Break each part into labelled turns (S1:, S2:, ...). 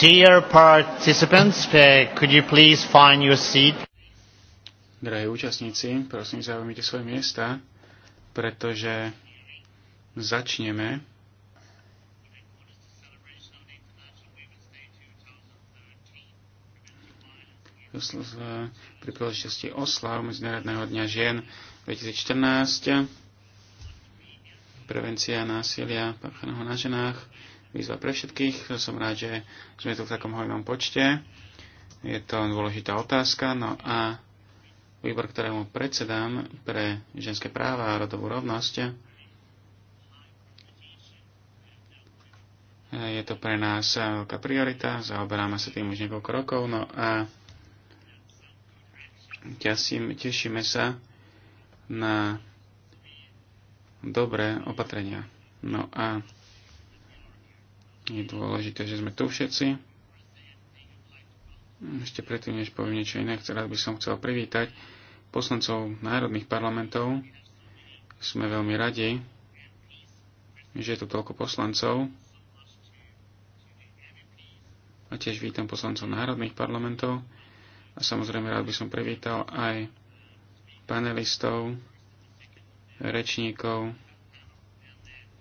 S1: Dear participants, uh, could you please find your seat?
S2: Drahí účastníci, prosím, zaujímite svoje miesta, pretože začneme pri príležitosti oslav Medzinárodného dňa žien 2014, prevencia násilia páchaného na ženách, výzva pre všetkých. Som rád, že sme tu v takom hojnom počte. Je to dôležitá otázka. No a výbor, ktorému predsedám pre ženské práva a rodovú rovnosť, je to pre nás veľká priorita. Zaoberáme sa tým už niekoľko rokov. No a tešíme sa na dobré opatrenia. No a je dôležité, že sme tu všetci. Ešte predtým, než poviem niečo iné, teraz by som chcel privítať poslancov národných parlamentov. Sme veľmi radi, že je tu toľko poslancov. A tiež vítam poslancov národných parlamentov. A samozrejme rád by som privítal aj panelistov, rečníkov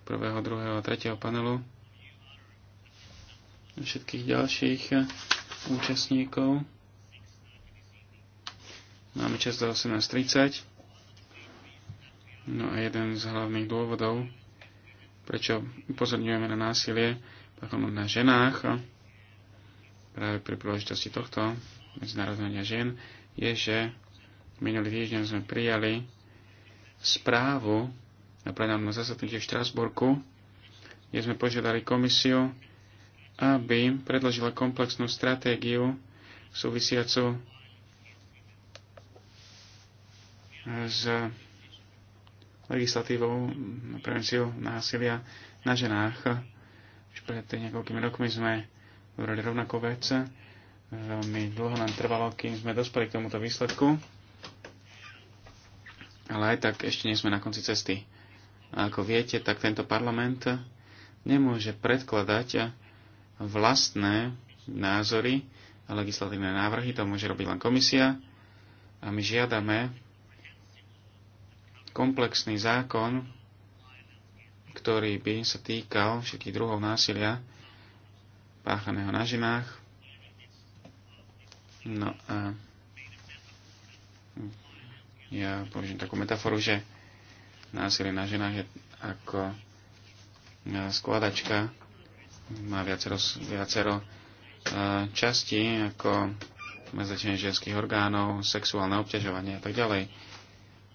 S2: prvého, druhého a tretieho panelu všetkých ďalších účastníkov. Máme čas do 18.30. No a jeden z hlavných dôvodov, prečo upozorňujeme na násilie na ženách, práve pri príležitosti tohto medzinárodného žien, je, že minulý týždeň sme prijali správu na plenárnom zasadnutí v Štrasburku, kde sme požiadali komisiu, aby predložila komplexnú stratégiu súvisiacu s legislatívou na prevenciu násilia na ženách. Už pred niekoľkými rokmi sme hovorili rovnako vec. Veľmi dlho nám trvalo, kým sme dospeli k tomuto výsledku. Ale aj tak ešte nie sme na konci cesty. A ako viete, tak tento parlament nemôže predkladať vlastné názory a legislatívne návrhy, to môže robiť len komisia. A my žiadame komplexný zákon, ktorý by sa týkal všetkých druhov násilia páchaného na ženách. No a ja použijem takú metaforu, že násilie na ženách je ako skladačka má viacero, viacero e, časti, ako mezačenie ženských orgánov, sexuálne obťažovanie a tak ďalej.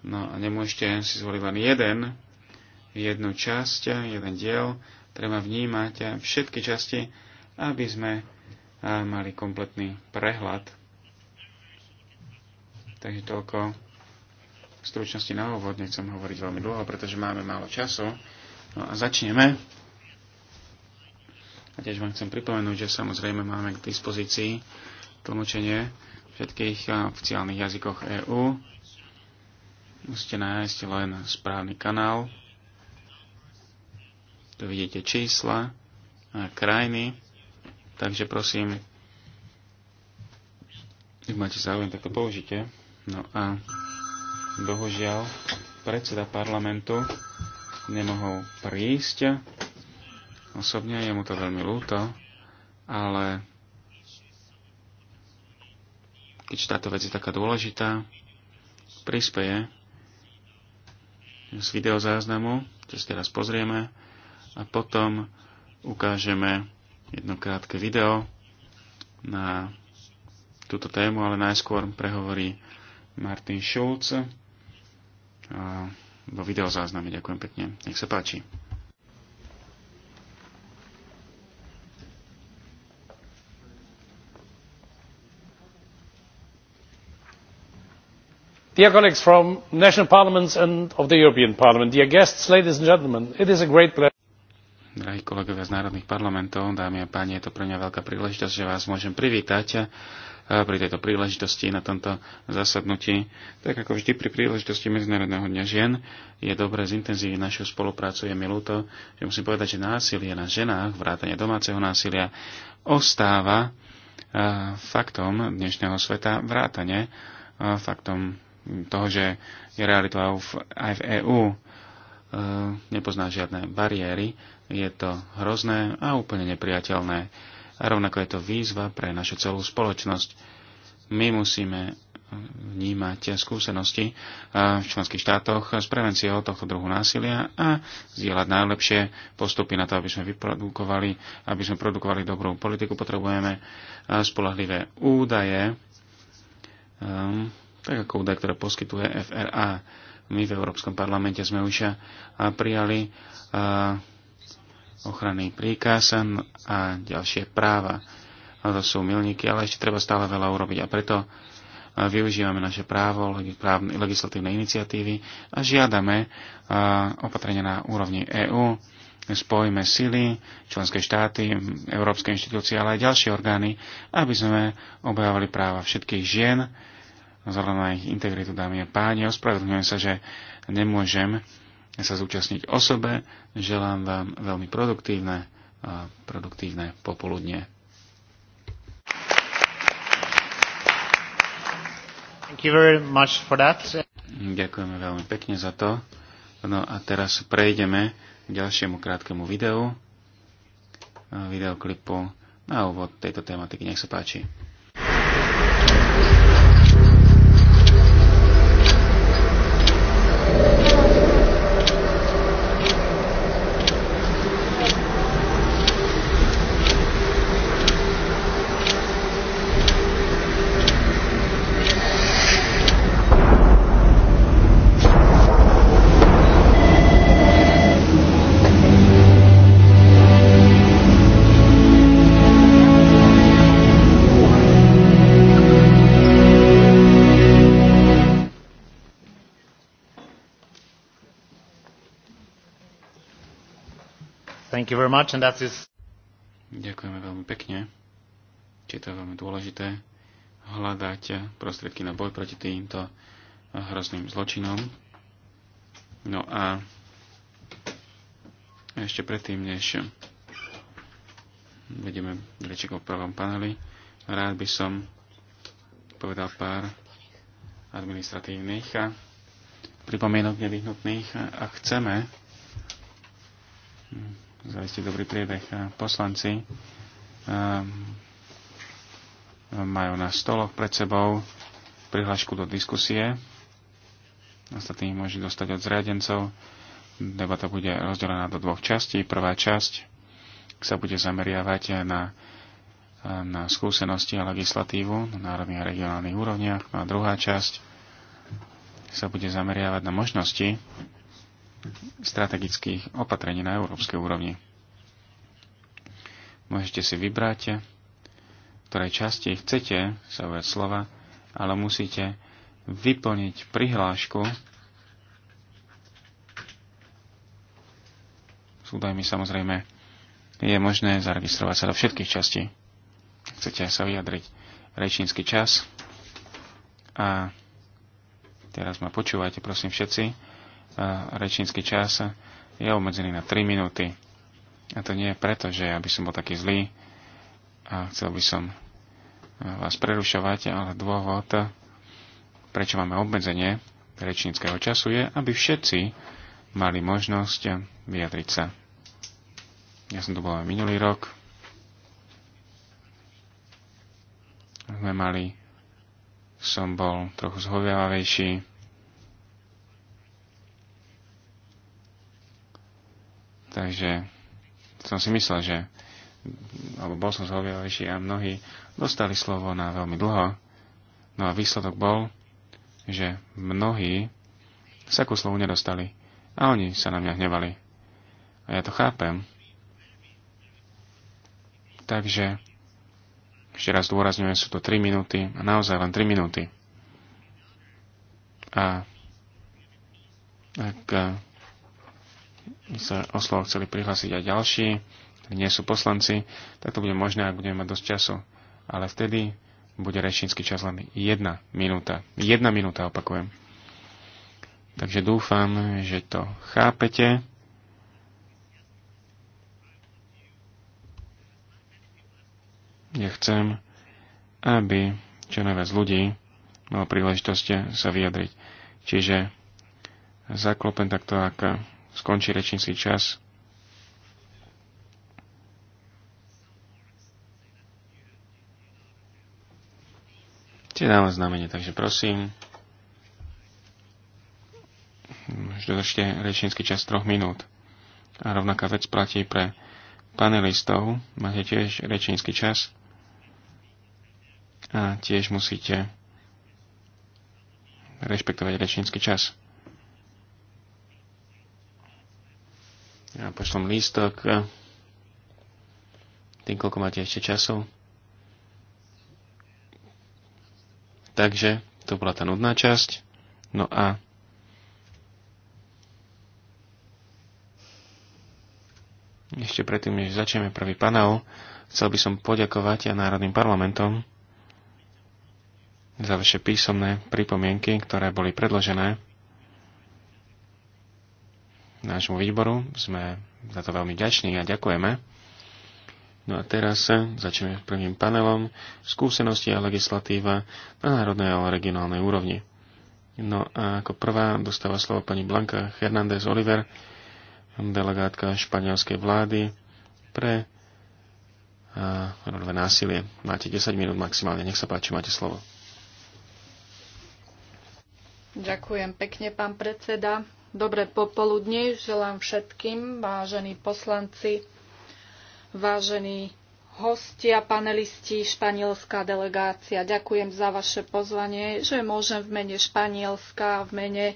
S2: No a nemôžete si zvoliť len jeden, jednu časť, jeden diel. Treba vnímať všetky časti, aby sme e, mali kompletný prehľad. Takže toľko v stručnosti na úvod. Nechcem hovoriť veľmi dlho, pretože máme málo času. No a začneme. A tiež vám chcem pripomenúť, že samozrejme máme k dispozícii tlmočenie všetkých oficiálnych jazykoch EÚ. Musíte nájsť len správny kanál. Tu vidíte čísla a krajiny. Takže prosím, ak máte záujem, tak to použite. No a bohužiaľ predseda parlamentu nemohol prísť osobne, je mu to veľmi ľúto, ale keď táto vec je taká dôležitá, prispieje z videozáznamu, čo si teraz pozrieme, a potom ukážeme jedno krátke video na túto tému, ale najskôr prehovorí Martin Schulz vo videozázname. Ďakujem pekne. Nech sa páči.
S1: dear colleagues from national parliaments and of the european parliament dear guests ladies and gentlemen it is a great pleasure Drahí
S2: kolegovia z národných parlamentov, dámy a páni, je to pre mňa veľká príležitosť, že vás môžem privítať eh, pri tejto príležitosti na tomto zasadnutí. Tak ako vždy pri príležitosti Medzinárodného dňa žien je dobré zintenzívniť našu spoluprácu. Je mi ľúto, že musím povedať, že násilie na ženách, vrátanie domáceho násilia, ostáva eh, faktom dnešného sveta, vrátane eh, faktom toho, že je realitou aj v EÚ, e, nepozná žiadne bariéry. Je to hrozné a úplne nepriateľné. A rovnako je to výzva pre našu celú spoločnosť. My musíme vnímať skúsenosti e, v členských štátoch s prevenciou tohto druhu násilia a zdieľať najlepšie postupy na to, aby sme vyprodukovali, aby sme produkovali dobrú politiku. Potrebujeme e, spolahlivé údaje tak ako údaj, ktoré poskytuje FRA. My v Európskom parlamente sme už prijali ochranný príkaz a ďalšie práva. A to sú milníky, ale ešte treba stále veľa urobiť a preto využívame naše právo, legislatívne iniciatívy a žiadame opatrenia na úrovni EÚ. Spojíme sily, členské štáty, európske inštitúcie, ale aj ďalšie orgány, aby sme obhajovali práva všetkých žien, vzhľadom na ich integritu, dámy a páni. Ospravedlňujem sa, že nemôžem sa zúčastniť osobe. Želám vám veľmi produktívne, a produktívne popoludne. Ďakujeme veľmi pekne za to. No a teraz prejdeme k ďalšiemu krátkemu videu, videoklipu na úvod tejto tematiky. Nech sa páči.
S1: Thank you very much, and that is... Ďakujeme veľmi pekne. Či to je veľmi dôležité
S2: hľadať prostriedky na boj proti týmto hrozným zločinom. No a ešte predtým, než vedeme rečekov v prvom paneli, rád by som povedal pár administratívnych a pripomienok nevyhnutných. Ak chceme zaistiť dobrý priebeh. Poslanci ehm, majú na stoloch pred sebou prihlášku do diskusie. Ostatní môžu dostať od zriadencov. Debata bude rozdelená do dvoch častí. Prvá časť sa bude zameriavať na, na skúsenosti a legislatívu na národných a regionálnych úrovniach. No a druhá časť sa bude zameriavať na možnosti, strategických opatrení na európskej úrovni. Môžete si vybrať, ktorej časti chcete sa ujať slova, ale musíte vyplniť prihlášku s údajmi samozrejme je možné zaregistrovať sa do všetkých častí. Chcete sa vyjadriť rečnícky čas a teraz ma počúvajte prosím všetci rečnícky čas je obmedzený na 3 minúty. A to nie je preto, že ja by som bol taký zlý a chcel by som eh, vás prerušovať, ale dôvod, prečo máme obmedzenie rečníckého času je, aby všetci mali možnosť vyjadriť sa. Ja som tu bol aj minulý rok. Sme mali, som bol trochu zhoviavavejší Takže som si myslel, že alebo bol som zhovievajší a mnohí dostali slovo na veľmi dlho. No a výsledok bol, že mnohí sa ku slovu nedostali a oni sa na mňa hnevali. A ja to chápem. Takže ešte raz dôrazňujem, sú to 3 minúty a naozaj len 3 minúty. A ak sa o slovo chceli prihlásiť aj ďalší, ktorí nie sú poslanci, tak to bude možné, ak budeme mať dosť času. Ale vtedy bude rečnícky čas len jedna minúta. Jedna minúta, opakujem. Takže dúfam, že to chápete. Ja chcem, aby čo najviac ľudí malo príležitosť sa vyjadriť. Čiže zaklopem takto, ak skončí rečnícky čas. Tie dávam znamenie, takže prosím. Už dodržte rečnícky čas troch minút. A rovnaká vec platí pre panelistov. Máte tiež rečnícky čas. A tiež musíte rešpektovať rečnícky čas. Ja pošlom lístok. Tým, koľko máte ešte času. Takže to bola tá nudná časť. No a ešte predtým, než začneme prvý panel, chcel by som poďakovať a Národným parlamentom za vaše písomné pripomienky, ktoré boli predložené nášmu výboru. Sme za to veľmi ďační a ďakujeme. No a teraz začneme prvým panelom skúsenosti a legislatíva na národnej a regionálnej úrovni. No a ako prvá dostáva slovo pani Blanka Hernández Oliver, delegátka španielskej vlády pre rodové násilie. Máte 10 minút maximálne, nech sa páči, máte slovo.
S3: Ďakujem pekne, pán predseda. Dobré popoludne želám všetkým, vážení poslanci, vážení hostia, panelisti, španielská delegácia. Ďakujem za vaše pozvanie, že môžem v mene Španielska, v mene e,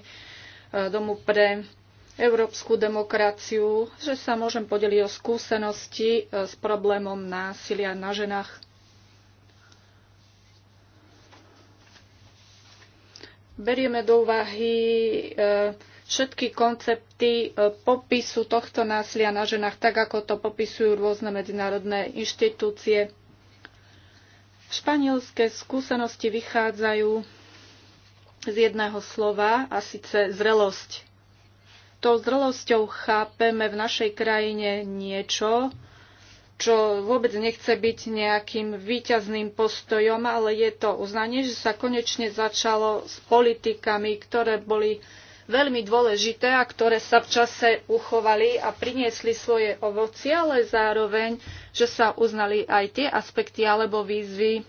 S3: Domu pre európsku demokraciu, že sa môžem podeliť o skúsenosti e, s problémom násilia na ženách. Berieme do úvahy e, všetky koncepty e, popisu tohto násilia na ženách, tak ako to popisujú rôzne medzinárodné inštitúcie. Španielské skúsenosti vychádzajú z jedného slova, a síce zrelosť. Tou zrelosťou chápeme v našej krajine niečo, čo vôbec nechce byť nejakým výťazným postojom, ale je to uznanie, že sa konečne začalo s politikami, ktoré boli veľmi dôležité a ktoré sa v čase uchovali a priniesli svoje ovocie, ale zároveň, že sa uznali aj tie aspekty alebo výzvy,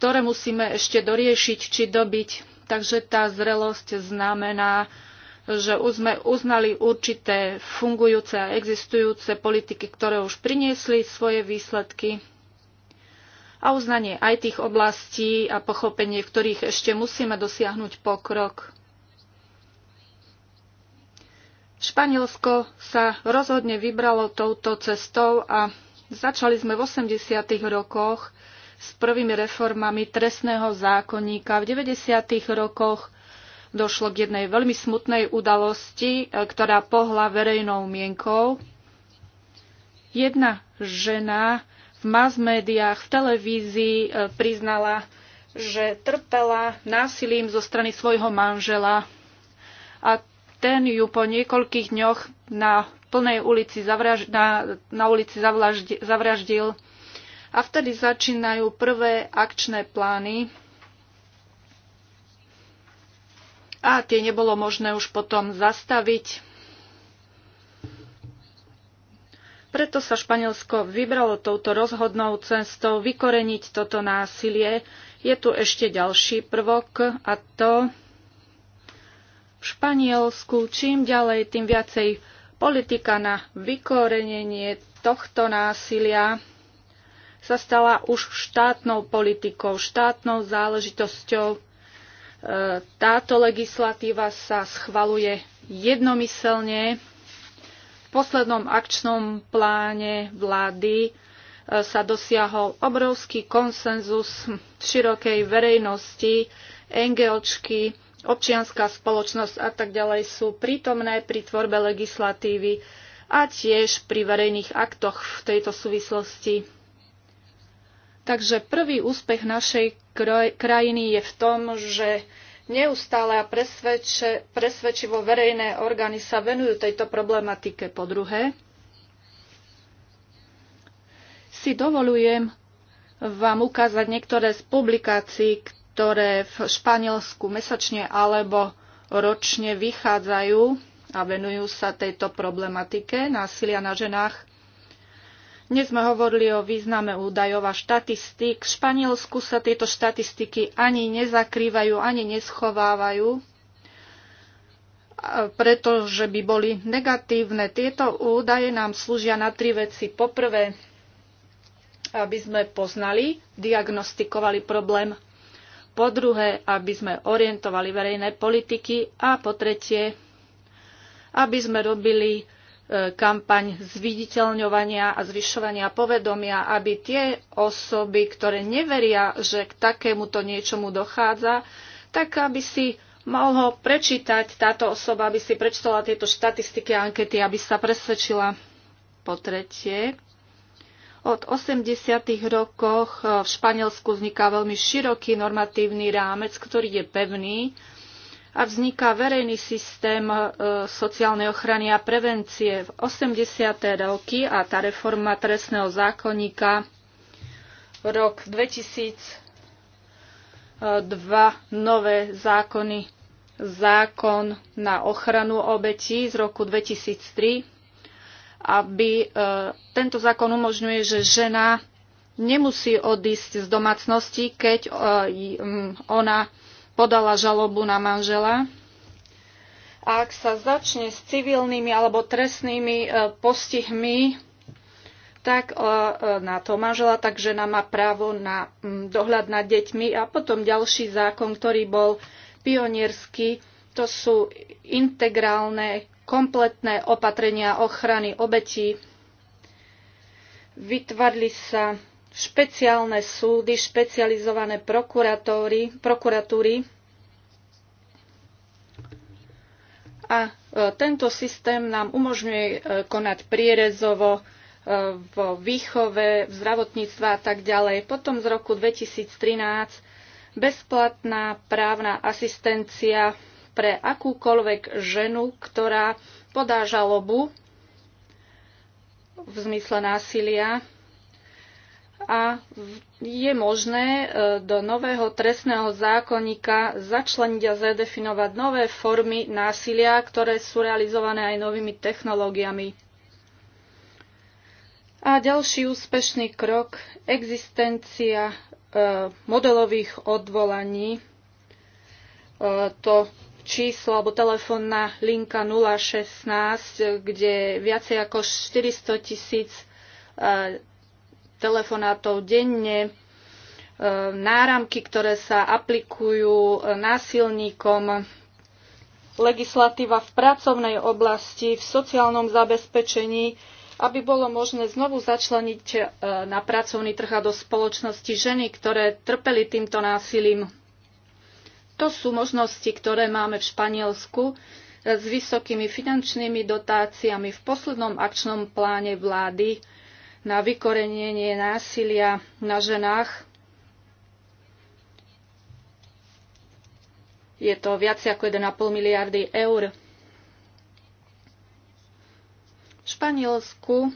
S3: ktoré musíme ešte doriešiť či dobiť. Takže tá zrelosť znamená, že už sme uznali určité fungujúce a existujúce politiky, ktoré už priniesli svoje výsledky a uznanie aj tých oblastí a pochopenie, v ktorých ešte musíme dosiahnuť pokrok. Španielsko sa rozhodne vybralo touto cestou a začali sme v 80. rokoch s prvými reformami trestného zákonníka. V 90. rokoch došlo k jednej veľmi smutnej udalosti, e, ktorá pohla verejnou mienkou. Jedna žena v mass médiách, v televízii e, priznala, že trpela násilím zo strany svojho manžela a ten ju po niekoľkých dňoch na plnej ulici, zavraž- na, na ulici zavraždil. A vtedy začínajú prvé akčné plány a tie nebolo možné už potom zastaviť. Preto sa Španielsko vybralo touto rozhodnou cestou vykoreniť toto násilie. Je tu ešte ďalší prvok a to v Španielsku čím ďalej, tým viacej politika na vykorenenie tohto násilia sa stala už štátnou politikou, štátnou záležitosťou. E, táto legislatíva sa schvaluje jednomyselne poslednom akčnom pláne vlády e, sa dosiahol obrovský konsenzus širokej verejnosti, NGOčky, občianská spoločnosť a tak ďalej sú prítomné pri tvorbe legislatívy a tiež pri verejných aktoch v tejto súvislosti. Takže prvý úspech našej krajiny je v tom, že Neustále a presvedčivo verejné orgány sa venujú tejto problematike. Po druhé, si dovolujem vám ukázať niektoré z publikácií, ktoré v Španielsku mesačne alebo ročne vychádzajú a venujú sa tejto problematike násilia na ženách dnes sme hovorili o význame údajov a štatistík. V Španielsku sa tieto štatistiky ani nezakrývajú, ani neschovávajú, pretože by boli negatívne. Tieto údaje nám slúžia na tri veci. Poprvé, aby sme poznali, diagnostikovali problém. Po druhé, aby sme orientovali verejné politiky. A po tretie, aby sme robili kampaň zviditeľňovania a zvyšovania povedomia, aby tie osoby, ktoré neveria, že k takémuto niečomu dochádza, tak aby si mohol prečítať táto osoba, aby si prečítala tieto štatistiky a ankety, aby sa presvedčila. Po tretie, od 80. rokoch v Španielsku vzniká veľmi široký normatívny rámec, ktorý je pevný a vzniká verejný systém e, sociálnej ochrany a prevencie. V 80. roky a tá reforma trestného zákonníka rok 2002 nové zákony zákon na ochranu obetí z roku 2003, aby e, tento zákon umožňuje, že žena nemusí odísť z domácnosti, keď e, ona podala žalobu na manžela. A ak sa začne s civilnými alebo trestnými e, postihmi, tak e, e, na to manžela, tak žena má právo na dohľad nad deťmi. A potom ďalší zákon, ktorý bol pionierský, to sú integrálne, kompletné opatrenia ochrany obetí. Vytvarli sa špeciálne súdy, špecializované prokuratúry. A e, tento systém nám umožňuje e, konať prierezovo e, vo výchove, v zdravotníctve a tak ďalej. Potom z roku 2013 bezplatná právna asistencia pre akúkoľvek ženu, ktorá podá žalobu v zmysle násilia a je možné e, do nového trestného zákonníka začleniť a zadefinovať nové formy násilia, ktoré sú realizované aj novými technológiami. A ďalší úspešný krok, existencia e, modelových odvolaní, e, to číslo alebo telefónna linka 016, kde viacej ako 400 tisíc telefonátov denne, e, náramky, ktoré sa aplikujú e, násilníkom, legislatíva v pracovnej oblasti, v sociálnom zabezpečení, aby bolo možné znovu začleniť e, na pracovný trh a do spoločnosti ženy, ktoré trpeli týmto násilím. To sú možnosti, ktoré máme v Španielsku s vysokými finančnými dotáciami v poslednom akčnom pláne vlády na vykorenenie násilia na ženách. Je to viac ako 1,5 miliardy eur. V Španielsku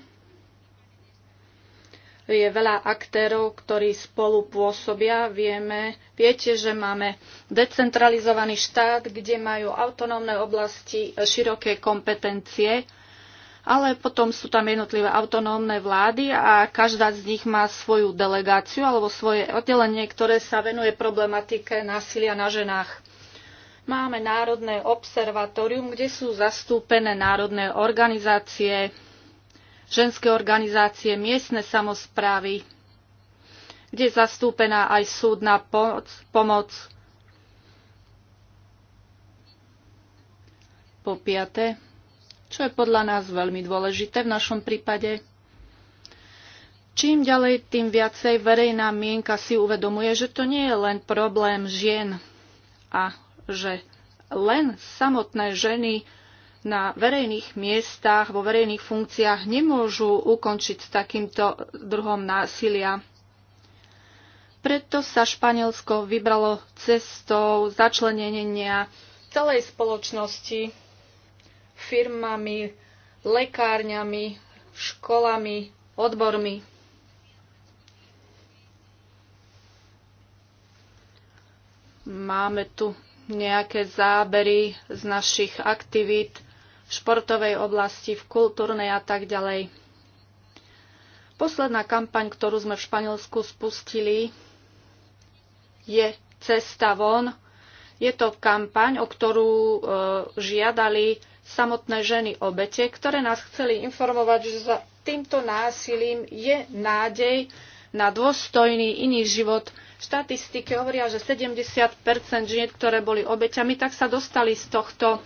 S3: je veľa aktérov, ktorí spolu pôsobia. Vieme, viete, že máme decentralizovaný štát, kde majú autonómne oblasti široké kompetencie ale potom sú tam jednotlivé autonómne vlády a každá z nich má svoju delegáciu alebo svoje oddelenie, ktoré sa venuje problematike násilia na ženách. Máme Národné observatórium, kde sú zastúpené národné organizácie, ženské organizácie, miestne samozprávy, kde je zastúpená aj súdna pomoc, pomoc. Po piaté, čo je podľa nás veľmi dôležité v našom prípade. Čím ďalej, tým viacej verejná mienka si uvedomuje, že to nie je len problém žien a že len samotné ženy na verejných miestach, vo verejných funkciách nemôžu ukončiť s takýmto druhom násilia. Preto sa Španielsko vybralo cestou začlenenia celej spoločnosti firmami, lekárňami, školami, odbormi. Máme tu nejaké zábery z našich aktivít v športovej oblasti, v kultúrnej a tak ďalej. Posledná kampaň, ktorú sme v Španielsku spustili, je Cesta von. Je to kampaň, o ktorú e, žiadali samotné ženy obete, ktoré nás chceli informovať, že za týmto násilím je nádej na dôstojný iný život. Štatistiky hovoria, že 70 žien, ktoré boli obeťami, tak sa dostali z tohto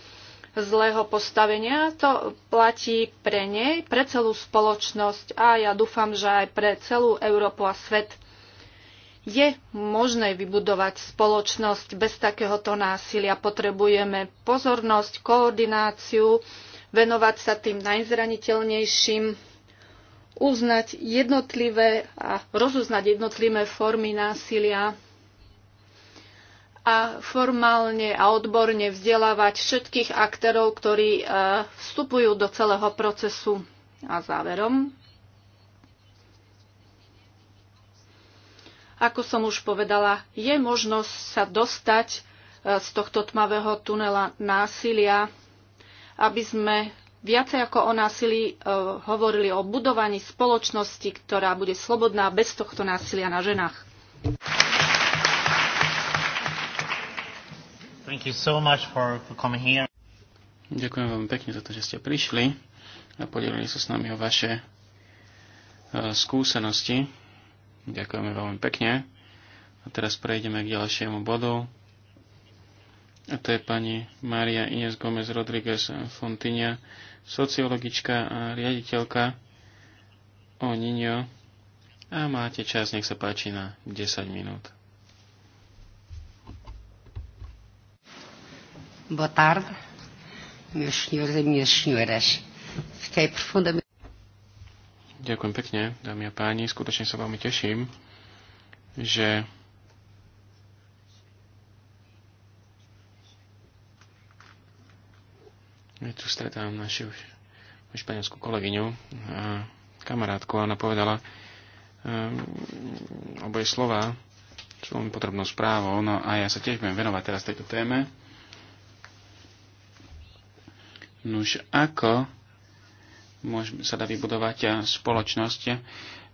S3: zlého postavenia. To platí pre nej, pre celú spoločnosť a ja dúfam, že aj pre celú Európu a svet je možné vybudovať spoločnosť bez takéhoto násilia. Potrebujeme pozornosť, koordináciu, venovať sa tým najzraniteľnejším, uznať jednotlivé a rozoznať jednotlivé formy násilia a formálne a odborne vzdelávať všetkých aktérov, ktorí eh, vstupujú do celého procesu. A záverom Ako som už povedala, je možnosť sa dostať e, z tohto tmavého tunela násilia, aby sme viacej ako o násilí e, hovorili o budovaní spoločnosti, ktorá bude slobodná bez tohto násilia na ženách.
S1: Thank you so much for, coming here.
S2: Ďakujem veľmi pekne za to, že ste prišli a podelili sa s nami o vaše e, skúsenosti. Ďakujeme veľmi pekne. A teraz prejdeme k ďalšiemu bodu. A to je pani Maria Ines Gomez Rodriguez Fontinia, sociologička a riaditeľka o Niño. A máte čas, nech sa páči, na 10 minút.
S4: Boa tarde, meus senhores e minhas senhoras. Fiquei profundamente
S2: Ďakujem pekne, dámy a páni. Skutočne sa veľmi teším, že ja tu stretám našu španielskú kolegyňu a kamarátku. Ona povedala um, oboje slova sú veľmi potrebnou správou. No a ja sa tiež budem venovať teraz tejto téme. Nuž ako môžeme, sa dá vybudovať eh, spoločnosť eh,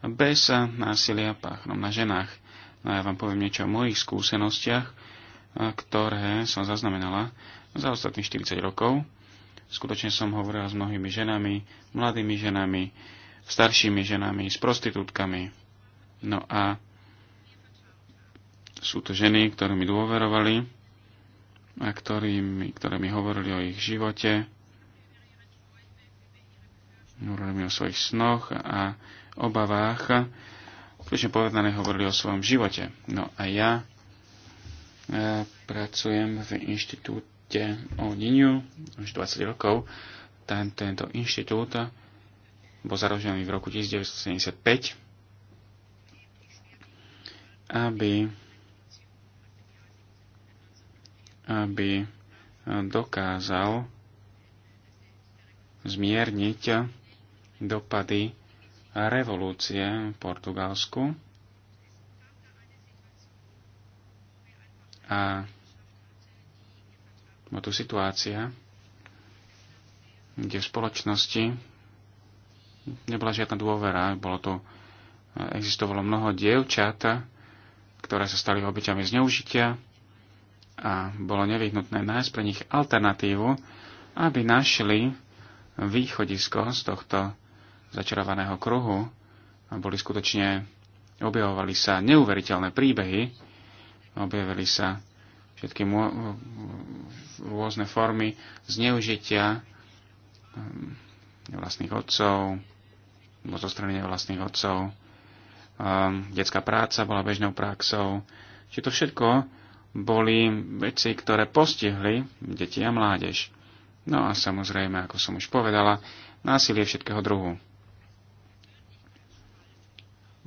S2: bez eh, násilia páchnom na ženách. No ja vám poviem niečo o mojich skúsenostiach, ktoré som zaznamenala za ostatných 40 rokov. Skutočne som hovorila s mnohými ženami, mladými ženami, staršími ženami, s prostitútkami. No a sú to ženy, ktoré mi dôverovali a ktorými, ktoré mi hovorili o ich živote, hovorili mi o svojich snoch a obavách. Skutočne povedané hovorili o svojom živote. No a ja e, pracujem v inštitúte o Niniu už 20 rokov. Ten, tento inštitút bol založený v roku 1975, aby, aby dokázal zmierniť dopady revolúcie v Portugalsku a tu situácia, kde v spoločnosti nebola žiadna dôvera, bolo to, existovalo mnoho dievčat, ktoré sa stali obyťami zneužitia a bolo nevyhnutné nájsť pre nich alternatívu, aby našli východisko z tohto začarovaného kruhu a boli skutočne, objavovali sa neuveriteľné príbehy, objavili sa všetky rôzne formy zneužitia ehm, vlastných otcov, alebo zo strany vlastných otcov, ehm, detská práca bola bežnou praxou, či to všetko boli veci, ktoré postihli deti a mládež. No a samozrejme, ako som už povedala, násilie všetkého druhu.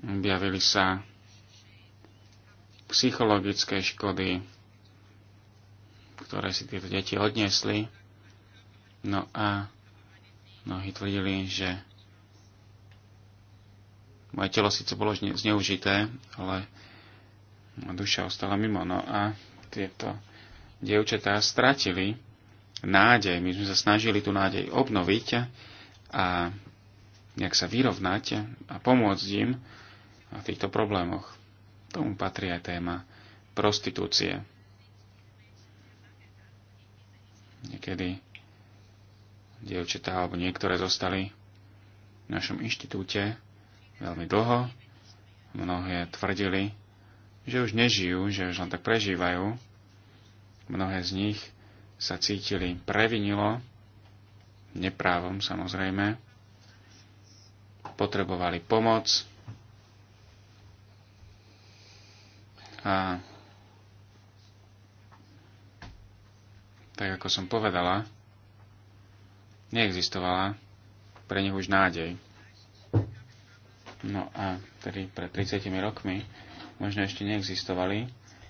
S2: Objavili sa psychologické škody, ktoré si tieto deti odniesli. No a mnohí tvrdili, že moje telo síce bolo zneužité, ale duša ostala mimo. No a tieto dievčatá stratili nádej. My sme sa snažili tú nádej obnoviť a nejak sa vyrovnať a pomôcť im, na týchto problémoch. Tomu patrí aj téma prostitúcie. Niekedy dievčatá alebo niektoré zostali v našom inštitúte veľmi dlho. Mnohé tvrdili, že už nežijú, že už len tak prežívajú. Mnohé z nich sa cítili previnilo, neprávom samozrejme, potrebovali pomoc, A tak ako som povedala, neexistovala pre nich už nádej. No a tedy pred 30 rokmi možno ešte neexistovali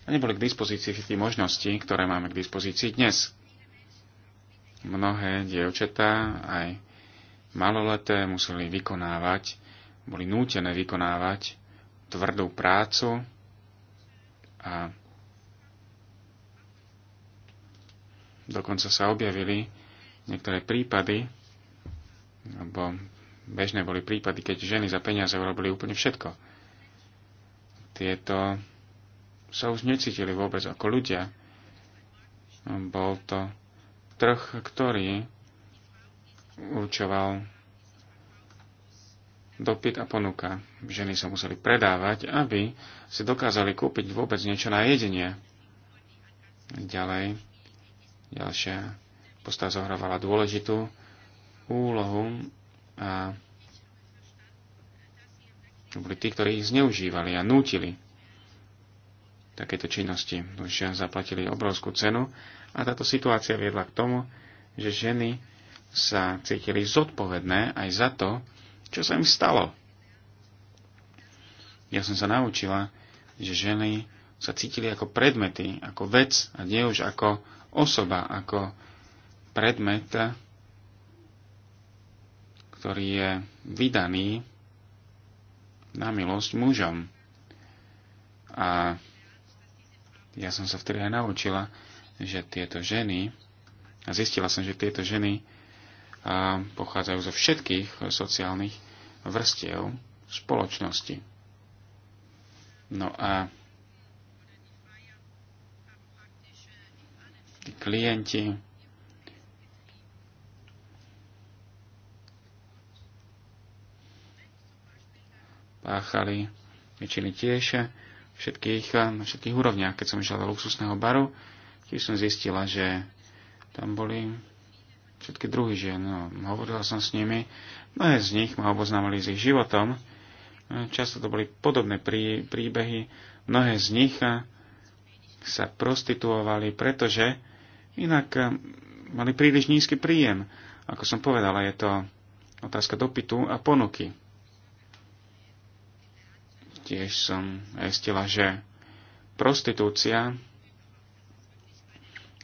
S2: a neboli k dispozícii všetky možnosti, ktoré máme k dispozícii dnes. Mnohé dievčatá, aj maloleté, museli vykonávať, boli nútené vykonávať tvrdú prácu, a dokonca sa objavili niektoré prípady, alebo bežné boli prípady, keď ženy za peniaze urobili úplne všetko. Tieto sa už necítili vôbec ako ľudia. Bol to trh, ktorý určoval dopyt a ponuka. Ženy sa museli predávať, aby si dokázali kúpiť vôbec niečo na jedenie. Ďalej, ďalšia postava zohrávala dôležitú úlohu a boli tí, ktorí ich zneužívali a nútili takéto činnosti. Už zaplatili obrovskú cenu a táto situácia viedla k tomu, že ženy sa cítili zodpovedné aj za to, čo sa im stalo. Ja som sa naučila, že ženy sa cítili ako predmety, ako vec a nie už ako osoba, ako predmet, ktorý je vydaný na milosť mužom. A ja som sa vtedy aj naučila, že tieto ženy, a zistila som, že tieto ženy a, pochádzajú zo všetkých sociálnych vrstiev spoločnosti. No a tí klienti páchali väčšiny tiež všetkých, na všetkých úrovniach. Keď som išiel do luxusného baru, tiež som zistila, že tam boli všetky druhy žien. No, hovorila som s nimi, mnohé z nich ma oboznámili s ich životom, často to boli podobné prí, príbehy, mnohé z nich sa prostituovali, pretože inak eh, mali príliš nízky príjem. Ako som povedala, je to otázka dopytu a ponuky. Tiež som estila, že prostitúcia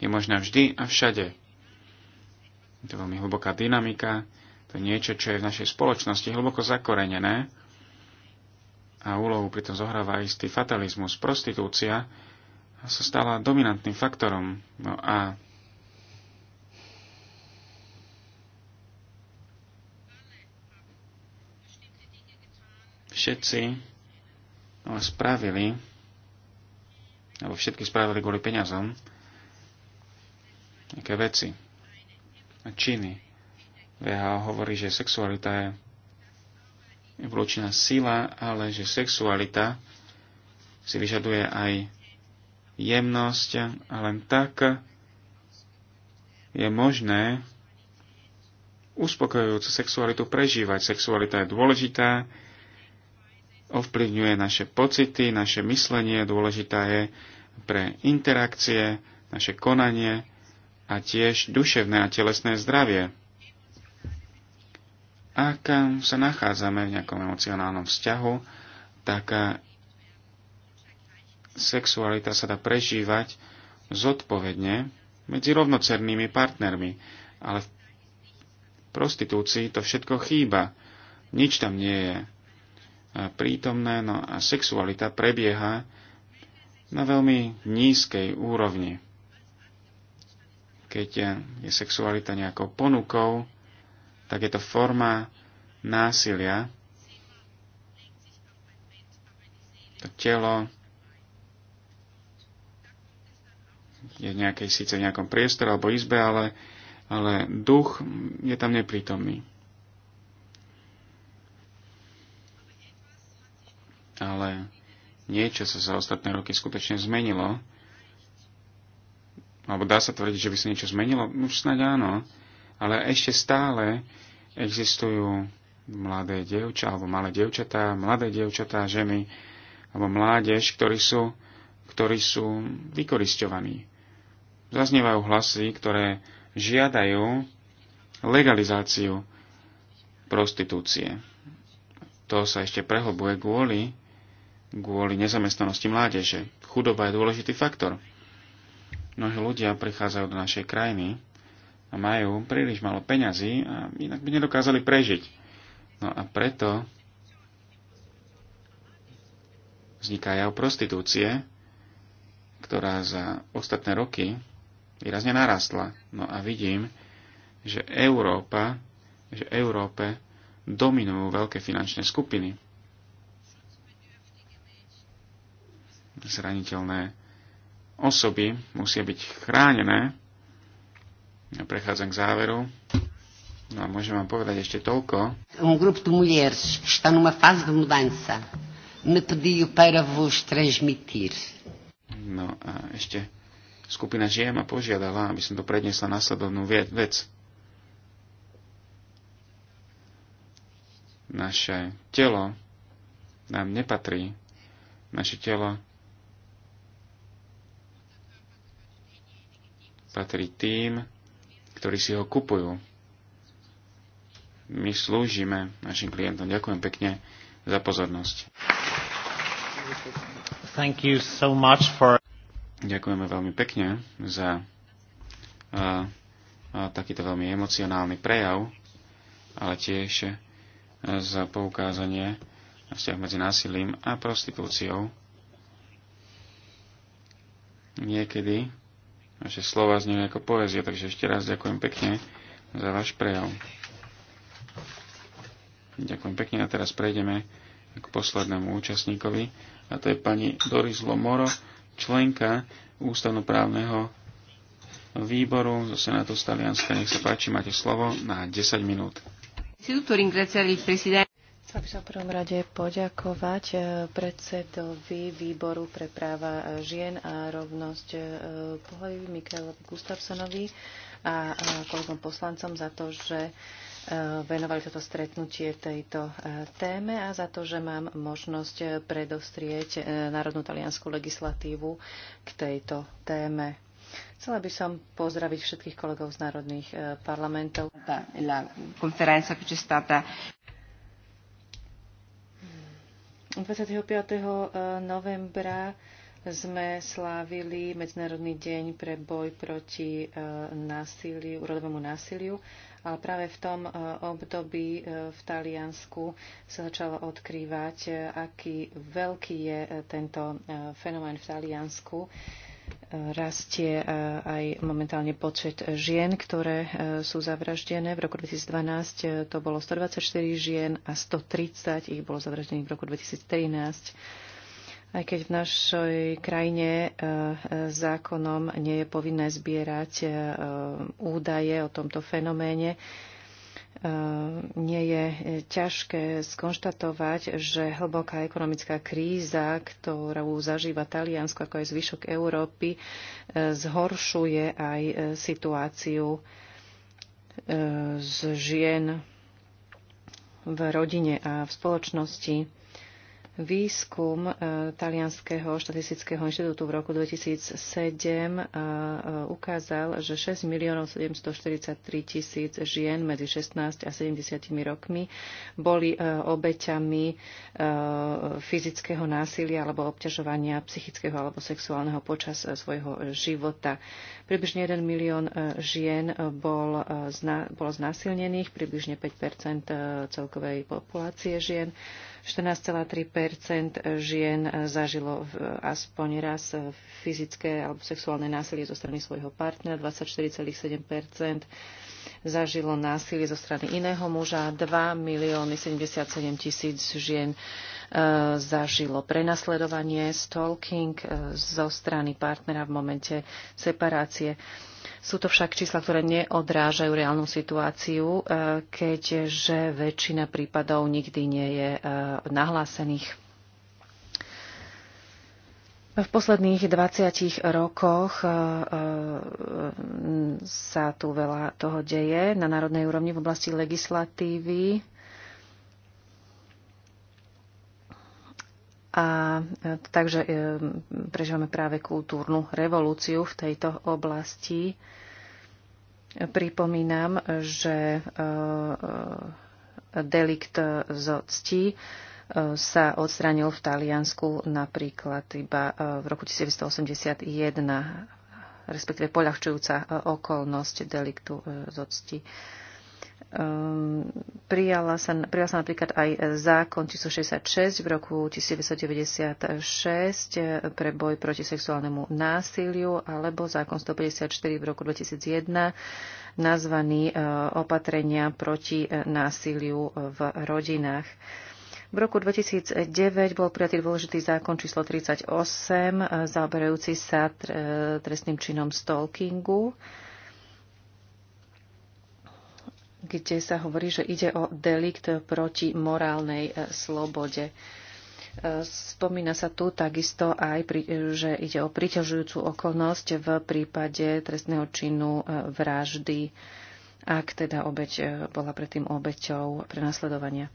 S2: je možná vždy a všade. Je to veľmi hlboká dynamika, to je niečo, čo je v našej spoločnosti hlboko zakorenené a úlohu pritom zohráva istý fatalizmus. Prostitúcia sa stala dominantným faktorom. No a všetci no, spravili, alebo všetky spravili kvôli peniazom, nejaké veci činy. VH hovorí, že sexualita je evolučná sila, ale že sexualita si vyžaduje aj jemnosť a len tak je možné uspokojujúcu sexualitu prežívať. Sexualita je dôležitá, ovplyvňuje naše pocity, naše myslenie, dôležitá je pre interakcie, naše konanie a tiež duševné a telesné zdravie. Ak sa nachádzame v nejakom emocionálnom vzťahu, tak sexualita sa dá prežívať zodpovedne medzi rovnocernými partnermi, ale v prostitúcii to všetko chýba. Nič tam nie je prítomné, no a sexualita prebieha na veľmi nízkej úrovni keď je sexualita nejakou ponukou, tak je to forma násilia. To telo je nejakej, síce v nejakom priestore alebo izbe, ale, ale duch je tam neprítomný. Ale niečo sa za ostatné roky skutočne zmenilo alebo dá sa tvrdiť, že by sa niečo zmenilo? Už no, snáď áno, ale ešte stále existujú mladé dievča, alebo malé dievčatá, mladé dievčatá, ženy, alebo mládež, ktorí sú, ktorí sú vykoristovaní. Zaznievajú hlasy, ktoré žiadajú legalizáciu prostitúcie. To sa ešte prehlbuje kvôli, kvôli nezamestnanosti mládeže. Chudoba je dôležitý faktor mnohí ľudia prichádzajú do našej krajiny a majú príliš malo peňazí a inak by nedokázali prežiť. No a preto vzniká jav prostitúcie, ktorá za ostatné roky výrazne narastla. No a vidím, že Európa, že Európe dominujú veľké finančné skupiny. Zraniteľné osoby musia byť chránené. Ja prechádzam k záveru. No a môžem vám povedať ešte toľko.
S4: Un um grupo de mulheres está numa fase de mudança. Me pediu para vos transmitir.
S2: No a ešte skupina žien ma požiadala, aby som to prednesla následovnú vec. Naše telo nám nepatrí. Naše telo patrí tým, ktorí si ho kupujú. My slúžime našim klientom. Ďakujem pekne za pozornosť. Thank you so much for... Ďakujeme veľmi pekne za a, a, takýto veľmi emocionálny prejav, ale tiež za poukázanie na vzťah medzi násilím a prostitúciou. Niekedy naše slova znejú ako poezia. takže ešte raz ďakujem pekne za váš prejav. Ďakujem pekne a teraz prejdeme k poslednému účastníkovi a to je pani Doris Lomoro, členka ústavnoprávneho výboru zo Senátu Stalianska. Nech sa páči, máte slovo na 10 minút.
S4: Chcel by som v prvom rade poďakovať e, predsedovi výboru pre práva e, žien a rovnosť e, pohľadu Mikaelovi Gustafsonovi a kolegom poslancom za to, že venovali toto stretnutie tejto téme a za to, že mám možnosť predostrieť národnú taliansku legislatívu k tejto téme. Chcela by som pozdraviť všetkých kolegov z národných parlamentov. 25. Eh, novembra sme slávili Medzinárodný deň pre boj proti eh, násiliu, rodovému násiliu, ale práve v tom eh, období v Taliansku sa začalo odkrývať, aký veľký je tento fenomén v Taliansku rastie e, aj momentálne počet žien, ktoré e, sú zavraždené. V roku 2012 e, to bolo 124 žien a 130 ich bolo zavraždených v roku 2013. Aj keď v našej krajine zákonom nie je povinné zbierať údaje o tomto fenoméne, E, nie je ťažké skonštatovať, že hlboká ekonomická kríza, ktorú zažíva Taliansko ako aj zvyšok Európy, e, zhoršuje aj e, situáciu z žien v rodine a v spoločnosti. Výskum e, Talianského štatistického inštitútu v roku 2007 e, e, ukázal, že 6 miliónov 743 tisíc žien medzi 16 a 70 rokmi boli obeťami fyzického násilia alebo obťažovania psychického alebo sexuálneho počas svojho života. Približne 1 milión žien bol, bolo znásilnených, približne 5 celkovej populácie žien 14,3 žien eh, zažilo eh, aspoň raz eh, fyzické alebo sexuálne násilie zo strany svojho partnera, 24,7 zažilo násilie zo strany iného muža, 2 milióny 77 tisíc žien zažilo prenasledovanie, stalking zo strany partnera v momente separácie. Sú to však čísla, ktoré neodrážajú reálnu situáciu, e, keďže väčšina prípadov nikdy nie je e, nahlásených. V posledných 20 rokoch e, sa tu veľa toho deje na národnej úrovni v oblasti legislatívy A e, takže e, prežívame práve kultúrnu revolúciu v tejto oblasti. Pripomínam, že e, delikt z cti sa odstránil v Taliansku napríklad iba v roku 1981, respektíve poľahčujúca okolnosť deliktu z cti um, prijala sa, prijala sa napríklad aj zákon číslo 66 v roku 1996 e, pre boj proti sexuálnemu násiliu alebo zákon 154 v roku 2001 nazvaný e, opatrenia proti e, násiliu v rodinách. V roku 2009 bol prijatý dôležitý zákon číslo 38, zaoberajúci sa trestným činom stalkingu kde sa hovorí, že ide o delikt proti morálnej e, slobode. E, spomína sa tu takisto aj, e, že ide o priťažujúcu okolnosť v prípade trestného činu vraždy, ak teda obeť bola predtým obeťou prenasledovania.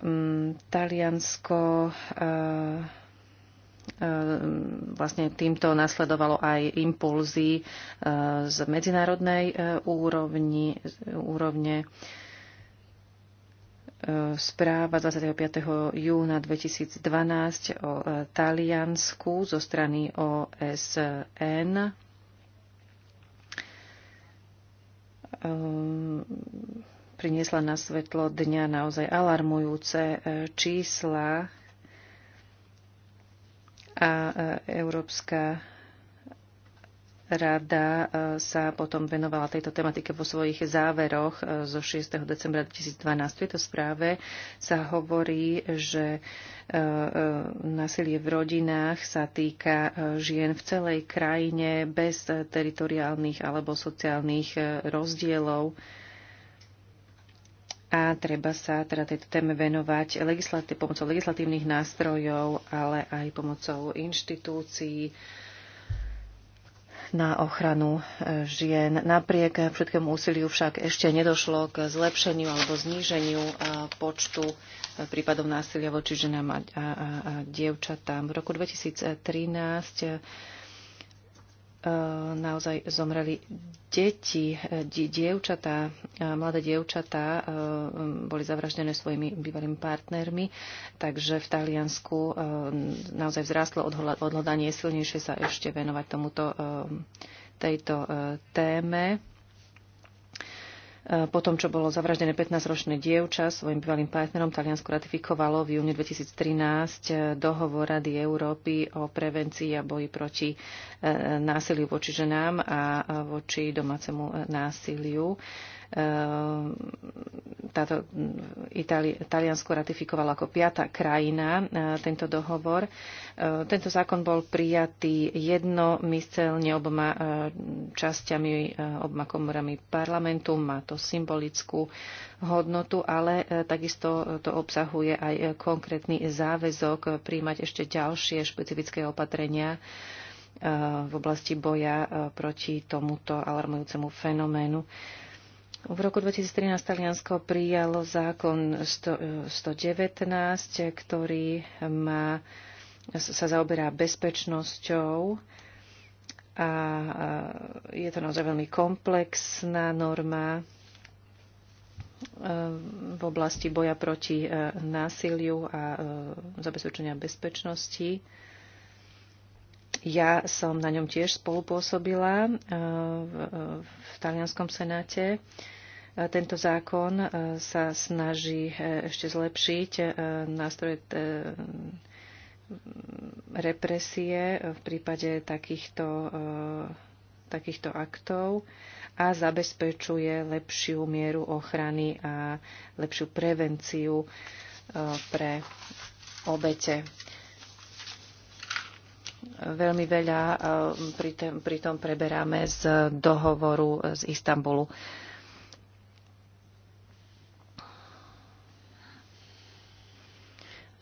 S4: Mm, Taliansko Ehm, vlastne týmto nasledovalo aj impulzy ehm, z medzinárodnej e, úrovni, úrovne. Ehm, správa 25. júna 2012 o e, Taliansku zo strany OSN priniesla na svetlo dňa naozaj alarmujúce e, čísla a e, Európska rada e, sa potom venovala tejto tematike vo svojich záveroch e, zo 6. decembra 2012. V tejto správe sa hovorí, že násilie v rodinách sa týka žien v celej krajine bez teritoriálnych alebo sociálnych rozdielov a treba sa teda tejto téme venovať legislatí- pomocou legislatívnych nástrojov, ale aj pomocou inštitúcií na ochranu e, žien. Napriek všetkému úsiliu však ešte nedošlo k zlepšeniu alebo zníženiu e, počtu e, prípadov násilia voči ženám a, a, a dievčatám. V roku 2013 Eh, naozaj zomreli deti, eh, dievčatá, eh, mladé dievčatá boli zavraždené svojimi bývalými partnermi, takže v Taliansku naozaj vzrástlo odhodlanie silnejšie sa ešte venovať tomuto tejto téme. Po tom, čo bolo zavraždené 15-ročné dievča svojim bývalým partnerom, Taliansko ratifikovalo v júni 2013 dohovor Rady Európy o prevencii a boji proti e, e, násiliu voči ženám a voči domácemu e, násiliu. Ehm, táto mm, Itali- Taliansko ratifikovalo ako piata krajina e, tento dohovor. E, tento zákon bol prijatý jednomyselne oboma e, časťami, oboma komorami parlamentu. Má to symbolickú hodnotu, ale takisto to obsahuje aj konkrétny záväzok príjmať ešte ďalšie špecifické opatrenia v oblasti boja proti tomuto alarmujúcemu fenoménu. V roku 2013 Taliansko prijalo zákon 119, e, ktorý má, sa zaoberá bezpečnosťou a je to naozaj veľmi komplexná norma e, v oblasti boja proti e, násiliu a zabezpečenia bezpečnosti. Ja som na ňom tiež spolupôsobila e, e, v talianskom senáte. E, tento zákon sa snaží ešte zlepšiť nástroje represie v prípade takýchto, takýchto aktov a zabezpečuje lepšiu mieru ochrany a lepšiu prevenciu pre obete. Veľmi veľa eh, pri, pri tom preberáme z dohovoru z Istanbulu.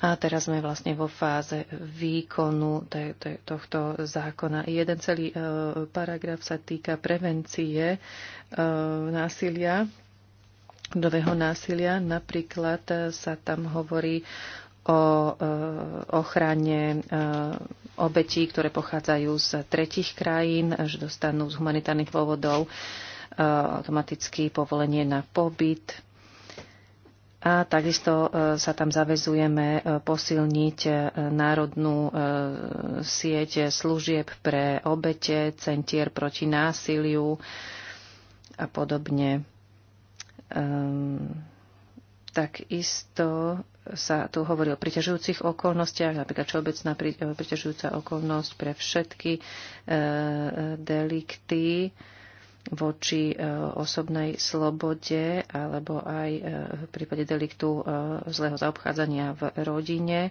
S4: A teraz sme vlastne vo fáze výkonu tohto zákona. Jeden celý eh, paragraf sa týka prevencie eh, násilia, rodového násilia. Napríklad sa tam hovorí o e, ochrane e, obetí, ktoré pochádzajú z tretich krajín, že dostanú z humanitárnych dôvodov e, automaticky povolenie na pobyt. A takisto sa tam zavezujeme posilniť národnú sieť služieb pre obete, centier proti násiliu a podobne ehm, Takisto sa tu hovorí o priťažujúcich okolnostiach, napríklad všeobecná e, priťažujúca okolnosť pre všetky e, e, delikty voči e, osobnej slobode alebo aj e, v prípade deliktu e, zlého zaobchádzania v rodine. E,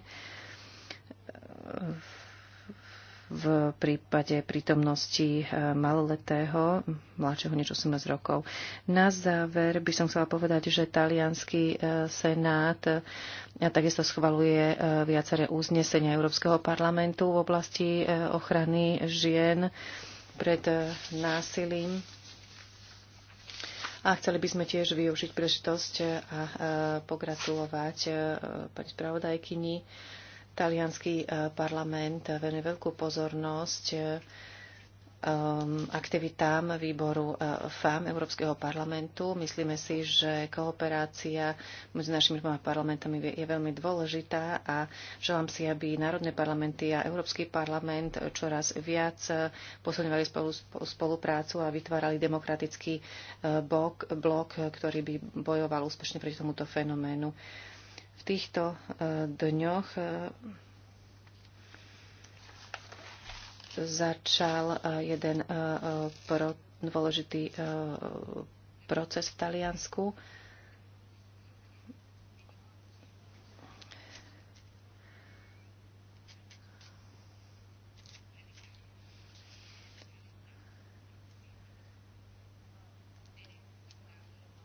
S4: v prípade prítomnosti e, maloletého, mladšieho než 18 rokov. Na záver by som chcela povedať, že talianský e, senát e, takisto schvaluje viaceré uznesenia Európskeho parlamentu v oblasti ochrany žien pred násilím. A chceli by sme tiež využiť príležitosť a pogratulovať pani spravodajkyni Talianský e, parlament venuje veľkú pozornosť e, um, aktivitám výboru e, FAM Európskeho parlamentu. Myslíme si, že kooperácia medzi našimi dvoma parlamentami je veľmi dôležitá a želám si, aby národné parlamenty a Európsky parlament čoraz viac posilňovali spolu, spoluprácu a vytvárali demokratický blok, blok, ktorý by bojoval úspešne proti tomuto fenoménu v týchto e, dňoch e, začal e, jeden pro, dôležitý proces v Taliansku.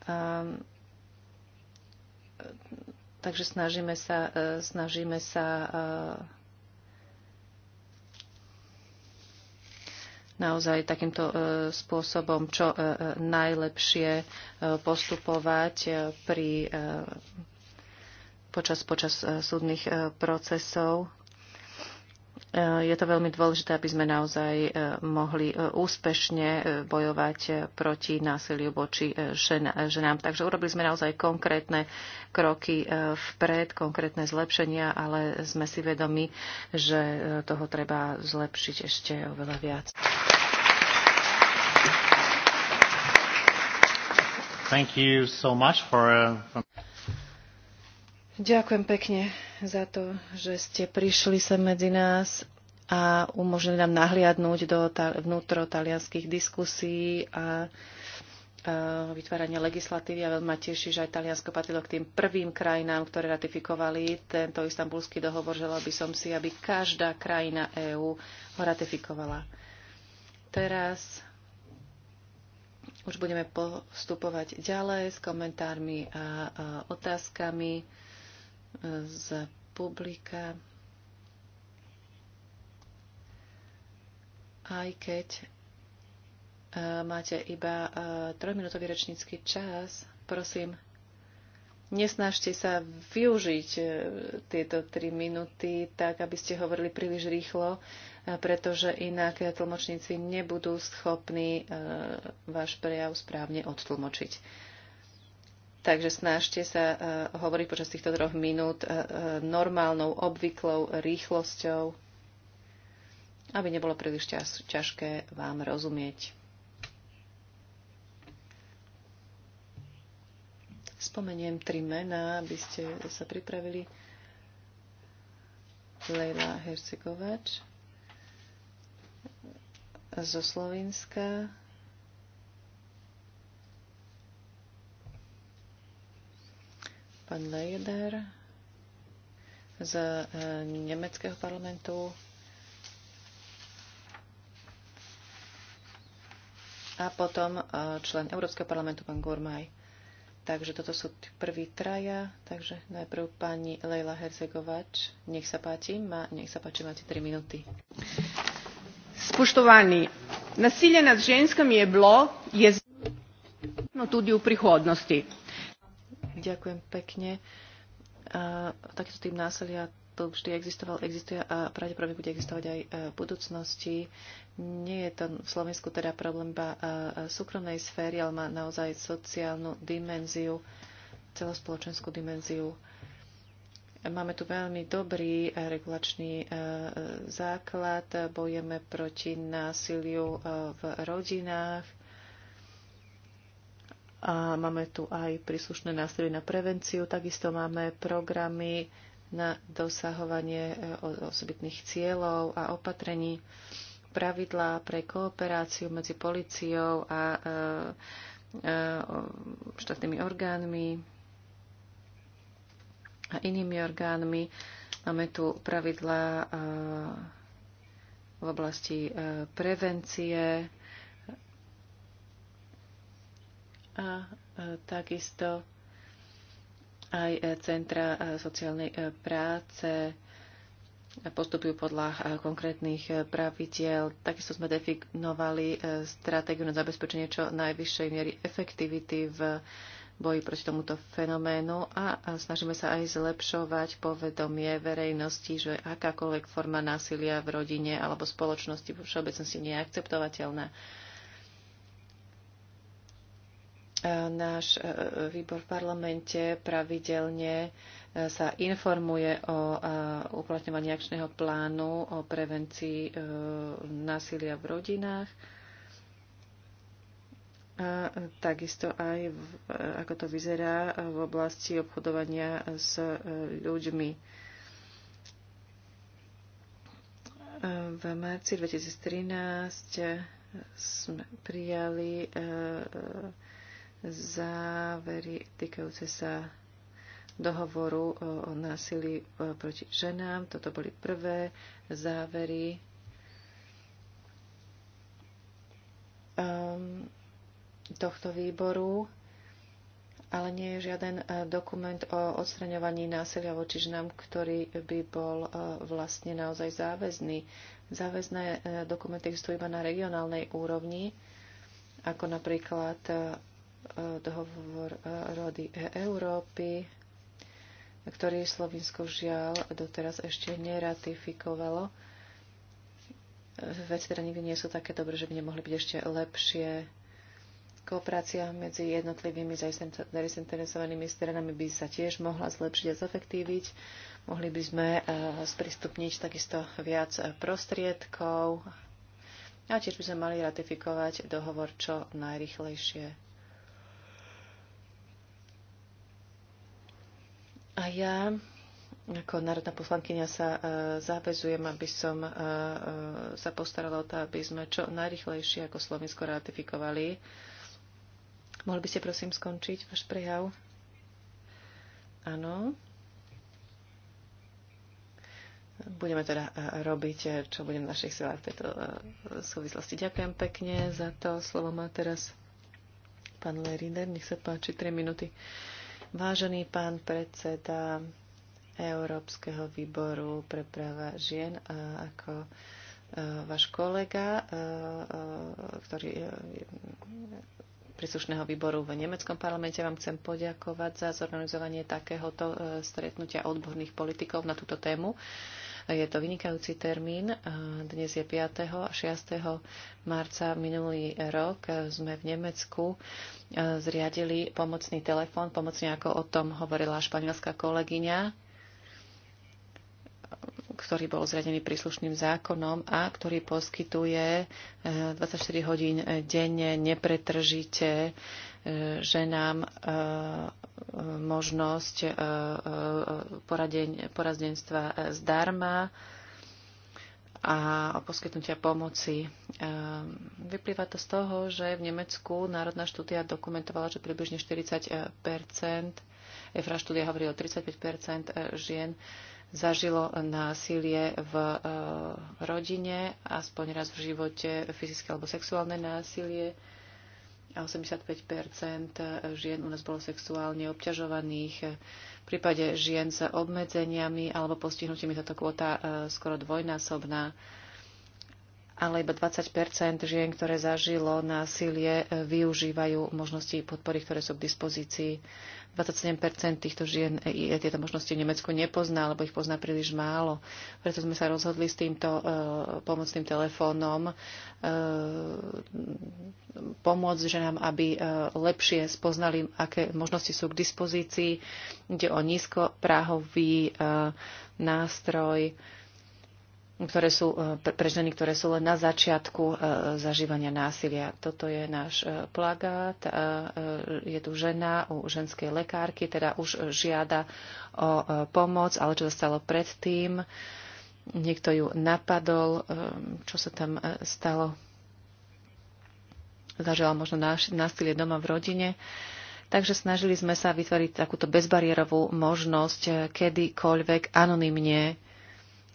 S4: Um, Takže snažíme sa, e, snažíme sa e, naozaj takýmto e, spôsobom čo najlepšie postupovať pri, počas, počas súdnych procesov je to veľmi dôležité, aby sme naozaj e, mohli e, úspešne e, bojovať proti násiliu voči ženám. Takže urobili sme naozaj konkrétne kroky vpred, konkrétne zlepšenia, ale sme si vedomi, že toho treba zlepšiť ešte oveľa viac.
S1: Thank you so much for, uh,
S4: Ďakujem pekne za to, že ste prišli sem medzi nás a umožnili nám nahliadnúť do vnútro talianských diskusí a vytvárania legislatívy a veľmi ma teší, že aj Taliansko patrilo k tým prvým krajinám, ktoré ratifikovali tento istambulský dohovor. Želal by som si, aby každá krajina EÚ ho ratifikovala. Teraz už budeme postupovať ďalej s komentármi a otázkami z publika, aj keď e, máte iba e, trojminútový rečnícky čas, prosím, nesnažte sa využiť e, tieto tri minúty tak, aby ste hovorili príliš rýchlo, pretože inak tlmočníci nebudú schopní váš prejav správne odtlmočiť. Takže snažte sa e, hovoriť počas týchto troch minút e, e, normálnou, obvyklou rýchlosťou, aby nebolo príliš ťaž, ťažké vám rozumieť. Spomeniem tri mená, aby ste sa pripravili. Leila Hercegovač zo Slovenska. Pán Leider z e, nemeckého parlamentu. A potom e, člen Európskeho parlamentu, pán Gormaj. Takže toto sú prví traja. Takže najprv pani Leila Herzegovač. Nech sa páči, ma, nech sa páči, máte 3 minúty.
S3: Spoštovani, nasilje nad ženskami je bilo, je no tudi v prihodnosti
S4: Ďakujem pekne. A, takýto tým násilia to vždy existoval, existuje a pravdepodobne bude existovať aj e, v budúcnosti. Nie je to v Slovensku teda problém iba e, súkromnej sféry, ale má naozaj sociálnu dimenziu, celospoločenskú dimenziu. Máme tu veľmi dobrý e, regulačný základ, bojeme proti násiliu v rodinách, a máme tu aj príslušné nástroje na prevenciu. Takisto máme programy na dosahovanie e, osobitných cieľov a opatrení, pravidlá pre kooperáciu medzi policiou a e, e, štátnymi orgánmi a inými orgánmi. Máme tu pravidlá v oblasti prevencie a takisto aj e, centra e, sociálnej e, práce postupujú podľa konkrétnych pravidiel. Takisto sme definovali stratégiu na zabezpečenie čo najvyššej miery efektivity v boji proti tomuto fenoménu a snažíme sa aj zlepšovať povedomie verejnosti, že akákoľvek forma násilia v rodine alebo spoločnosti vo všeobecnosti nie je akceptovateľná. E, náš e, výbor v parlamente pravidelne e, sa informuje o uplatňovaní akčného plánu o prevencii násilia v rodinách a takisto aj ako to vyzerá v oblasti obchodovania s ľuďmi. V marci 2013 sme prijali závery týkajúce sa dohovoru o násilí e, proti ženám. Toto boli prvé závery. Ehm, tohto výboru, ale nie je žiaden e, dokument o odstraňovaní násilia voči ženám, ktorý by bol e, vlastne naozaj záväzný. Záväzné dokumenty existujú iba na regionálnej úrovni, ako napríklad dohovor e, Rady Európy, ktorý Slovinsko žiaľ doteraz ešte neratifikovalo. E, veci teda nikdy nie sú také dobré, že by nemohli byť ešte lepšie. Kooperácia medzi jednotlivými zainteresovanými stranami by sa tiež mohla zlepšiť a zefektíviť. Mohli by sme e, sprístupniť takisto viac prostriedkov a tiež by sme mali ratifikovať dohovor čo najrychlejšie. A ja ako národná poslankyňa sa e, záväzujem, aby som e, e, sa postarala o to, aby sme čo najrychlejšie ako Slovensko ratifikovali. Mohli by ste prosím skončiť váš prejav? Áno. Budeme teda robiť, čo budem v našich silách v tejto súvislosti. Ďakujem pekne za to. Slovo má teraz pán Lerinder. Nech sa páči, 3 minúty. Vážený pán predseda Európskeho výboru pre práva žien, ako e, váš kolega, e, e, ktorý príslušného výboru v nemeckom parlamente vám chcem poďakovať za zorganizovanie takéhoto stretnutia odborných politikov na túto tému. Je to vynikajúci termín. Dnes je 5. a 6. marca minulý rok. Sme v Nemecku zriadili pomocný telefón, pomocne ako o tom hovorila španielská kolegyňa, ktorý bol zriadený príslušným zákonom a ktorý poskytuje 24 e, hodín denne nepretržite ženám e, e, možnosť e, poradenstva zdarma a poskytnutia pomoci. Vyplýva to z toho, že v Nemecku národná štúdia dokumentovala, že približne 40 EFRA štúdia hovorí o 35 žien zažilo násilie v rodine, aspoň raz v živote, fyzické alebo sexuálne násilie 85 žien u nás bolo sexuálne obťažovaných. V prípade žien s obmedzeniami alebo postihnutiami táto kvota e, skoro dvojnásobná ale iba 20 žien, ktoré zažilo násilie, e, využívajú možnosti podpory, ktoré sú k dispozícii. 27 týchto žien e, e, tieto možnosti v Nemecku nepozná, alebo ich pozná príliš málo. Preto sme sa rozhodli s týmto pomocným telefónom pomôcť ženám, aby lepšie spoznali, aké možnosti sú k dispozícii. Ide o nízkopráhový nástroj, ktoré sú, e, pre ženy, ktoré sú len na začiatku e, zažívania násilia. Toto je náš e, plagát. Je tu žena u ženskej lekárky, teda už žiada o pomoc, ale čo sa stalo predtým? Niekto ju napadol, čo sa tam stalo? Zažila možno násilie doma v rodine. Takže snažili sme sa vytvoriť takúto bezbariérovú možnosť kedykoľvek anonymne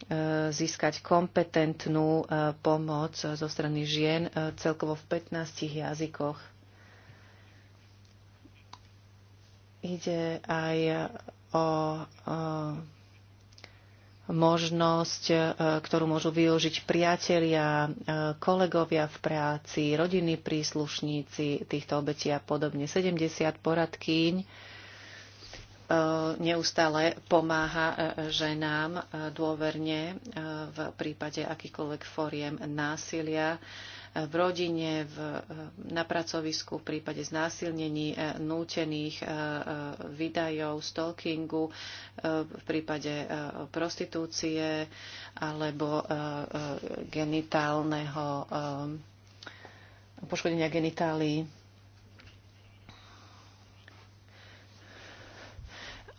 S4: E, získať kompetentnú e, pomoc zo strany žien e, celkovo v 15 jazykoch. Ide aj o, možnosť, ktorú môžu využiť priatelia, kolegovia v práci, rodinní príslušníci týchto obetí a podobne. 70 poradkýň neustále pomáha e, ženám e, dôverne e, v prípade akýchkoľvek fóriem násilia v rodine, v, na pracovisku, v prípade znásilnení, nútených vydajov, stalkingu, v prípade prostitúcie alebo genitálneho poškodenia genitálií.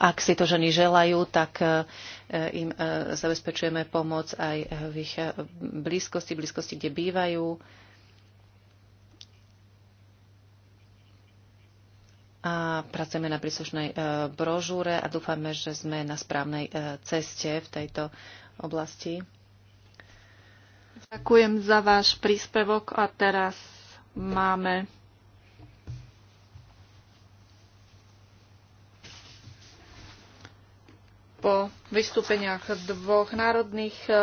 S4: ak si to ženy želajú, tak e, im e, zabezpečujeme pomoc aj v ich e, blízkosti, blízkosti, kde bývajú. A pracujeme na príslušnej brožúre a dúfame, že sme na správnej ceste v tejto oblasti.
S3: Ďakujem za váš príspevok a teraz máme po vystúpeniach dvoch národných e,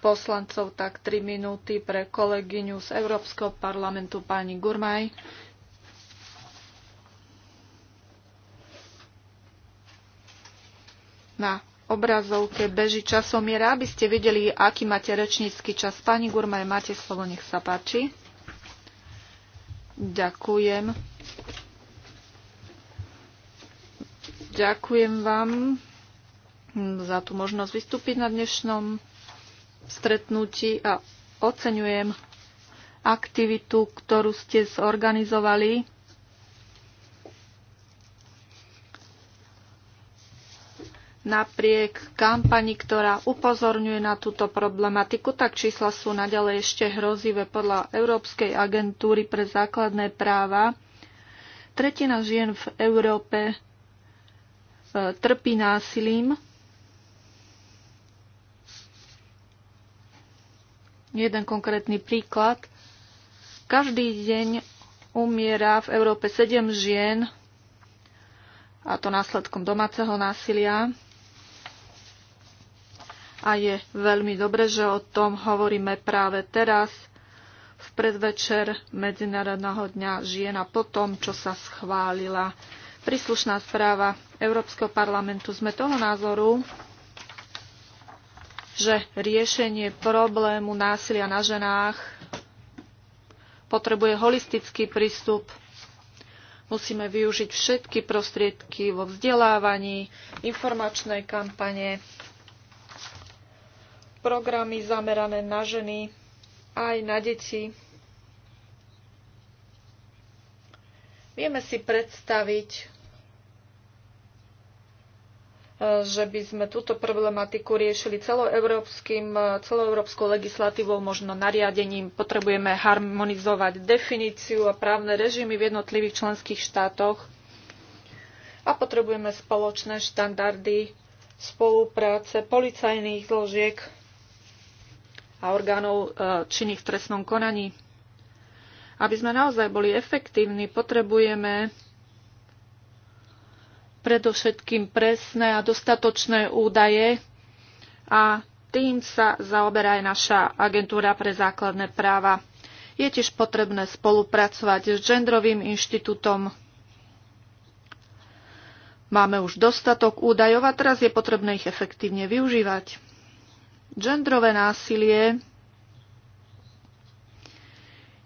S3: poslancov tak tri minúty pre kolegyňu z Európskeho parlamentu pani Gurmaj. Na obrazovke beží časomiera, aby ste videli, aký máte rečnícky čas. Pani Gurmaj, máte slovo, nech sa páči. Ďakujem. Ďakujem vám za tú možnosť vystúpiť na dnešnom stretnutí a oceňujem aktivitu, ktorú ste zorganizovali. Napriek kampani, ktorá upozorňuje na túto problematiku, tak čísla sú naďalej ešte hrozivé podľa Európskej agentúry pre základné práva. Tretina žien v Európe e, trpí násilím jeden konkrétny príklad. Každý deň umiera v Európe 7 žien, a to následkom domáceho násilia. A je veľmi dobre, že o tom hovoríme práve teraz, v predvečer Medzinárodného dňa žien a po tom, čo sa schválila príslušná správa Európskeho parlamentu. Sme toho názoru, že riešenie problému násilia na ženách potrebuje holistický prístup. Musíme využiť všetky prostriedky vo vzdelávaní, informačnej kampane, programy zamerané na ženy, aj na deti. Vieme si predstaviť, že by sme túto problematiku riešili celoeurópskou legislatívou, možno nariadením. Potrebujeme harmonizovať definíciu a právne režimy v jednotlivých členských štátoch a potrebujeme spoločné štandardy spolupráce policajných zložiek a orgánov e, činných v trestnom konaní. Aby sme naozaj boli efektívni, potrebujeme predovšetkým presné a dostatočné údaje a tým sa zaoberá aj naša agentúra pre základné práva. Je tiež potrebné spolupracovať s Gendrovým inštitútom. Máme už dostatok údajov a teraz je potrebné ich efektívne využívať. Gendrové násilie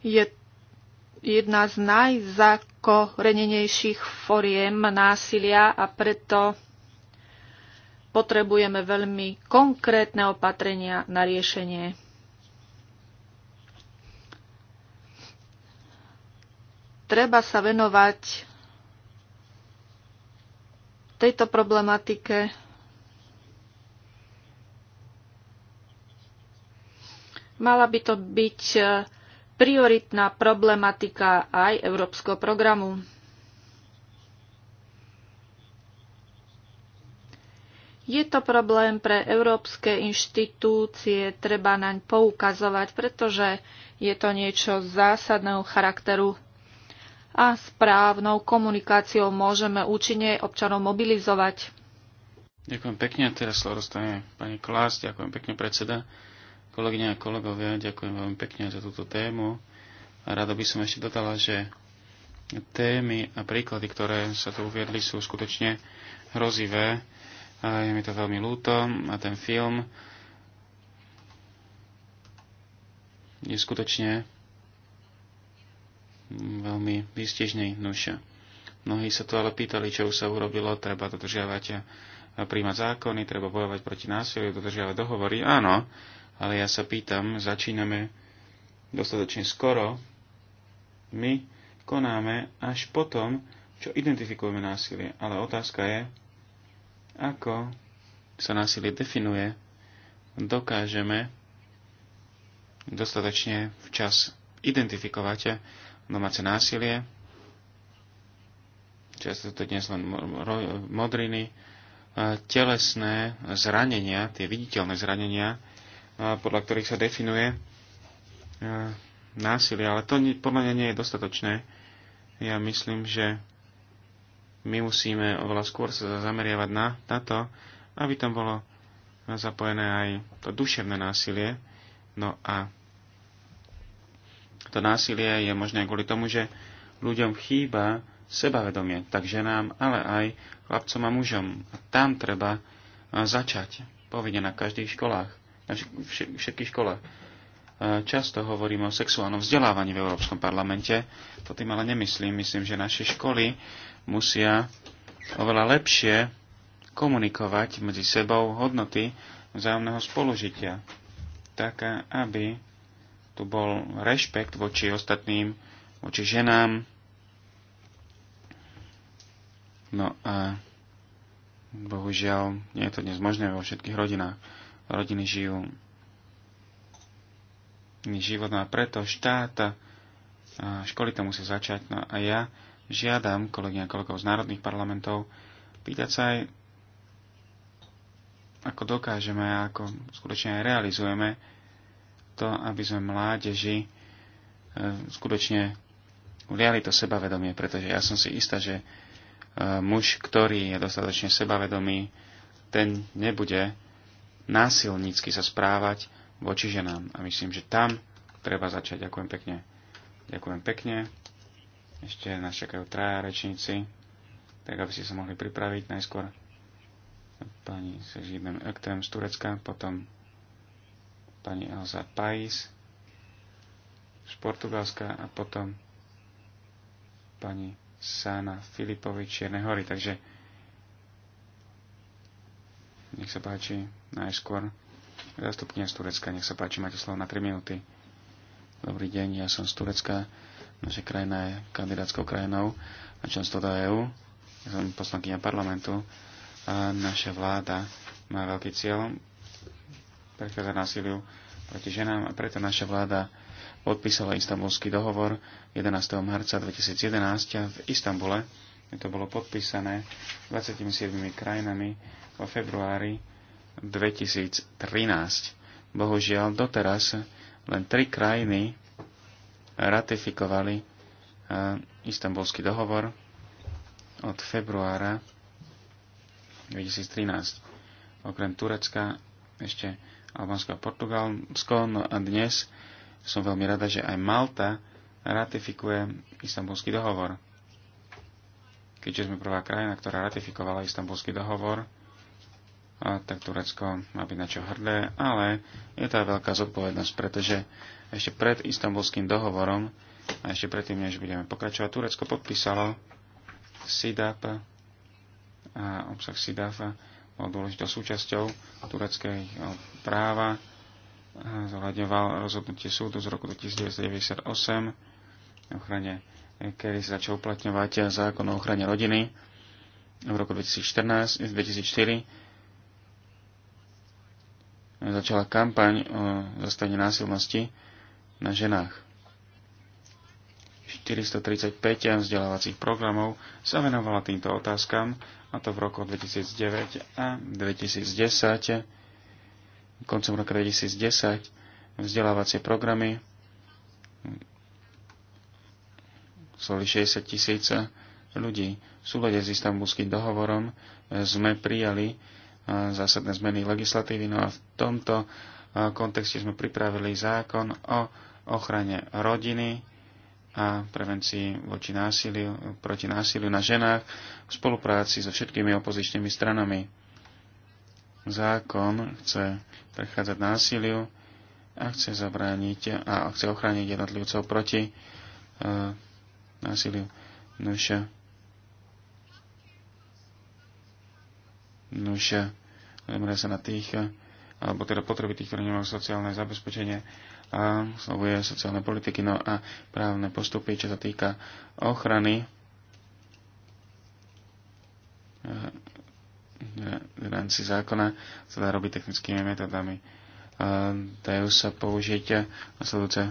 S3: je jedna z najzákladnejších najokorenenejších foriem násilia a preto potrebujeme veľmi konkrétne opatrenia na riešenie. Treba sa venovať tejto problematike mala by to byť prioritná problematika aj Európskeho programu. Je to problém pre európske inštitúcie, treba naň poukazovať, pretože je to niečo zásadného charakteru a správnou komunikáciou môžeme účinne občanov mobilizovať.
S2: Ďakujem pekne, teraz slovo dostane pani Klás, ďakujem pekne predseda. Kolegyne a kolegovia, ďakujem veľmi pekne za túto tému. A rada by som ešte dodala, že témy a príklady, ktoré sa tu uviedli, sú skutočne hrozivé. A je mi to veľmi ľúto. A ten film je skutočne veľmi výstižný nuša. Mnohí sa tu ale pýtali, čo už sa urobilo, treba dodržiavať a príjmať zákony, treba bojovať proti násiliu, dodržiavať dohovory. Áno, ale ja sa pýtam, začíname dostatočne skoro, my konáme až potom, čo identifikujeme násilie. Ale otázka je, ako sa násilie definuje, dokážeme dostatočne včas identifikovať domáce násilie, často to dnes len modriny, telesné zranenia, tie viditeľné zranenia, podľa ktorých sa definuje e, násilie, ale to podľa mňa nie je dostatočné. Ja myslím, že my musíme oveľa skôr sa zameriavať na, na to, aby tam bolo zapojené aj to duševné násilie. No a to násilie je možné kvôli tomu, že ľuďom chýba sebavedomie, tak ženám, ale aj chlapcom a mužom. A tam treba e, začať, povinne na každých školách na všetkých e, Často hovoríme o sexuálnom vzdelávaní v Európskom parlamente, to tým ale nemyslím. Myslím, že naše školy musia oveľa lepšie komunikovať medzi sebou hodnoty vzájomného spolužitia, tak aby tu bol rešpekt voči ostatným, voči ženám. No a bohužiaľ nie je to dnes možné vo všetkých rodinách rodiny žijú život. No a preto štát a školy to musia začať. No a ja žiadam kolegy a kolegov z národných parlamentov pýtať sa aj, ako dokážeme a ako skutočne aj realizujeme to, aby sme mládeži e, skutočne uliali to sebavedomie, pretože ja som si istá, že e, muž, ktorý je dostatočne sebavedomý, ten nebude násilnícky sa správať voči ženám. A myslím, že tam treba začať. Ďakujem pekne. Ďakujem pekne. Ešte nás čakajú traja rečníci, tak aby ste sa mohli pripraviť najskôr pani Sežidem Öktem z Turecka, potom pani Elza Pais z Portugalska a potom pani Sána Filipovič Čiernej hory. Takže nech sa páči najskôr zastupňa z Turecka. Nech sa páči, máte slovo na 3 minúty. Dobrý deň, ja som z Turecka. Naša krajina je kandidátskou krajinou na členstvo do EÚ. Ja som poslankyňa parlamentu. A naša vláda má veľký cieľ prechádzať násiliu proti ženám a preto naša vláda podpísala istambulský dohovor 11. marca 2011 a v Istambule. To bolo podpísané 27 krajinami vo februári 2013. Bohužiaľ, doteraz len tri krajiny ratifikovali eh, istambulský dohovor od februára 2013. Okrem Turecka ešte Albánsko a Portugalsko. No a dnes som veľmi rada, že aj Malta ratifikuje istambulský dohovor. Keďže sme prvá krajina, ktorá ratifikovala istambulský dohovor, a tak Turecko má byť na čo hrdé, ale je to aj veľká zodpovednosť, pretože ešte pred istambulským dohovorom a ešte predtým, než budeme pokračovať, Turecko podpísalo SIDAP a obsah SIDAP bol dôležitou súčasťou tureckého eh, práva zohľadňoval rozhodnutie súdu z roku 1998 ochrane, eh, kedy sa začal uplatňovať zákon o ochrane rodiny v roku 2014, 2004 začala kampaň o zastavení násilnosti na ženách. 435 vzdelávacích programov sa venovala týmto otázkam, a to v roku 2009 a 2010. Koncom roka 2010 vzdelávacie programy slovy 60 tisíc ľudí. V súlade s istambulským dohovorom sme prijali zásadné zmeny legislatívy. No a v tomto kontexte sme pripravili zákon o ochrane rodiny a prevencii voči násiliu, proti násiliu na ženách v spolupráci so všetkými opozičnými stranami. Zákon chce prechádzať násiliu a chce zabrániť a chce ochrániť jednotlivcov proti e, násiliu. No, Nož, eh, zamerá sa na tých, eh, alebo teda potreby tých, ktorí nemajú sociálne zabezpečenie a slovuje sociálne politiky, no a právne postupy, čo sa týka ochrany eh, v rámci zákona sa dá robiť technickými metodami. Dajú sa použiť nasledujúce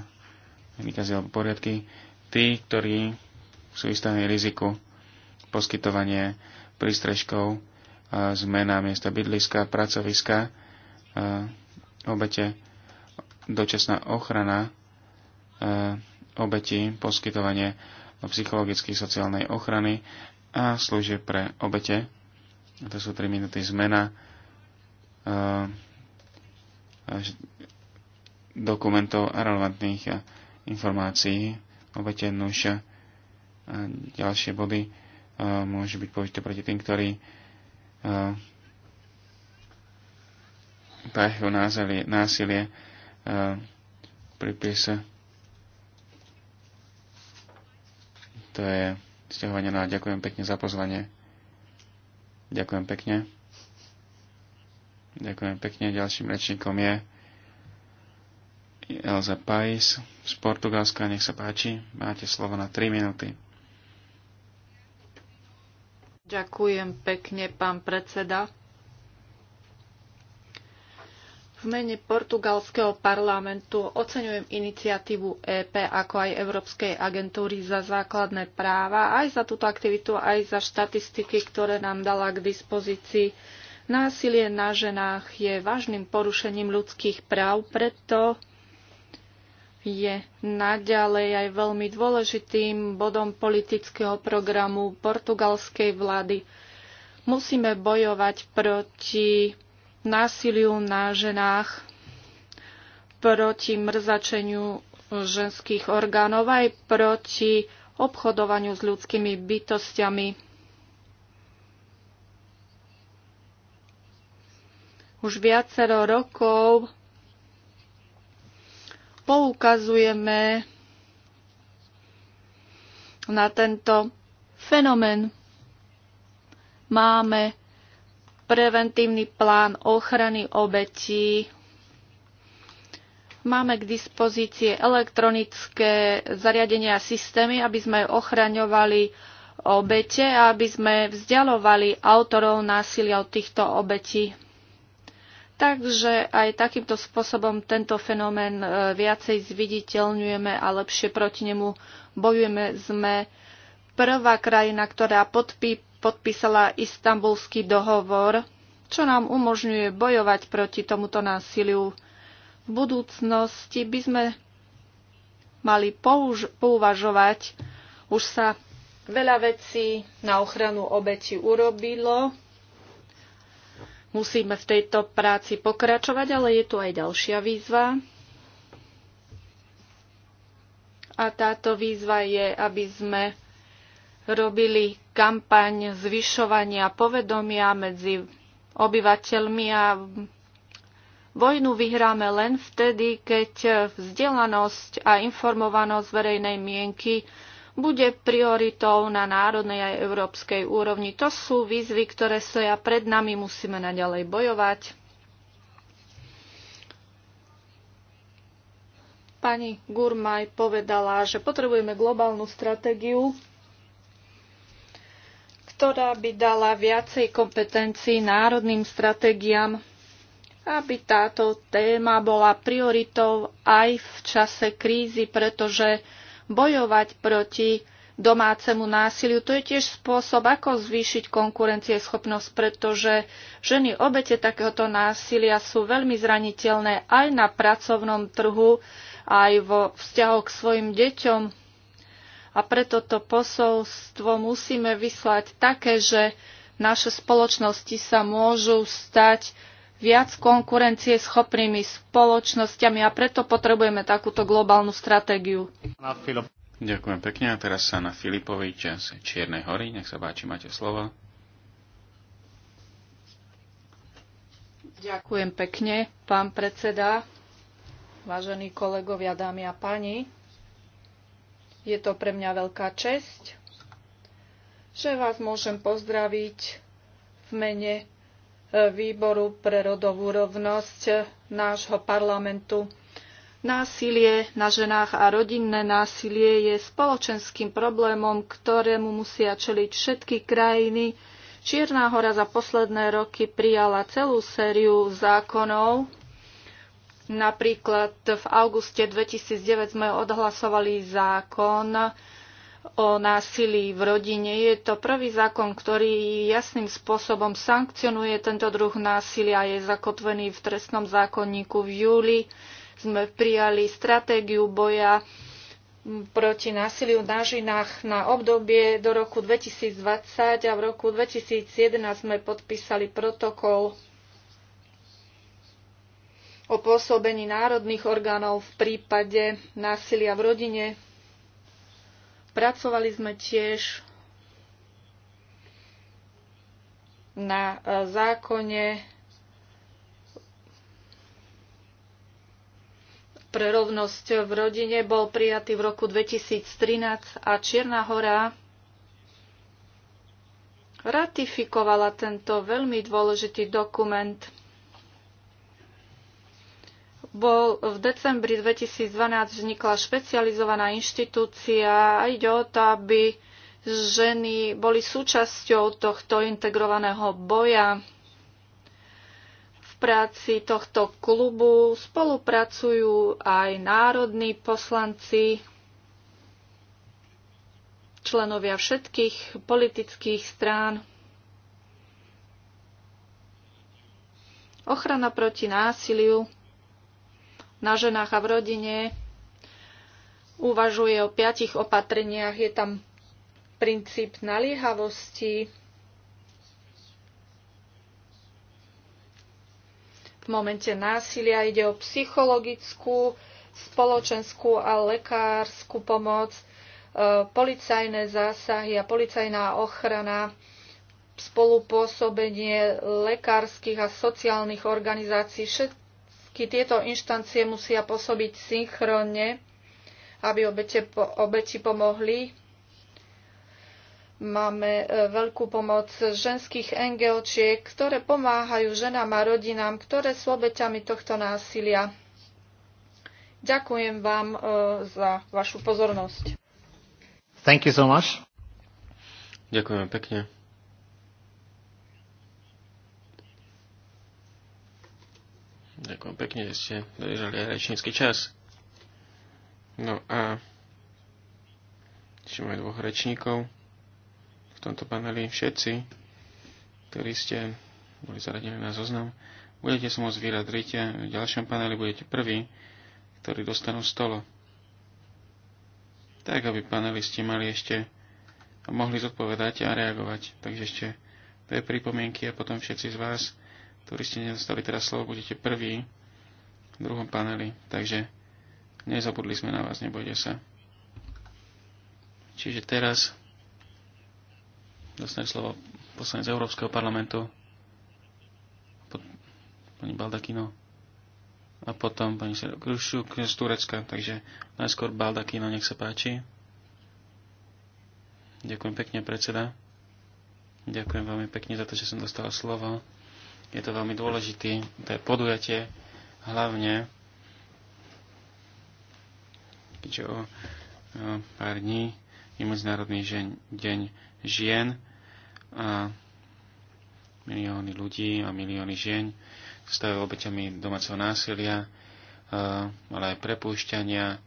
S2: výkazy alebo poriadky. Tí, ktorí sú vystavení riziku poskytovanie prístrežkov, zmena miesta bydliska, pracoviska, obete, dočasná ochrana obeti, poskytovanie psychologickej sociálnej ochrany a služie pre obete. To sú 3 minúty zmena dokumentov a relevantných informácií obete nuša a ďalšie body môžu byť použité proti tým, ktorí páchajú násilie, pripísa. to je stiahovanie na no ďakujem pekne za pozvanie ďakujem pekne ďakujem pekne ďalším rečníkom je Elza Pais z Portugalska, nech sa páči, máte slovo na 3 minúty.
S3: Ďakujem pekne, pán predseda. V mene portugalského parlamentu oceňujem iniciatívu EP ako aj Európskej agentúry za základné práva, aj za túto aktivitu, aj za štatistiky, ktoré nám dala k dispozícii. Násilie na ženách je vážnym porušením ľudských práv, preto je naďalej aj veľmi dôležitým bodom politického programu portugalskej vlády. Musíme bojovať proti násiliu na ženách, proti mrzačeniu ženských orgánov aj proti obchodovaniu s ľudskými bytostiami. Už viacero rokov poukazujeme na tento fenomén. Máme preventívny plán ochrany obetí. Máme k dispozície elektronické zariadenia a systémy, aby sme ochraňovali obete a aby sme vzdialovali autorov násilia od týchto obetí. Takže aj takýmto spôsobom tento fenomén e, viacej zviditeľňujeme a lepšie proti nemu bojujeme. Sme prvá krajina, ktorá podpí, podpísala istambulský dohovor, čo nám umožňuje bojovať proti tomuto násiliu. V budúcnosti by sme mali použ- pouvažovať, už sa veľa vecí na ochranu obeti urobilo, Musíme v tejto práci pokračovať, ale je tu aj ďalšia výzva. A táto výzva je, aby sme robili kampaň zvyšovania povedomia medzi obyvateľmi a Vojnu vyhráme len vtedy, keď vzdelanosť a informovanosť verejnej mienky bude prioritou na národnej aj európskej úrovni. To sú výzvy, ktoré stoja pred nami, musíme naďalej bojovať. Pani Gurmaj povedala, že potrebujeme globálnu stratégiu, ktorá by dala viacej kompetencií národným stratégiám aby táto téma bola prioritou aj v čase krízy, pretože bojovať proti domácemu násiliu. To je tiež spôsob, ako zvýšiť konkurencieschopnosť, pretože ženy obete takéhoto násilia sú veľmi zraniteľné aj na pracovnom trhu, aj vo vzťahu k svojim deťom. A preto to posolstvo musíme vyslať také, že naše spoločnosti sa môžu stať viac konkurencie schopnými spoločnosťami a preto potrebujeme takúto globálnu stratégiu.
S2: Ďakujem pekne a teraz sa na Filipovi z Čiernej hory. Nech sa páči, máte slovo.
S3: Ďakujem pekne, pán predseda, vážení kolegovia, dámy a páni. Je to pre mňa veľká česť, že vás môžem pozdraviť v mene výboru pre rodovú rovnosť nášho parlamentu. Násilie na ženách a rodinné násilie je spoločenským problémom, ktorému musia čeliť všetky krajiny. Čierna hora za posledné roky prijala celú sériu zákonov. Napríklad v auguste 2009 sme odhlasovali zákon, o násilí v rodine. Je to prvý zákon, ktorý jasným spôsobom sankcionuje tento druh násilia. a Je zakotvený v trestnom zákonníku. V júli sme prijali stratégiu boja proti násiliu na žinách na obdobie do roku 2020 a v roku 2011 sme podpísali protokol o pôsobení národných orgánov v prípade násilia v rodine Pracovali sme tiež na e, zákone pre rovnosť v rodine bol prijatý v roku 2013 a Čierna hora ratifikovala tento veľmi dôležitý dokument bol v decembri 2012 vznikla špecializovaná inštitúcia a ide o to, aby ženy boli súčasťou tohto integrovaného boja. V práci tohto klubu spolupracujú aj národní poslanci, členovia všetkých politických strán. Ochrana proti násiliu na ženách a v rodine. Uvažuje o piatich opatreniach. Je tam princíp naliehavosti. V momente násilia ide o psychologickú, spoločenskú a lekárskú pomoc, e, policajné zásahy a policajná ochrana spolupôsobenie lekárskych a sociálnych organizácií. Všetko Všetky tieto inštancie musia pôsobiť synchronne, aby obete, obeti pomohli. Máme e, veľkú pomoc ženských NGOčiek, ktoré pomáhajú ženám a rodinám, ktoré sú obeťami tohto násilia. Ďakujem vám e, za vašu pozornosť.
S1: Thank you so much. Ďakujem pekne.
S2: Ďakujem pekne, že ste dodržali aj rečnícky čas. No a ešte máme dvoch rečníkov v tomto paneli. Všetci, ktorí ste boli zaradení na zoznam, budete sa môcť vyjadriť a v ďalšom paneli budete prví, ktorí dostanú stolo. Tak, aby panelisti mali ešte a mohli zodpovedať a reagovať. Takže ešte dve pripomienky a potom všetci z vás ktorí ste nedostali teraz slovo, budete prví v druhom paneli, takže nezabudli sme na vás, nebojte sa. Čiže teraz dostane slovo poslanec Európskeho parlamentu, pani Baldakino a potom pani Krušuk z Turecka, takže najskôr Baldakino, nech sa páči. Ďakujem pekne, predseda. Ďakujem veľmi pekne za to, že som dostal slovo. Je to veľmi dôležité to je podujatie, hlavne keďže o, pár dní je Medzinárodný žen, deň žien a milióny ľudí a milióny žien stavujú obeťami domáceho násilia, ale aj prepúšťania,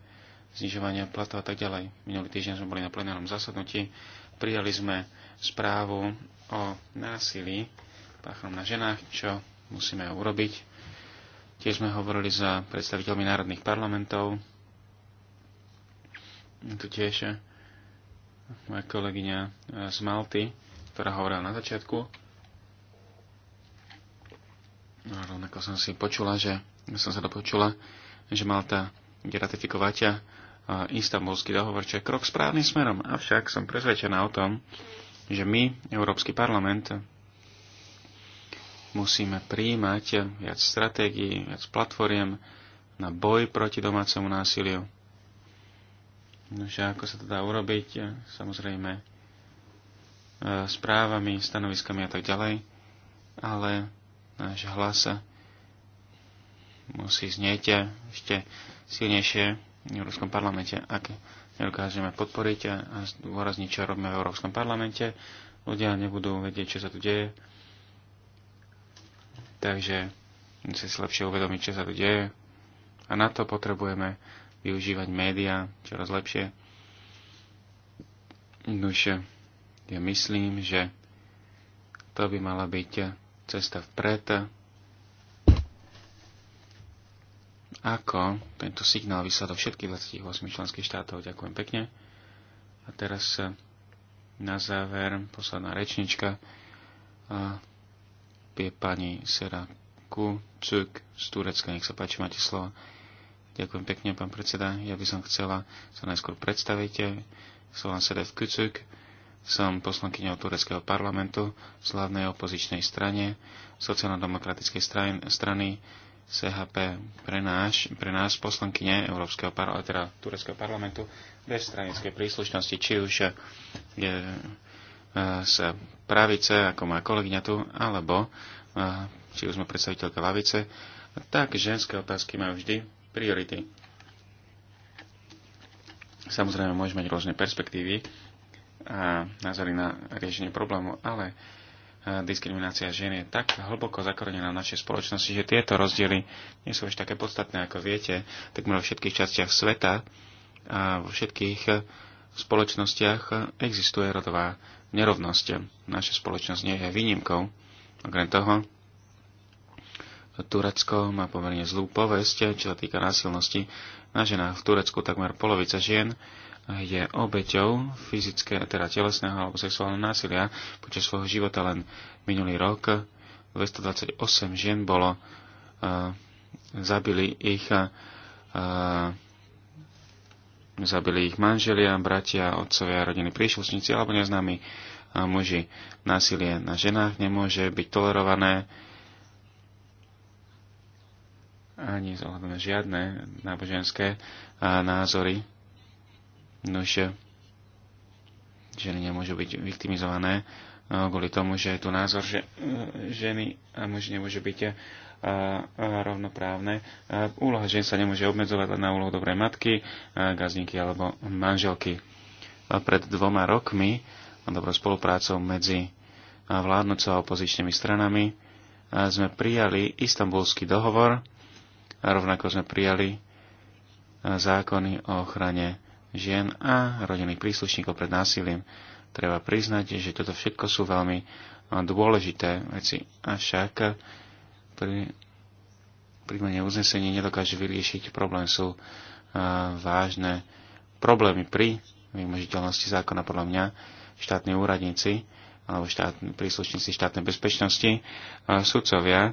S2: znižovania platov a tak ďalej. Minulý týždeň sme boli na plenárnom zasadnutí, prijali sme správu o násilí páchom na ženách, čo musíme urobiť. Tiež sme hovorili za predstaviteľmi národných parlamentov. Tu tiež moja kolegyňa z Malty, ktorá hovorila na začiatku. No, rovnako som si počula, že som sa dopočula, že Malta ide ratifikovať istambulský dohovor, čo je krok správnym smerom. Avšak som presvedčená o tom, že my, Európsky parlament, Musíme príjmať viac stratégií, viac platformiem na boj proti domácemu násiliu. Nože ako sa to dá urobiť? Samozrejme e, správami, stanoviskami a tak ďalej. Ale náš hlas musí znieť ešte silnejšie v Európskom parlamente. Ak nedokážeme podporiť a zdôrazniť, čo robíme v Európskom parlamente, ľudia nebudú vedieť, čo sa tu deje Takže musíme si lepšie uvedomiť, čo sa tu deje. A na to potrebujeme využívať médiá čoraz lepšie. Nože, ja myslím, že to by mala byť cesta vpred. Ako tento signál vyslal do všetkých 28 členských štátov. Ďakujem pekne. A teraz na záver posledná rečnička je pani Sera Kucuk z Turecka. Nech sa páči, máte slovo. Ďakujem pekne, pán predseda. Ja by som chcela sa najskôr predstaviť. Slovan Sedef Kucuk. Som poslankyňou Tureckého parlamentu z hlavnej opozičnej strane, sociálno-demokratickej strany CHP pre, náš, pre nás poslankyne Európskeho parlamentu, teda Tureckého parlamentu bez stranickej príslušnosti, či už je E, z pravice, ako má kolegyňa tu, alebo e, či už sme predstaviteľka lavice, tak ženské otázky majú vždy priority. Samozrejme, môžeme mať rôzne perspektívy a názory na riešenie problému, ale e, diskriminácia žien je tak hlboko zakorenená v našej spoločnosti, že tieto rozdiely nie sú ešte také podstatné, ako viete, tak vo všetkých častiach sveta a vo všetkých spoločnostiach existuje rodová nerovnosti. Naša spoločnosť nie je výnimkou. Okrem toho, Turecko má pomerne zlú povesť, čo sa týka násilnosti na ženách. V Turecku takmer polovica žien je obeťou fyzické, teda telesného alebo sexuálneho násilia počas svojho života len minulý rok 228 žien bolo uh, zabili ich uh, zabili ich manželia, bratia, otcovia, rodiny, príšlušníci alebo neznámi muži. Násilie na ženách nemôže byť tolerované ani zohľadom na žiadne náboženské názory. Nož ženy nemôžu byť viktimizované kvôli tomu, že je tu názor, že e, ženy a muži nemôžu byť rovnoprávne. Úloha žien sa nemôže obmedzovať len na úlohu dobrej matky, gazdinky alebo manželky. Pred dvoma rokmi dobrou spoluprácou medzi vládnocou a opozičnými stranami sme prijali istambulský dohovor a rovnako sme prijali zákony o ochrane žien a rodinných príslušníkov pred násilím. Treba priznať, že toto všetko sú veľmi dôležité veci. Avšak príjmanie uznesení nedokáže vyriešiť problém. Sú a, e, vážne problémy pri vymožiteľnosti zákona podľa mňa štátni úradníci alebo štát, príslušníci štátnej bezpečnosti, e, sudcovia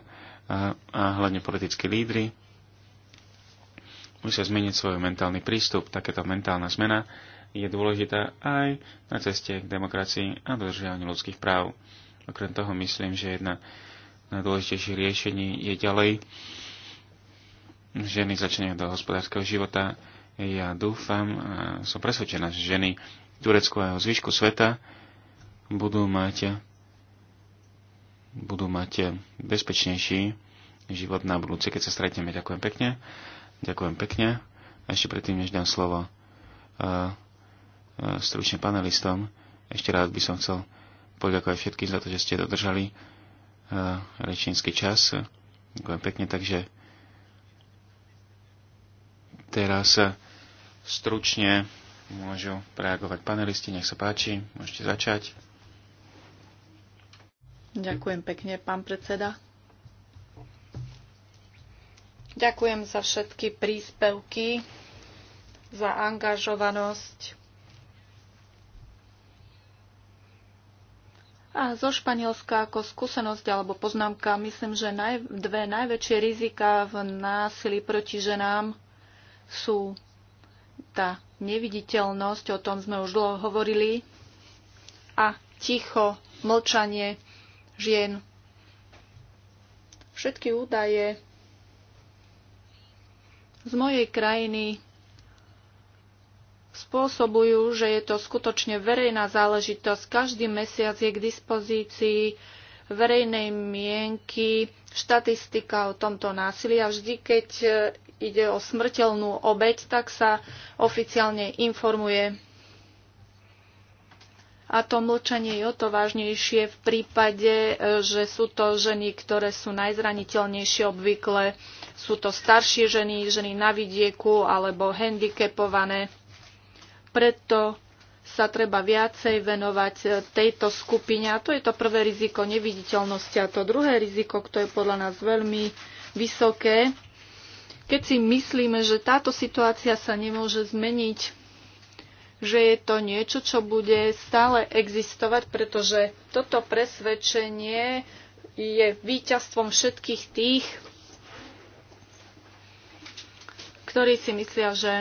S2: a, e, a hlavne politickí lídry musia zmeniť svoj mentálny prístup. Takéto mentálna zmena je dôležitá aj na ceste k demokracii a dodržiavaniu ľudských práv. Okrem toho myslím, že jedna najdôležitejšie riešenie je ďalej. Ženy začne do hospodárskeho života. Ja dúfam a som presvedčená, že ženy Turecku a jeho zvyšku sveta budú mať, budú mať bezpečnejší život na budúce, keď sa stretneme. Ďakujem pekne. Ďakujem pekne. A ešte predtým, než dám slovo uh, stručne panelistom. Ešte rád by som chcel poďakovať všetkým za to, že ste dodržali rečnícky čas. Ďakujem pekne, takže teraz stručne môžu reagovať panelisti, nech sa páči, môžete začať.
S3: Ďakujem pekne, pán predseda. Ďakujem za všetky príspevky, za angažovanosť A zo Španielska ako skúsenosť alebo poznámka, myslím, že naj, dve najväčšie rizika v násilí proti ženám sú tá neviditeľnosť, o tom sme už dlho hovorili, a ticho, mlčanie žien. Všetky údaje z mojej krajiny spôsobujú, že je to skutočne verejná záležitosť. Každý mesiac je k dispozícii verejnej mienky štatistika o tomto násilí a vždy, keď e, ide o smrteľnú obeď, tak sa oficiálne informuje. A to mlčanie je o to vážnejšie v prípade, e, že sú to ženy, ktoré sú najzraniteľnejšie obvykle. Sú to staršie ženy, ženy na vidieku alebo handicapované preto sa treba viacej venovať e, tejto skupine. A to je to prvé riziko neviditeľnosti. A to druhé riziko, ktoré je podľa nás veľmi vysoké, keď si myslíme, že táto situácia sa nemôže zmeniť, že je to niečo, čo bude stále existovať, pretože toto presvedčenie je víťazstvom všetkých tých, ktorí si myslia, že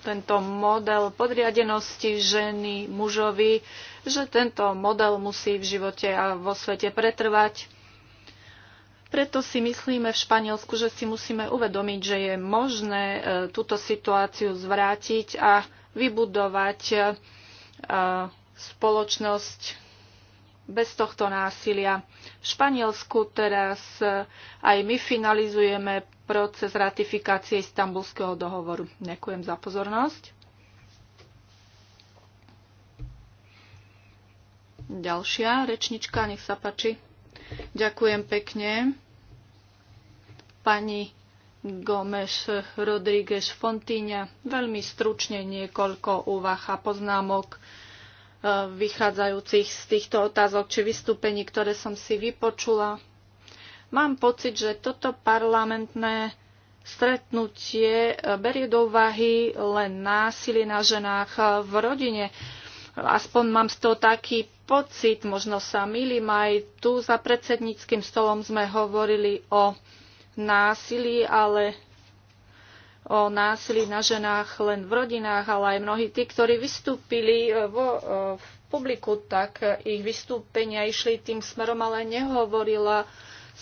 S3: tento model podriadenosti ženy mužovi, že tento model musí v živote a vo svete pretrvať. Preto si myslíme v Španielsku, že si musíme uvedomiť, že je možné e, túto situáciu zvrátiť a vybudovať e, spoločnosť bez tohto násilia. V Španielsku teraz e, aj my finalizujeme proces ratifikácie istambulského dohovoru. Ďakujem za pozornosť. Ďalšia rečnička, nech sa páči. Ďakujem pekne. Pani Gomes Rodríguez Fontíňa. Veľmi stručne niekoľko úvah a poznámok eh, vychádzajúcich z týchto otázok či vystúpení, ktoré som si vypočula. Mám pocit, že toto parlamentné stretnutie e, berie do úvahy len násilie na ženách e, v rodine. Aspoň mám z toho taký pocit, možno sa milím, aj tu za predsedníckým stolom sme hovorili o násilí, ale o násilí na ženách len v rodinách, ale aj mnohí tí, ktorí vystúpili e, vo, v publiku, tak ich vystúpenia išli tým smerom, ale nehovorila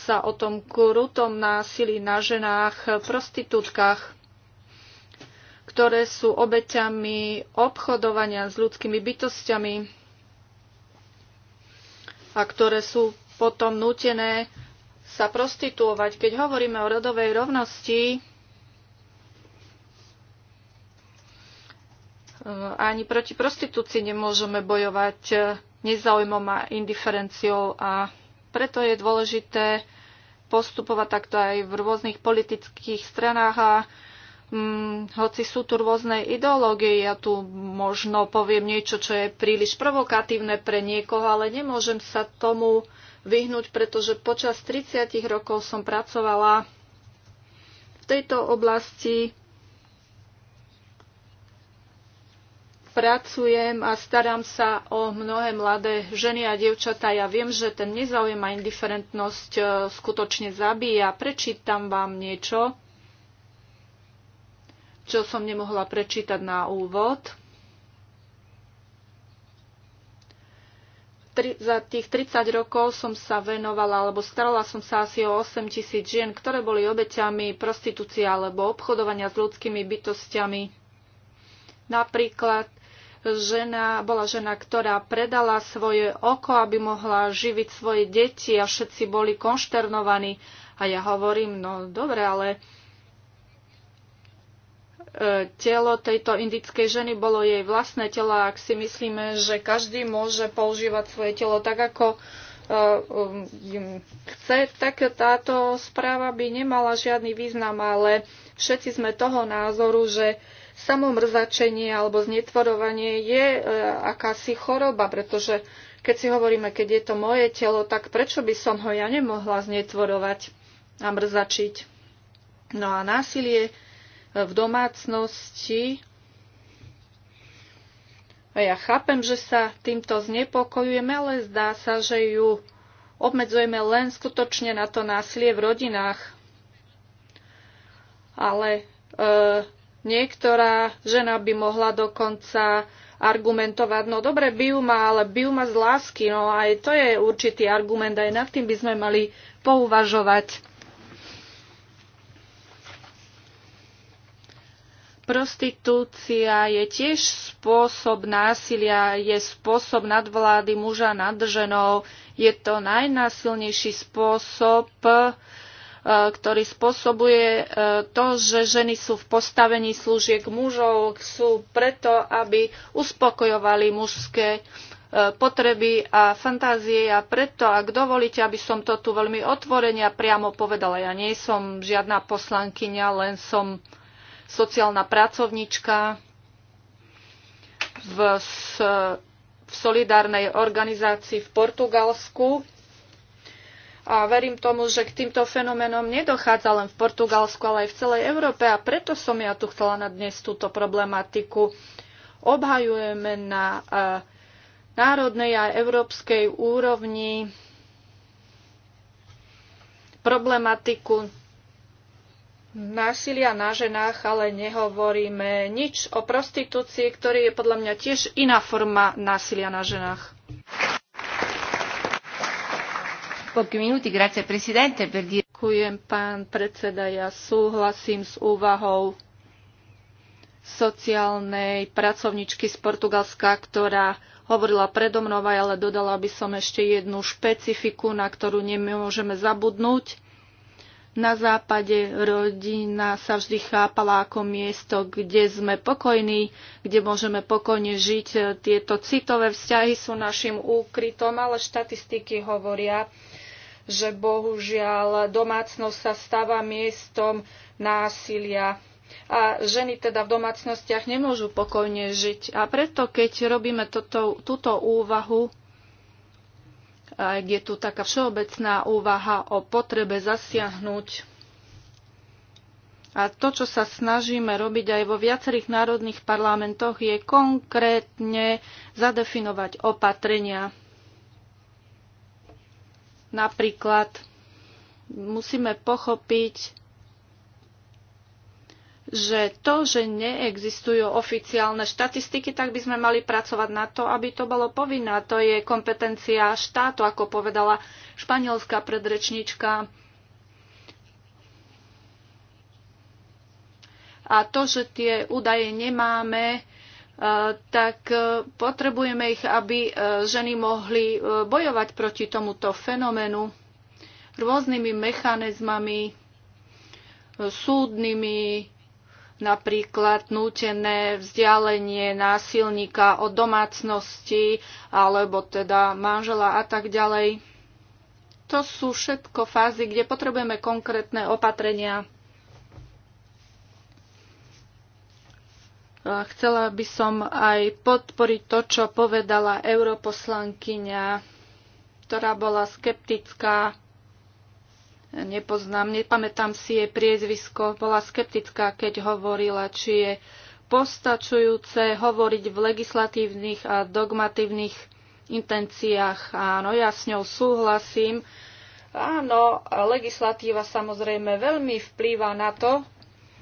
S3: sa o tom krutom násilí na ženách, prostitútkach, ktoré sú obeťami obchodovania s ľudskými bytostiami a ktoré sú potom nútené sa prostituovať. Keď hovoríme o rodovej rovnosti, eh, ani proti prostitúcii nemôžeme bojovať eh, nezaujímom a indiferenciou a preto je dôležité postupovať takto aj v rôznych politických stranách a hm, hoci sú tu rôzne ideológie, ja tu možno poviem niečo, čo je príliš provokatívne pre niekoho, ale nemôžem sa tomu vyhnúť, pretože počas 30 rokov som pracovala v tejto oblasti pracujem a starám sa o mnohé mladé ženy a dievčatá. Ja viem, že ten nezaujem a indiferentnosť e, skutočne zabíja. Prečítam vám niečo, čo som nemohla prečítať na úvod. Tri, za tých 30 rokov som sa venovala, alebo starala som sa asi o 8 tisíc žien, ktoré boli obeťami prostitúcie alebo obchodovania s ľudskými bytostiami. Napríklad žena, bola žena, ktorá predala svoje oko, aby mohla živiť svoje deti a všetci boli konšternovaní. A ja hovorím, no dobre, ale e, telo tejto indickej ženy bolo jej vlastné telo ak si myslíme, že každý môže používať svoje telo tak, ako e, um, chce, tak táto správa by nemala žiadny význam, ale všetci sme toho názoru, že samomrzačenie alebo znetvorovanie je e, akási choroba, pretože keď si hovoríme, keď je to moje telo, tak prečo by som ho ja nemohla znetvorovať a mrzačiť? No a násilie e, v domácnosti. Ja chápem, že sa týmto znepokojujeme, ale zdá sa, že ju obmedzujeme len skutočne na to násilie v rodinách. Ale e, Niektorá žena by mohla dokonca argumentovať, no dobre, biuma, ale biuma z lásky, no aj to je určitý argument, aj nad tým by sme mali pouvažovať. Prostitúcia je tiež spôsob násilia, je spôsob nadvlády muža nad ženou. Je to najnásilnejší spôsob, E, ktorý spôsobuje e, to, že ženy sú v postavení služiek mužov, sú preto, aby uspokojovali mužské e, potreby a fantázie a preto, ak dovolíte, aby som to tu veľmi otvorene a priamo povedala, ja nie som žiadna poslankyňa, len som sociálna pracovnička v, v solidárnej organizácii v Portugalsku a verím tomu, že k týmto fenoménom nedochádza len v Portugalsku, ale aj v celej Európe a preto som ja tu chcela na dnes túto problematiku. Obhajujeme na e, národnej a európskej úrovni problematiku násilia na ženách, ale nehovoríme nič o prostitúcii, ktorý je podľa mňa tiež iná forma násilia na ženách. Ďakujem, pán predseda. Ja súhlasím s úvahou sociálnej pracovničky z Portugalska, ktorá hovorila predo mnou, ale dodala by som ešte jednu špecifiku, na ktorú nemôžeme zabudnúť. Na západe rodina sa vždy chápala ako miesto, kde sme pokojní, kde môžeme pokojne žiť. Tieto citové vzťahy sú našim úkrytom, ale štatistiky hovoria, že bohužiaľ domácnosť sa stáva miestom násilia a ženy teda v domácnostiach nemôžu pokojne žiť. A preto, keď robíme toto, túto úvahu, je tu taká všeobecná úvaha o potrebe zasiahnuť. A to, čo sa snažíme robiť aj vo viacerých národných parlamentoch, je konkrétne zadefinovať opatrenia, Napríklad musíme pochopiť, že to, že neexistujú oficiálne štatistiky, tak by sme mali pracovať na to, aby to bolo povinné. To je kompetencia štátu, ako povedala španielská predrečníčka. A to, že tie údaje nemáme, tak e, potrebujeme ich, aby e, ženy mohli e, bojovať proti tomuto fenoménu rôznymi mechanizmami, súdnymi, napríklad nútené vzdialenie násilníka od domácnosti alebo teda manžela a tak ďalej. To sú všetko fázy, kde potrebujeme konkrétne opatrenia. Chcela by som aj podporiť to, čo povedala europoslankyňa, ktorá bola skeptická. Nepoznám, nepamätám si jej priezvisko. Bola skeptická, keď hovorila, či je postačujúce hovoriť v legislatívnych a dogmatívnych intenciách. Áno, ja s ňou súhlasím. Áno, legislatíva samozrejme veľmi vplýva na to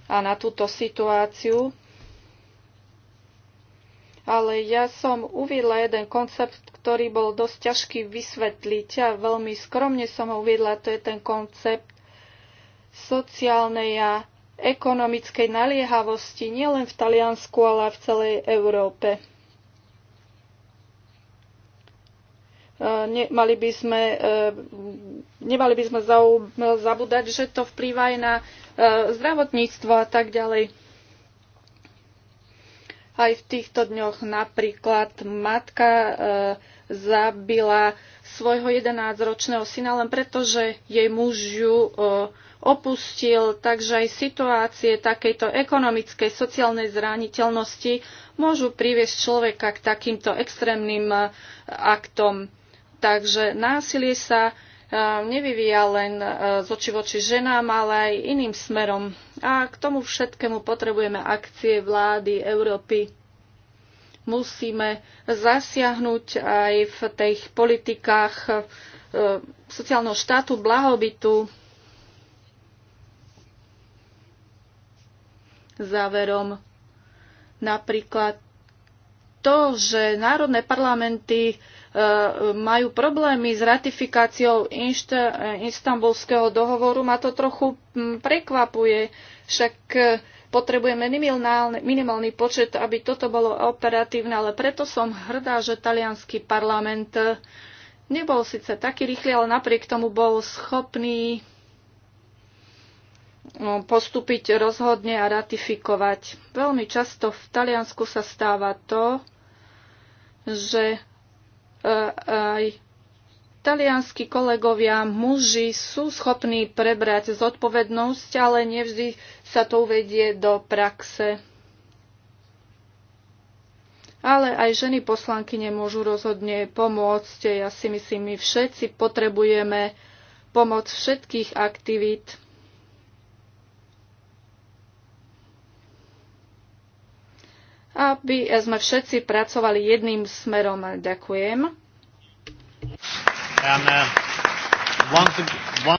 S3: a na túto situáciu, ale ja som uviedla jeden koncept, ktorý bol dosť ťažký vysvetliť a veľmi skromne som ho uviedla, to je ten koncept sociálnej a ekonomickej naliehavosti nielen v Taliansku, ale aj v celej Európe. E, e, nemali by sme, nemali by sme zabúdať, že to vplýva aj na e, zdravotníctvo a tak ďalej. Aj v týchto dňoch napríklad matka e, zabila svojho 11-ročného syna len preto, že jej muž ju e, opustil, takže aj situácie takejto ekonomickej, sociálnej zraniteľnosti môžu priviesť človeka k takýmto extrémnym e, aktom. Takže násilie sa e, nevyvíja len e, z oči voči ženám, ale aj iným smerom. A k tomu všetkému potrebujeme akcie vlády Európy. Musíme zasiahnuť aj v tých politikách e, sociálneho štátu, blahobytu. Záverom napríklad to, že národné parlamenty majú problémy s ratifikáciou istambulského dohovoru. Ma to trochu mm, prekvapuje, však e, potrebujeme minimálny, minimálny počet, aby toto bolo operatívne, ale preto som hrdá, že talianský parlament e, nebol síce taký rýchly, ale napriek tomu bol schopný no, postúpiť rozhodne a ratifikovať. Veľmi často v Taliansku sa stáva to, že E, aj talianskí kolegovia, muži sú schopní prebrať zodpovednosť, ale nevždy sa to uvedie do praxe. Ale aj ženy poslanky nemôžu rozhodne pomôcť. Ja si myslím, my všetci potrebujeme pomoc všetkých aktivít. aby sme všetci pracovali jedným smerom. Ďakujem.
S1: And, uh, one to, one...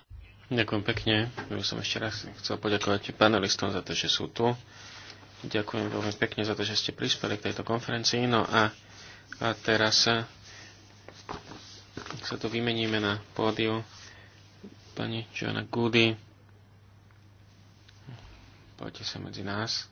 S1: Ďakujem
S2: pekne. Ja som ešte raz chcel poďakovať panelistom za to, že sú tu. Ďakujem veľmi pekne za to, že ste prispeli k tejto konferencii. No a, a teraz sa, uh, sa tu vymeníme na pódiu pani Joana Goody. Poďte sa medzi nás.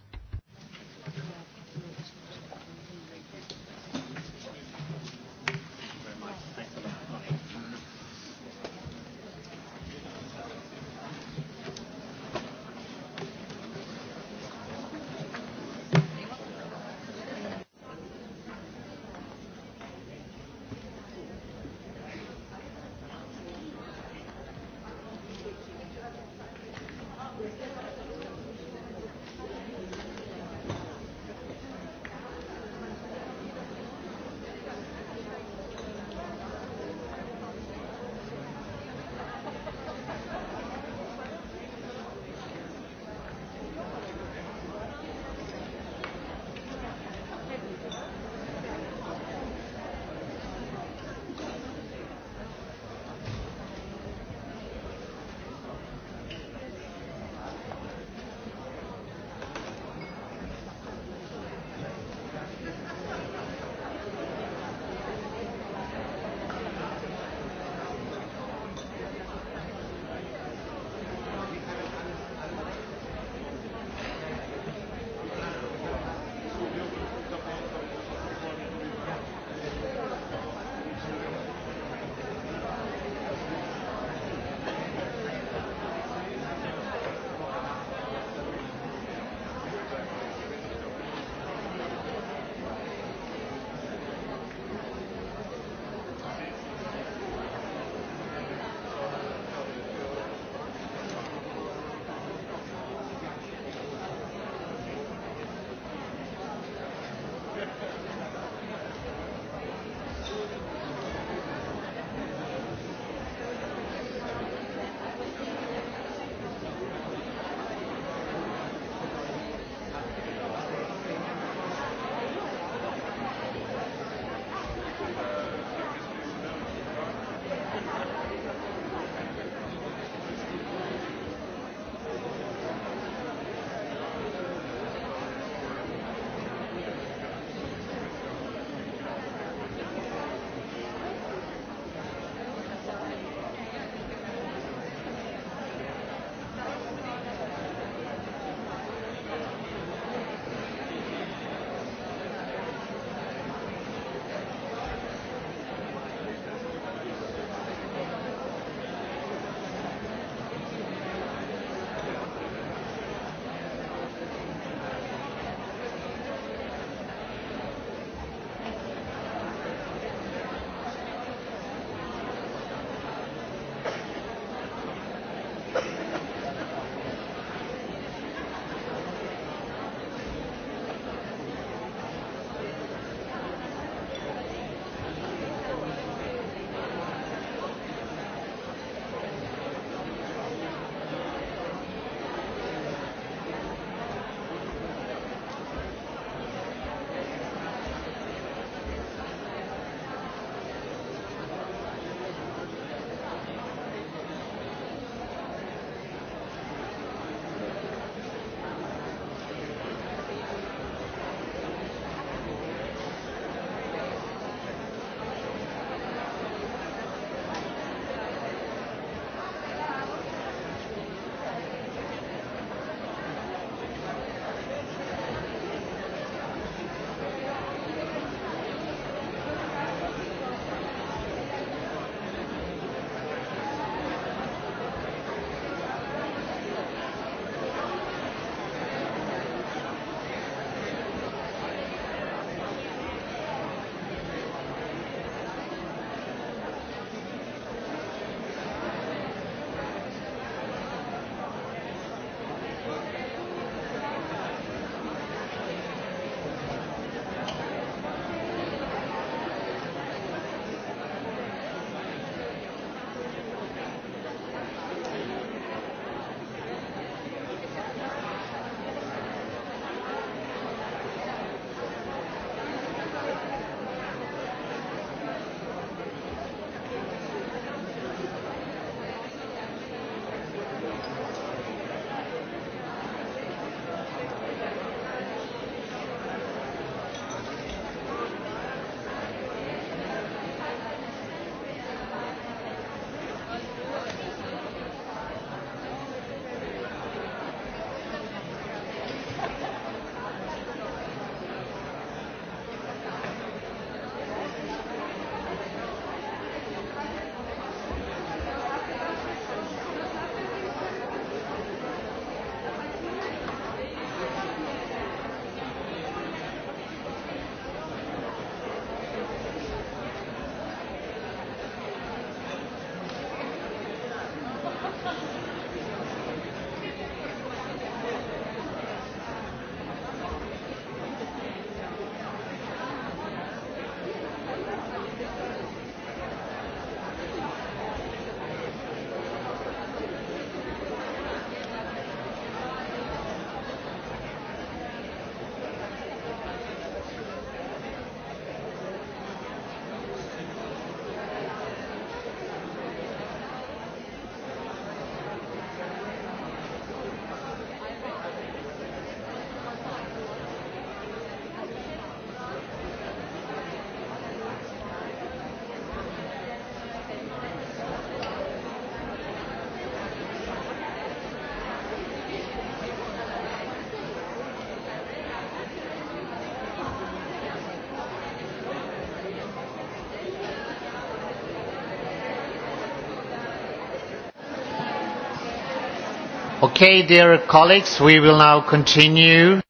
S1: Okay, dear colleagues, we will now continue.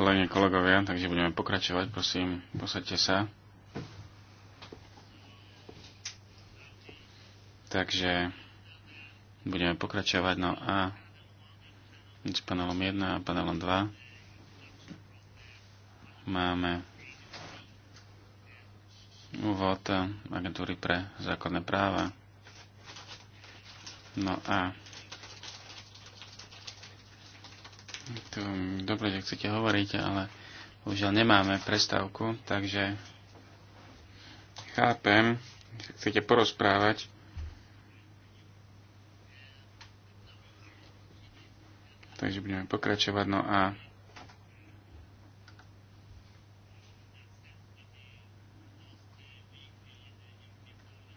S2: Kolejne kolegovia, takže budeme pokračovať, prosím, posaďte sa. Takže budeme pokračovať, no a s panelom 1 a panelom 2 máme úvod agentúry pre základné práva. No a dobre, že chcete hovoriť, ale bohužiaľ nemáme prestávku, takže chápem, že chcete porozprávať. Takže budeme pokračovať. No a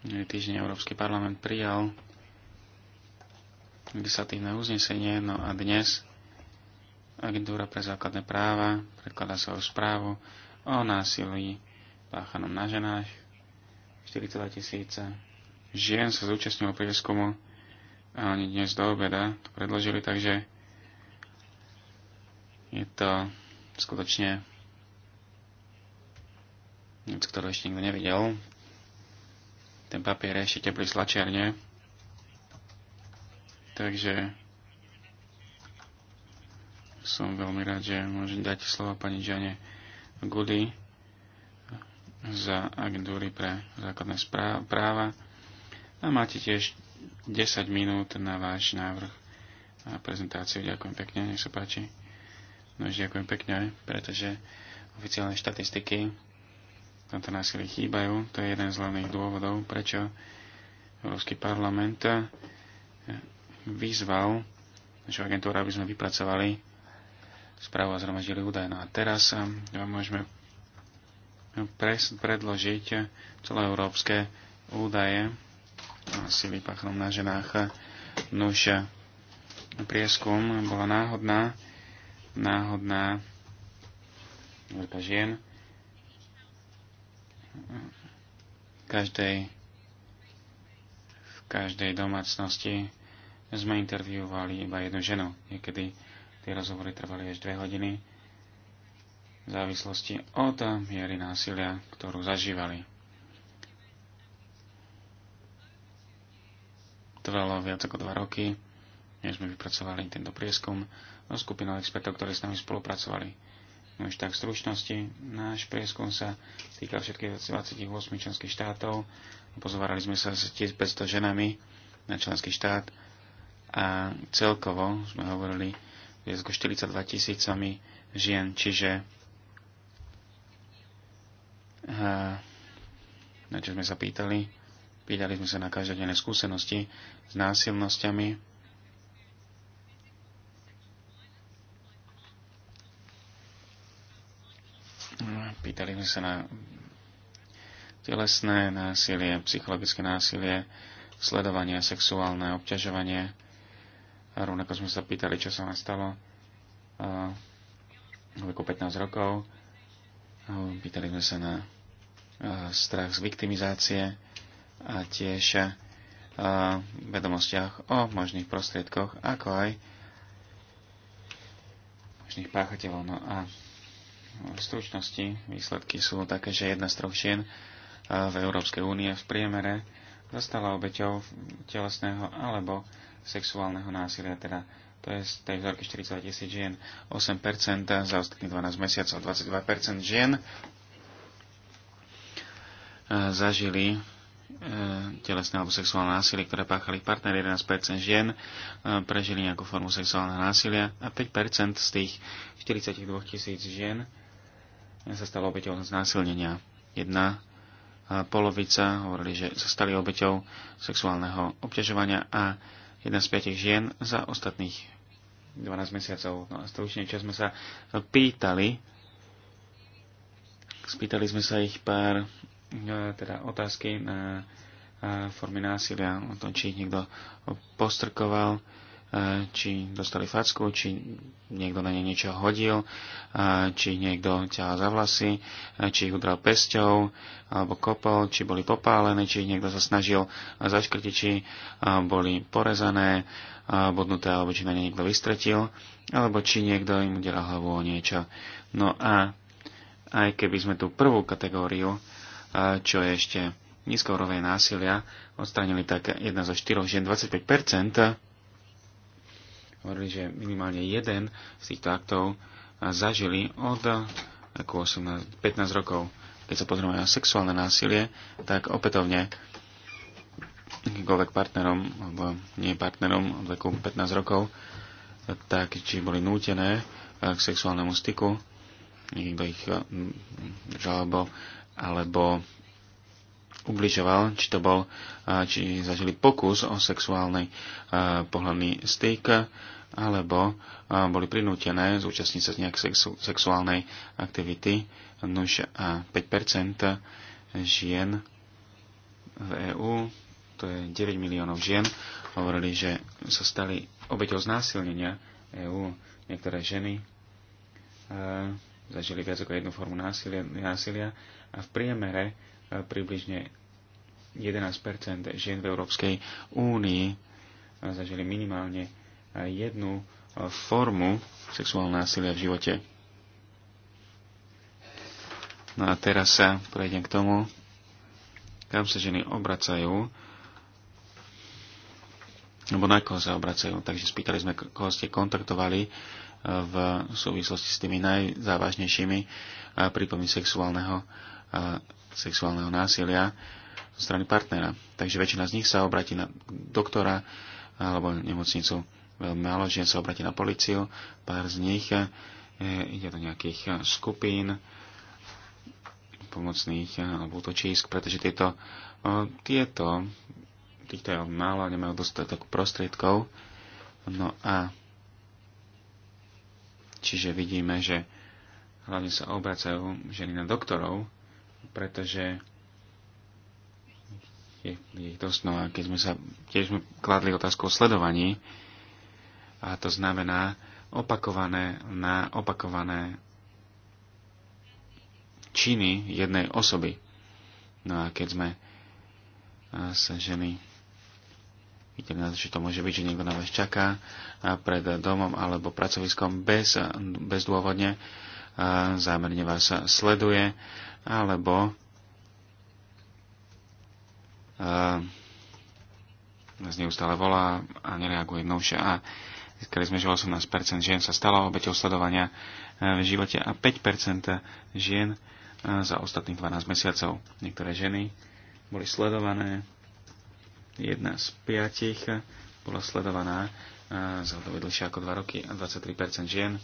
S2: Minulý týždeň Európsky parlament prijal legislatívne uznesenie, no a dnes Agentúra pre základné práva predkladá svoju správu o násilí páchanom na ženách. 42 tisíce žien sa zúčastnilo prieskumu a oni dnes do obeda to predložili, takže je to skutočne nic, ktorú ešte nikto nevidel. Ten papier je ešte teplý slačiarne. Takže som veľmi rád, že môžem dať slovo pani Džane Gudy za agentúry pre základné práva a máte tiež 10 minút na váš návrh a prezentáciu. Ďakujem pekne, nech sa páči. No už ďakujem pekne, pretože oficiálne štatistiky tomto násilí chýbajú. To je jeden z hlavných dôvodov, prečo Európsky parlament vyzval našu agentúru, aby sme vypracovali Správa zhromaždili údaje. No a teraz vám um, môžeme predložiť európske údaje si vypachnom na ženách. Nuž prieskum bola náhodná, náhodná žien. V každej, v každej domácnosti sme intervjuovali iba jednu ženu. Niekedy Tie rozhovory trvali až dve hodiny v závislosti od miery násilia, ktorú zažívali. Trvalo viac ako dva roky, než sme vypracovali tento prieskum o skupinou expertov, ktorí s nami spolupracovali. No už tak v stručnosti, náš prieskum sa týka všetkých 28 členských štátov. Pozovárali sme sa s 1500 ženami na členský štát a celkovo sme hovorili viac ako 42 tisícami žien, čiže eh, na čo sme sa pýtali, pýtali sme sa na každodenné skúsenosti s násilnosťami, Pýtali sme sa na telesné násilie, psychologické násilie, sledovanie, sexuálne obťažovanie, a rovnako sme sa pýtali, čo sa stalo. A veku 15 rokov. Pýtali sme sa na strach z viktimizácie a tiež vedomostiach o možných prostriedkoch, ako aj možných páchateľov. No a v stručnosti výsledky sú také, že jedna z troch žien v Európskej únie v priemere zostala obeťou telesného alebo sexuálneho násilia, teda to je z tej vzorky 40 tisíc žien, 8% za ostatných 12 mesiacov, 22% žien e, zažili e, telesné alebo sexuálne násilie, ktoré páchali partner, 11% žien e, prežili nejakú formu sexuálneho násilia a 5% z tých 42 tisíc žien sa stalo obeťou znásilnenia. Jedna polovica hovorili, že sa stali obeťou sexuálneho obťažovania a jedna z piatich žien za ostatných 12 mesiacov. No a stručne, čo sme sa pýtali, spýtali sme sa ich pár e, teda otázky na e, formy násilia, o tom, či ich niekto postrkoval, E, či dostali facku, či niekto na ne niečo hodil, e, či niekto ťa za vlasy, e, či ich udral pesťou alebo kopol, či boli popálené, či niekto sa snažil zaškrtiť, či boli porezané, bodnuté, alebo či na ne niekto vystretil, alebo či niekto im udelal hlavu o niečo. No a aj keby sme tú prvú kategóriu, čo je ešte nízkourovej násilia, odstranili tak jedna zo štyroch žien 25 hovorili, že minimálne jeden z týchto aktov zažili od 18, 15 rokov. Keď sa pozrieme na sexuálne násilie, tak opätovne akýmkoľvek partnerom, alebo nie partnerom od veku 15 rokov, tak či boli nútené k sexuálnemu styku, niekto ich žalobo, alebo ubližoval, či to bol, či zažili pokus o sexuálny pohľadný styk, alebo boli prinútené zúčastniť sa z nejak sexu, sexuálnej aktivity. Nuž a 5% žien v EÚ, to je 9 miliónov žien, hovorili, že sa stali obeťou znásilnenia EÚ. Niektoré ženy zažili viac ako jednu formu násilia, násilia a v priemere približne 11 žien v Európskej únii zažili minimálne jednu formu sexuálneho násilia v živote. No a teraz sa prejdem k tomu, kam sa ženy obracajú, alebo na koho sa obracajú. Takže spýtali sme, koho ste kontaktovali v súvislosti s tými najzávažnejšími prípadmi sexuálneho sexuálneho násilia zo strany partnera. Takže väčšina z nich sa obratí na doktora alebo nemocnicu. Veľmi málo žien sa obratí na policiu, pár z nich eh, ide do nejakých eh, skupín pomocných eh, alebo útočísk, pretože tieto, tieto týchto je málo, nemajú dostatok prostriedkov. No a čiže vidíme, že hlavne sa obracajú ženy na doktorov, pretože je, je ich dosť. No a keď sme sa tiež sme kladli otázku o sledovaní, a to znamená opakované na opakované činy jednej osoby. No a keď sme sa ženy videli na to, že to môže byť, že niekto na vás čaká pred domom alebo pracoviskom bez, bezdôvodne, zámerne vás sleduje, alebo vás neustále volá a nereaguje novšia a získali sme, že 18% žien sa stalo obeťou sledovania e, v živote a 5% žien e, za ostatných 12 mesiacov. Niektoré ženy boli sledované, jedna z piatich bola sledovaná e, za dlhšie ako 2 roky a 23% žien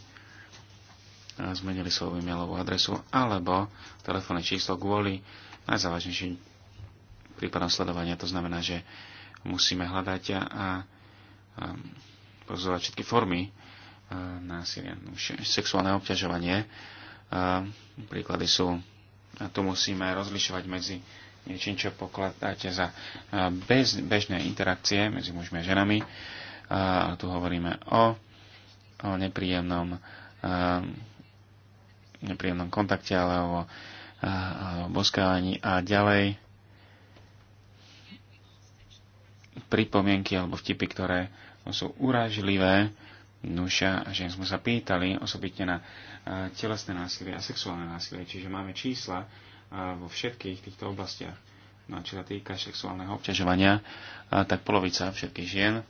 S2: zmenili svoju e-mailovú adresu alebo telefónne číslo kvôli najzávažnejším prípadom sledovania. To znamená, že musíme hľadať a, a pozorovať všetky formy e, násilia, sexuálne obťažovanie. E, príklady sú, a tu musíme rozlišovať medzi niečím, čo pokladáte za e, bez, bežné interakcie medzi mužmi a ženami. A tu hovoríme o, o nepríjemnom nepríjemnom kontakte, ale o, o boskávaní a ďalej pripomienky alebo vtipy, ktoré sú urážlivé, nuša, že sme sa pýtali osobitne na telesné násilie a sexuálne násilie, čiže máme čísla vo všetkých týchto oblastiach. No a čo sa týka sexuálneho obťažovania, tak polovica všetkých žien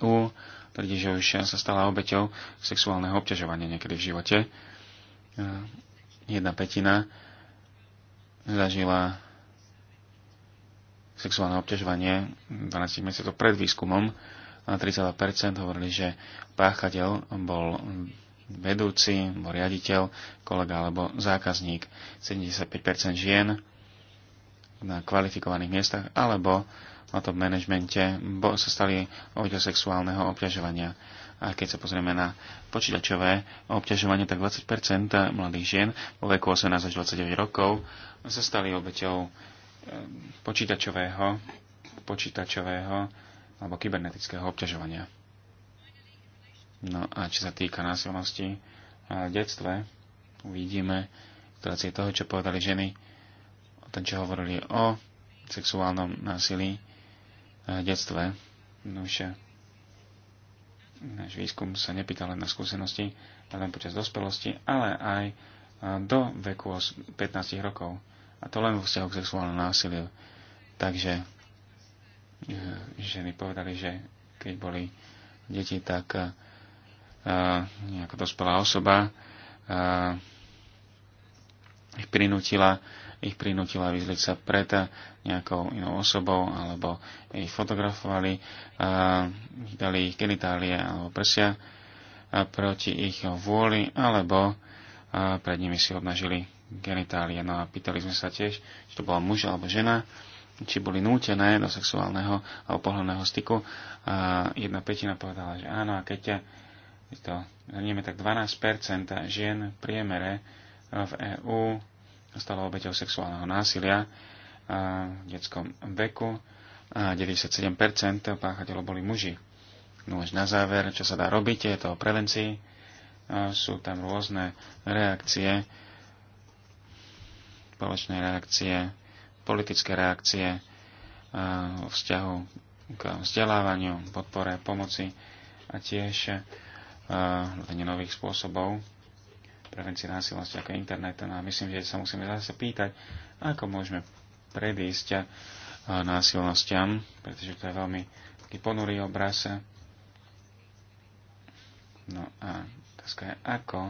S2: EU tvrdí, že už sa stala obeťou sexuálneho obťažovania niekedy v živote jedna petina zažila sexuálne obťažovanie 12 mesiacov pred výskumom a 32% hovorili, že páchateľ bol vedúci, bol riaditeľ, kolega alebo zákazník. 75% žien na kvalifikovaných miestach alebo na tom manažmente sa stali obeťou sexuálneho obťažovania. A keď sa pozrieme na počítačové obťažovanie, tak 20 mladých žien vo veku 18 až 29 rokov sa stali obeťou e, počítačového, počítačového alebo kybernetického obťažovania. No a čo sa týka násilnosti v detstve, uvidíme situácie toho, čo povedali ženy, o tom, čo hovorili o sexuálnom násilí v detstve. No Náš výskum sa nepýta len na skúsenosti, len počas dospelosti, ale aj do veku 15 rokov. A to len vo vzťahu k sexuálnemu násiliu. Takže e, ženy povedali, že keď boli deti, tak e, e, nejaká dospelá osoba ich prinútila ich prinútila vyzliť sa pred nejakou inou osobou, alebo ich fotografovali, dali ich genitálie alebo prsia proti ich vôli, alebo pred nimi si obnažili genitálie. No a pýtali sme sa tiež, či to bola muž alebo žena, či boli nútené do sexuálneho alebo pohľadného styku. A jedna petina povedala, že áno, a keď ťa to, nieme tak 12% žien v priemere v EÚ stalo obeťou sexuálneho násilia v detskom veku a 97% páchateľov boli muži. No už na záver, čo sa dá robiť, je to o prevencii. Sú tam rôzne reakcie, spoločné reakcie, politické reakcie o vzťahu k vzdelávaniu, podpore, pomoci a tiež hľadanie nových spôsobov prevencii násilnosti ako internet. No a myslím, že sa musíme zase pýtať, ako môžeme predísť eh, násilnostiam, pretože to je veľmi taký ponurý obraz. No a otázka je, ako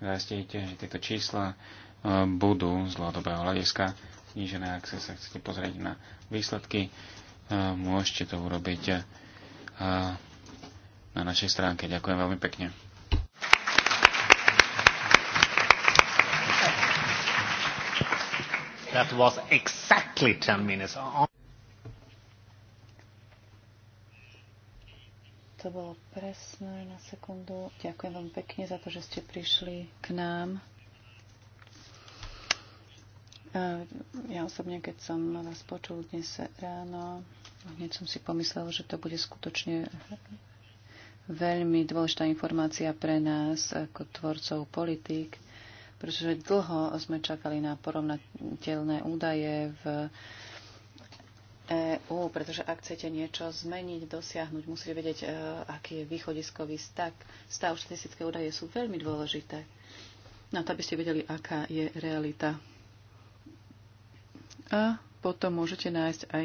S2: zaistíte, že tieto čísla eh, budú z dlhodobého hľadiska znížené, ak sa chcete pozrieť na výsledky, eh, môžete to urobiť na našej stránke. Ďakujem veľmi pekne.
S1: That was exactly 10 minutes.
S4: To bolo presné na sekundu. Ďakujem vám pekne za to, že ste prišli k nám. Eh, ja osobne, keď som vás počul dnes ráno, hneď som si pomyslel, že to bude skutočne veľmi dôležitá informácia pre nás ako tvorcov politík pretože dlho sme čakali na porovnateľné údaje v EÚ, pretože ak chcete niečo zmeniť, dosiahnuť, musíte vedieť, e, aký je východiskový stav. Stav štatistické údaje sú veľmi dôležité. Na no, to, aby ste vedeli, aká je realita. A potom môžete nájsť aj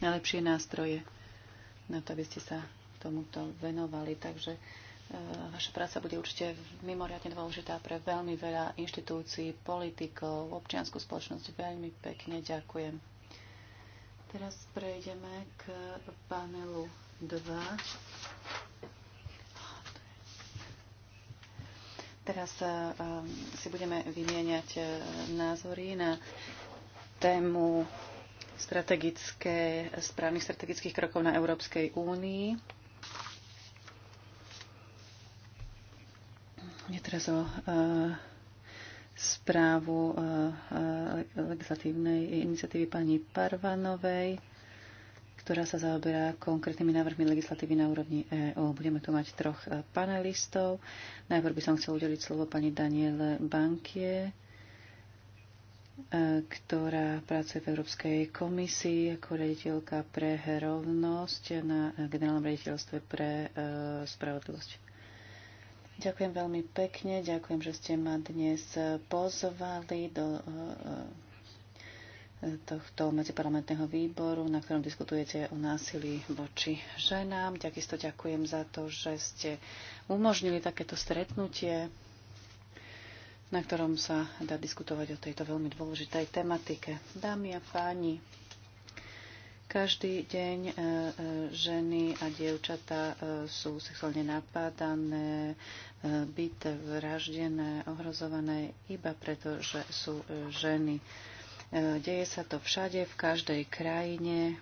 S4: najlepšie nástroje na to, aby ste sa tomuto venovali. Takže Eh, vaša práca bude určite mimoriadne dôležitá pre veľmi veľa inštitúcií, politikov, občianskú spoločnosť. Veľmi pekne ďakujem. Teraz prejdeme k panelu 2. Teraz eh, si budeme vymieňať eh, názory na tému strategické, správnych strategických krokov na Európskej únii. Ide teraz o eh, správu eh, eh, legislatívnej iniciatívy pani Parvanovej, ktorá sa zaoberá konkrétnymi návrhmi legislatívy na úrovni EÚ. Budeme tu mať troch panelistov. Najprv by som chcel udeliť slovo pani Daniele Bankie, ktorá pracuje v Európskej komisii ako rediteľka pre rovnosť na generálnom rediteľstve pre spravodlivosť. Ďakujem veľmi pekne, ďakujem, že ste ma dnes eh, pozvali do eh, eh, tohto medziparlamentného výboru, na ktorom diskutujete o násilí voči ženám. Takisto ďakujem za to, že ste umožnili takéto stretnutie, na ktorom sa dá diskutovať o tejto veľmi dôležitej tematike. Dámy a páni, každý deň e, e, ženy a dievčatá e, sú sexuálne napádané, byté, vraždené, ohrozované iba preto, že sú ženy. Deje sa to všade, v každej krajine,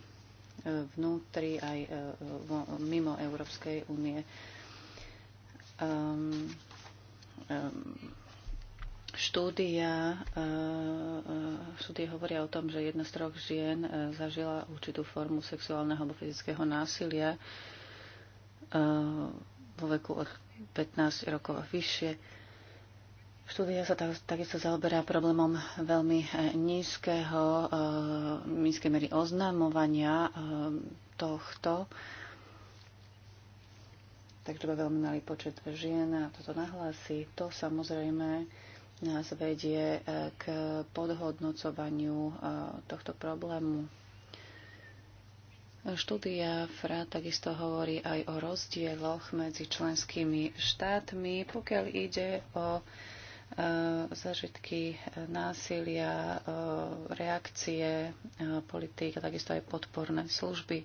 S4: vnútri aj mimo Európskej únie. Um, um, Štúdia, e, e, štúdie hovoria o tom, že jedna z troch žien e, zažila určitú formu sexuálneho alebo fyzického násilia vo veku od 15 rokov a vyššie. Štúdia sa takisto zaoberá problémom veľmi nízkeho, nízkej mery oznamovania tohto. Takže by veľmi malý počet žien a toto nahlási. To samozrejme nás vedie eh, k podhodnocovaniu eh, tohto problému. Štúdia FRA takisto hovorí aj o rozdieloch medzi členskými štátmi, pokiaľ ide o eh, zažitky násilia, reakcie politík a takisto aj podporné služby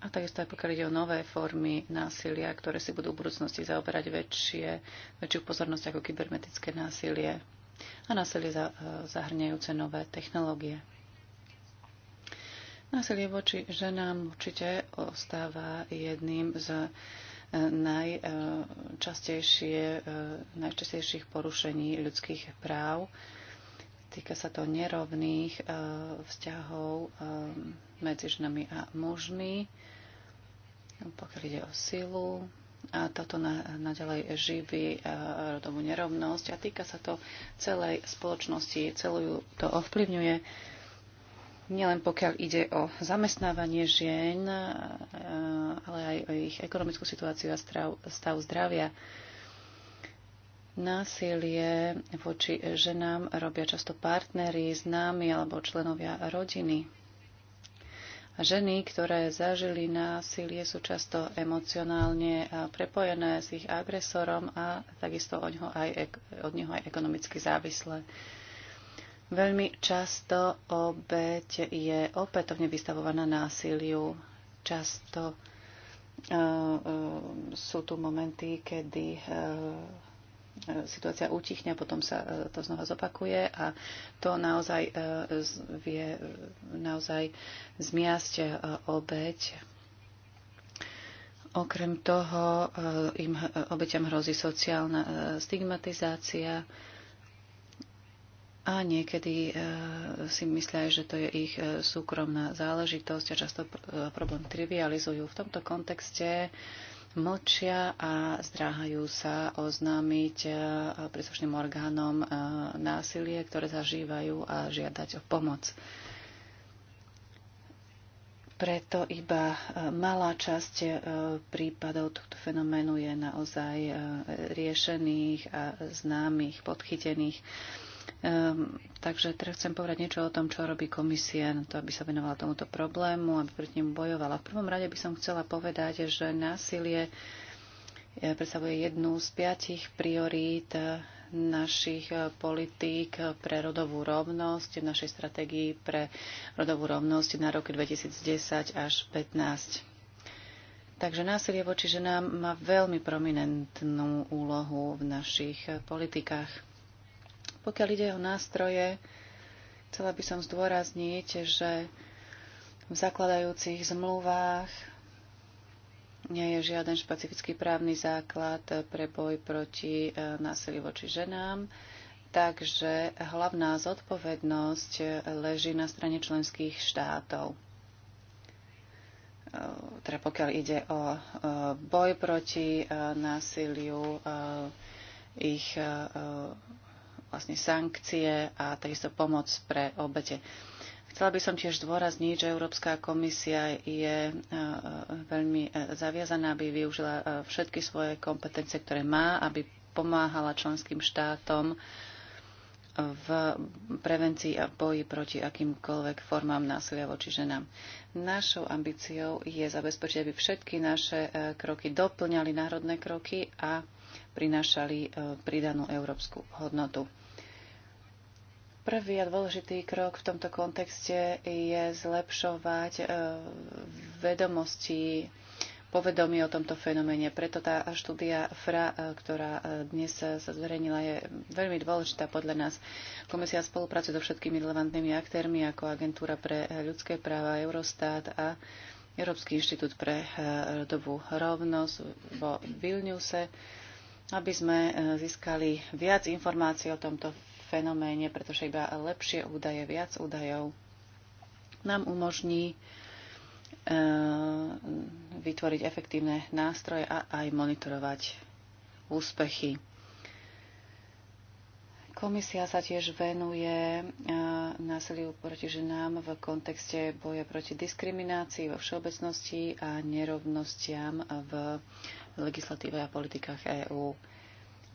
S4: a takisto aj pokiaľ ide o nové formy násilia, ktoré si budú v budúcnosti zaoberať väčšie, väčšiu pozornosť ako kybernetické násilie a násilie za, e, zahrňajúce nové technológie. Násilie voči ženám určite ostáva jedným z e, e, najčastejších porušení ľudských práv Týka sa to nerovných eh, vzťahov eh, medzi ženami a mužmi, no, pokiaľ ide o silu. A toto naďalej živí eh, rodovú nerovnosť a týka sa to celej spoločnosti, celú ju to ovplyvňuje. Nielen pokiaľ ide o zamestnávanie žien, ale aj o ich ekonomickú situáciu a stav, stav zdravia. Násilie voči ženám robia často partneri, známi alebo členovia rodiny. A ženy, ktoré zažili násilie, sú často emocionálne prepojené s ich agresorom a takisto od neho aj, od neho aj ekonomicky závislé. Veľmi často obeď je opätovne vystavovaná násiliu. Často uh, uh, sú tu momenty, kedy uh, E, situácia utichne, potom sa e, to znova zopakuje a to naozaj e, vie naozaj zmiasť obeď. Okrem toho im obeťam hrozí sociálna stigmatizácia a niekedy si myslia, že to je ich súkromná záležitosť a často problém trivializujú. V tomto kontexte mlčia a zdráhajú sa oznámiť e, príslušným orgánom e, násilie, ktoré zažívajú a žiadať o pomoc. Preto iba e, malá časť prípadov tohto fenoménu je naozaj riešených a známych, podchytených. Um, takže teraz chcem povedať niečo o tom, čo robí komisia na to, aby sa venovala tomuto problému, aby proti nemu bojovala. V prvom rade by som chcela povedať, že násilie eh, predstavuje jednu z piatich priorít eh, našich eh, politík pre rodovú rovnosť, v našej stratégii pre rodovú rovnosť na roky 2010 až 2015. Takže násilie voči ženám má veľmi prominentnú úlohu v našich politikách. Pokiaľ ide o nástroje, chcela by som zdôrazniť, že v zakladajúcich zmluvách nie je žiaden špecifický právny základ pre boj proti e, násiliu voči ženám, takže hlavná zodpovednosť leží na strane členských štátov. E, teda pokiaľ ide o e, boj proti násiliu, ich vlastne sankcie a takisto pomoc pre obete. Chcela by som tiež zdôrazniť, že Európska komisia je e, veľmi e, zaviazaná, aby využila e, všetky svoje kompetencie, ktoré má, aby pomáhala členským štátom v prevencii a boji proti akýmkoľvek formám násilia voči ženám. Našou ambíciou je zabezpečiť, aby všetky naše kroky doplňali národné kroky a prinášali e, pridanú európsku hodnotu. Prvý a dôležitý krok v tomto kontexte je zlepšovať e, vedomosti, povedomie o tomto fenoméne. Preto tá štúdia FRA, e, ktorá dnes sa zverejnila, je veľmi dôležitá podľa nás. Komisia spolupracuje so všetkými relevantnými aktérmi ako Agentúra pre ľudské práva, Eurostat a Európsky inštitút pre rodovú rovnosť vo Vilniuse aby sme e, získali viac informácií o tomto fenoméne, pretože iba lepšie údaje, viac údajov nám umožní e, vytvoriť efektívne nástroje a aj monitorovať úspechy. Komisia sa tiež venuje e, násiliu proti ženám v kontexte boja proti diskriminácii vo všeobecnosti a nerovnostiam v legislatíve a politikách EÚ.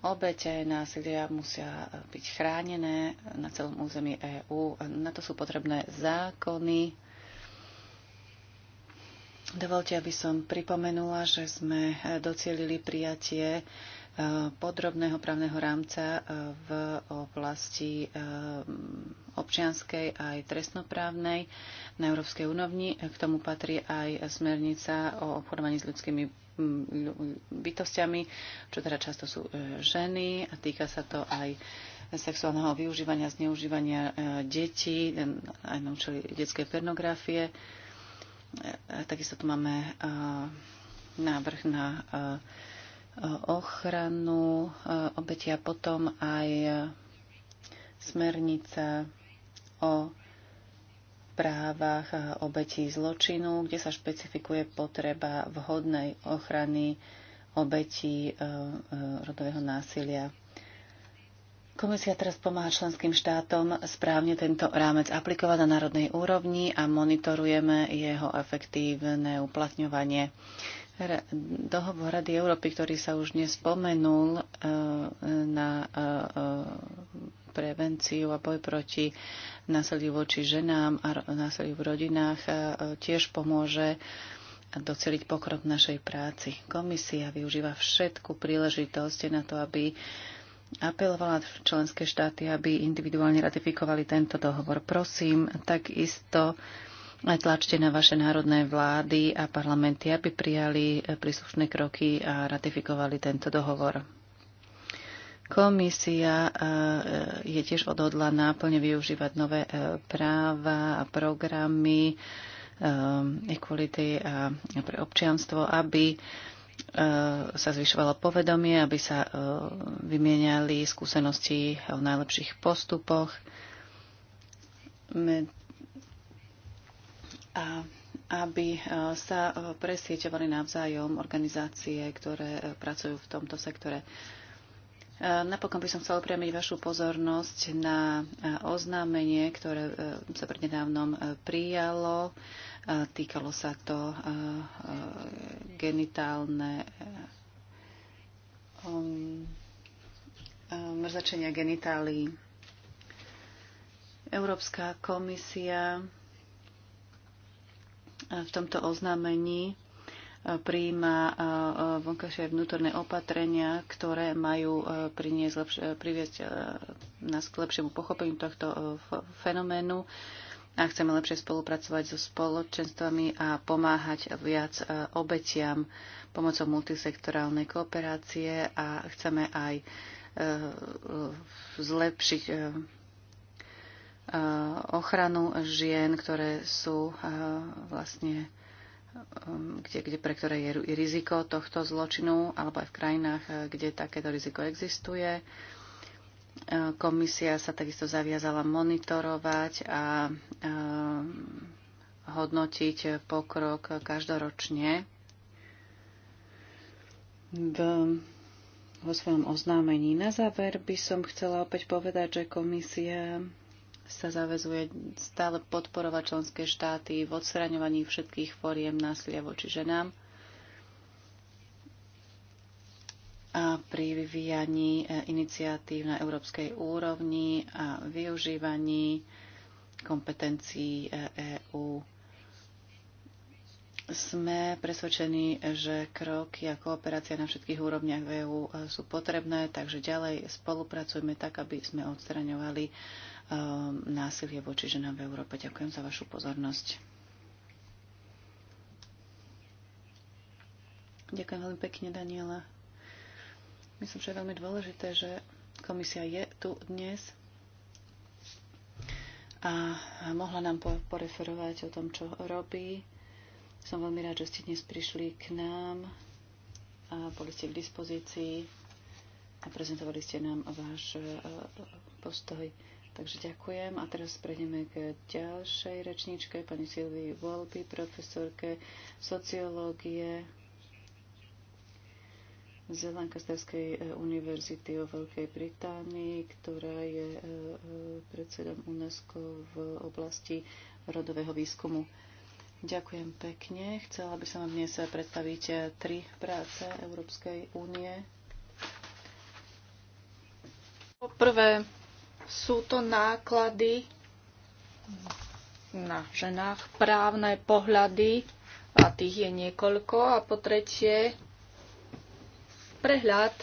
S4: Obete násilia musia byť chránené na celom území EÚ. Na to sú potrebné zákony. Dovolte, aby som pripomenula, že sme docielili prijatie e, podrobného právneho rámca e, v oblasti e, občianskej aj trestnoprávnej na európskej úrovni. K tomu patrí aj smernica o obchodovaní s ľudskými bytostiami, čo teda často sú e, ženy a týka sa to aj sexuálneho využívania, zneužívania e, detí, aj na účely detskej pornografie. E, takisto tu máme návrh na ochranu obetia, potom aj smernica o právach e, obetí zločinu, kde sa špecifikuje potreba vhodnej ochrany obetí e, e, rodového násilia. Komisia teraz pomáha členským štátom správne tento rámec aplikovať na národnej úrovni a monitorujeme jeho efektívne uplatňovanie. Dohovor Rady Európy, ktorý sa už dnes spomenul, na prevenciu a boj proti násiliu voči ženám a násiliu v rodinách e, tiež pomôže doceliť pokrok v našej práci. Komisia využíva všetku príležitosť na to, aby apelovala v členské štáty, aby individuálne ratifikovali tento dohovor. Prosím, takisto aj tlačte na vaše národné vlády a parlamenty, aby prijali príslušné kroky a ratifikovali tento dohovor. Komisia e, e, je tiež odhodlaná plne využívať nové e, práva a programy equality a pre občianstvo, aby sa zvyšovalo povedomie, aby sa vymieniali skúsenosti o najlepších postupoch. A aby sa presieťovali navzájom organizácie, ktoré pracujú v tomto sektore. Eh, napokon by som chcela upriamiť vašu pozornosť na eh, oznámenie, ktoré eh, sa prednedávnom prijalo. Týkalo sa to genitálne mrzačenia genitálií. Európska komisia v tomto oznámení príjma e, e, vonkajšie vnútorné opatrenia, ktoré majú e, priniesť priviesť nás k lepšiemu pochopeniu tohto fenoménu a chceme lepšie spolupracovať so spoločenstvami a pomáhať viac obetiam pomocou multisektorálnej kooperácie a chceme aj zlepšiť ochranu žien, ktoré sú vlastne Um, kde, kde, pre ktoré je riziko tohto zločinu, alebo aj v krajinách, eh, kde takéto riziko existuje. Eh, komisia sa takisto zaviazala monitorovať a eh, hodnotiť pokrok každoročne. V, vo svojom oznámení na záver by som chcela opäť povedať, že komisia sa zavezuje stále podporovať členské štáty v odstraňovaní všetkých fóriem násilia voči ženám a pri vyvíjaní e, iniciatív na európskej úrovni a využívaní kompetencií EÚ. E sme presvedčení, že kroky a kooperácia na všetkých úrovniach EÚ e, sú potrebné, takže ďalej spolupracujme tak, aby sme odstraňovali Um, násilie voči ženám v Európe. Ďakujem za vašu pozornosť. Ďakujem veľmi pekne, Daniela. Myslím, že je veľmi dôležité, že komisia je tu dnes a mohla nám poreferovať o tom, čo robí. Som veľmi rád, že ste dnes prišli k nám a boli ste k dispozícii a prezentovali ste nám váš eh, postoj. Takže ďakujem a teraz prejdeme k ďalšej rečníčke, pani Silvii Volby, profesorke sociológie z Lancasterskej e, univerzity o Veľkej Británii, ktorá je e, e, predsedom UNESCO v oblasti rodového výskumu. Ďakujem pekne. Chcela by som vám dnes predstaviť tri
S3: práce Európskej únie. prvé, sú to náklady na ženách, právne pohľady a tých je niekoľko. A po tretie, prehľad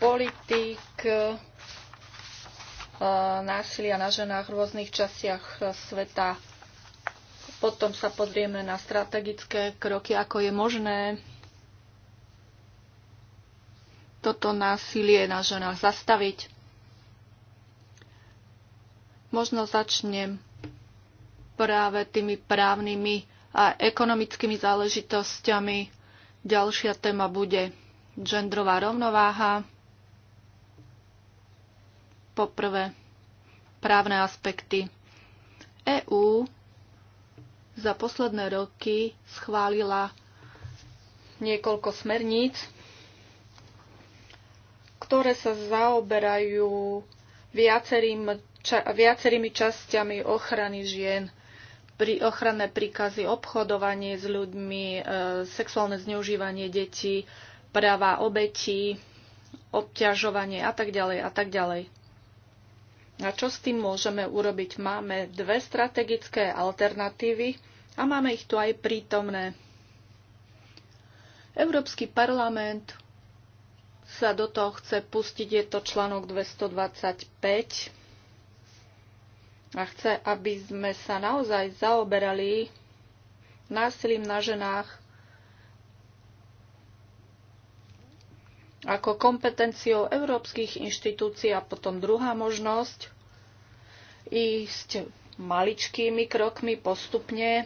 S3: politik e, násilia na ženách v rôznych častiach sveta. Potom sa pozrieme na strategické kroky, ako je možné toto násilie na ženách zastaviť. Možno začnem práve tými právnymi a ekonomickými záležitosťami. Ďalšia téma bude gendrová rovnováha. Poprvé, právne aspekty. EÚ za posledné roky schválila niekoľko smerníc ktoré sa zaoberajú viacerým, ča, viacerými časťami ochrany žien pri ochranné príkazy, obchodovanie s ľuďmi, e, sexuálne zneužívanie detí, práva obetí, obťažovanie a tak ďalej a tak ďalej. A čo s tým môžeme urobiť? Máme dve strategické alternatívy a máme ich tu aj prítomné. Európsky parlament sa do toho chce pustiť, je to článok 225 a chce, aby sme sa naozaj zaoberali násilím na ženách ako kompetenciou európskych inštitúcií a potom druhá možnosť ísť maličkými krokmi postupne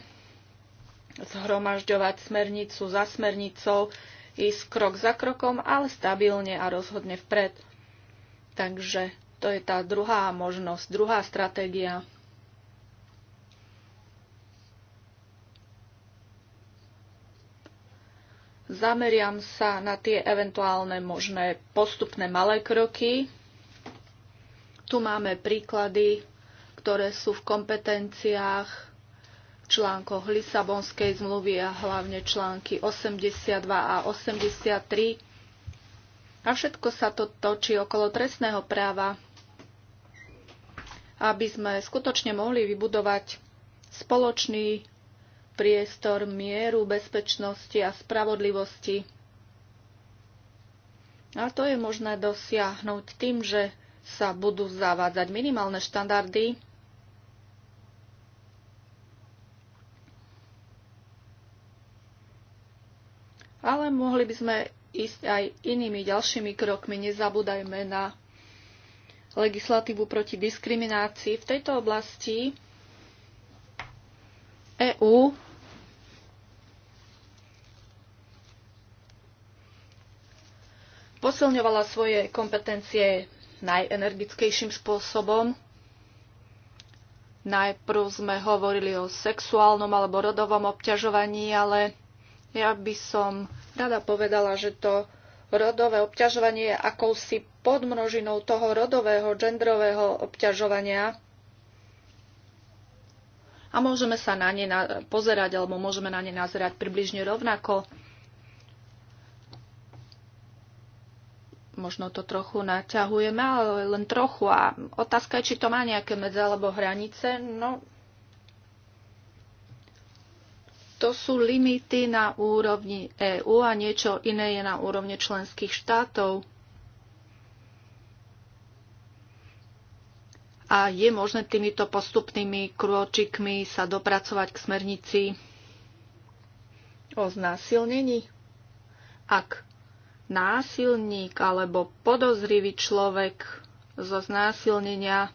S3: zhromažďovať smernicu za smernicou, ísť krok za krokom, ale stabilne a rozhodne vpred. Takže to je tá druhá možnosť, druhá stratégia. Zameriam sa na tie eventuálne možné postupné malé kroky. Tu máme príklady, ktoré sú v kompetenciách článkoch Lisabonskej zmluvy a hlavne články 82 a 83. A všetko sa to točí okolo trestného práva, aby sme skutočne mohli vybudovať spoločný priestor mieru, bezpečnosti a spravodlivosti. A to je možné dosiahnuť tým, že sa budú zavádzať minimálne štandardy ale mohli by sme ísť aj inými ďalšími krokmi. Nezabúdajme na legislatívu proti diskriminácii. V tejto oblasti EÚ posilňovala svoje kompetencie najenergickejším spôsobom. Najprv sme hovorili o sexuálnom alebo rodovom obťažovaní, ale ja by som rada povedala, že to rodové obťažovanie je akousi podmnožinou toho rodového, genderového obťažovania a môžeme sa na ne pozerať alebo môžeme na ne nazerať približne rovnako. Možno to trochu naťahujeme, ale len trochu. A otázka je, či to má nejaké medze alebo hranice. No, to sú limity na úrovni EÚ a niečo iné je na úrovne členských štátov. A je možné týmito postupnými krôčikmi sa dopracovať k smernici o znásilnení? Ak násilník alebo podozrivý človek zo znásilnenia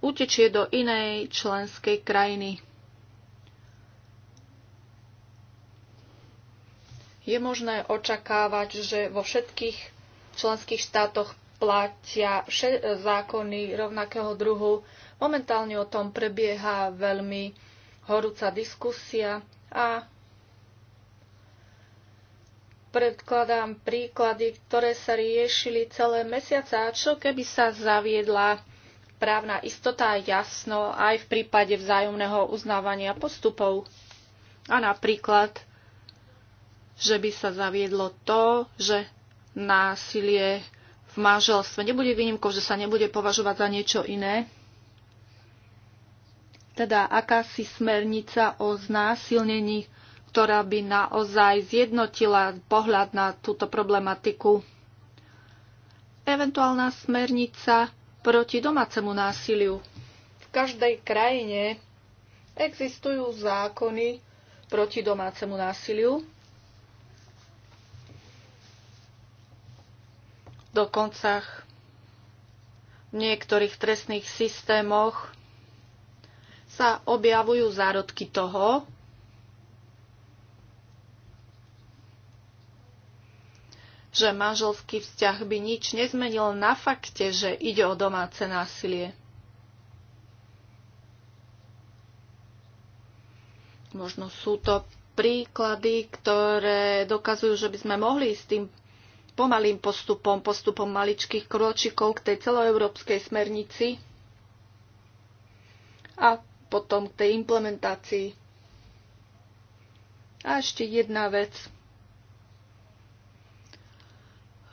S3: utečie do inej členskej krajiny je možné očakávať, že vo všetkých členských štátoch platia zákony rovnakého druhu. Momentálne o tom prebieha veľmi horúca diskusia a predkladám príklady, ktoré sa riešili celé mesiace a čo keby sa zaviedla právna istota a jasno aj v prípade vzájomného uznávania postupov. A napríklad že by sa zaviedlo to, že násilie v manželstve nebude výnimkou, že sa nebude považovať za niečo iné. Teda akási smernica o znásilnení, ktorá by naozaj zjednotila pohľad na túto problematiku. Eventuálna smernica proti domácemu násiliu. V každej krajine existujú zákony proti domácemu násiliu, dokonca v niektorých trestných systémoch sa objavujú zárodky toho, že manželský vzťah by nič nezmenil na fakte, že ide o domáce násilie. Možno sú to príklady, ktoré dokazujú, že by sme mohli s tým pomalým postupom, postupom maličkých krôčikov k tej celoeurópskej smernici a potom k tej implementácii. A ešte jedna vec.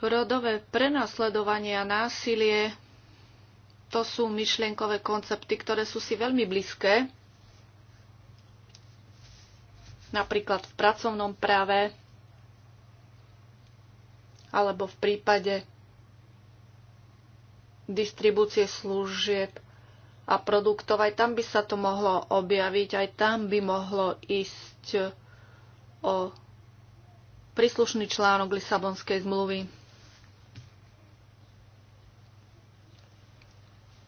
S3: Rodové prenasledovanie a násilie to sú myšlienkové koncepty, ktoré sú si veľmi blízke. Napríklad v pracovnom práve alebo v prípade distribúcie služieb a produktov, aj tam by sa to mohlo objaviť, aj tam by mohlo ísť o príslušný článok Lisabonskej zmluvy.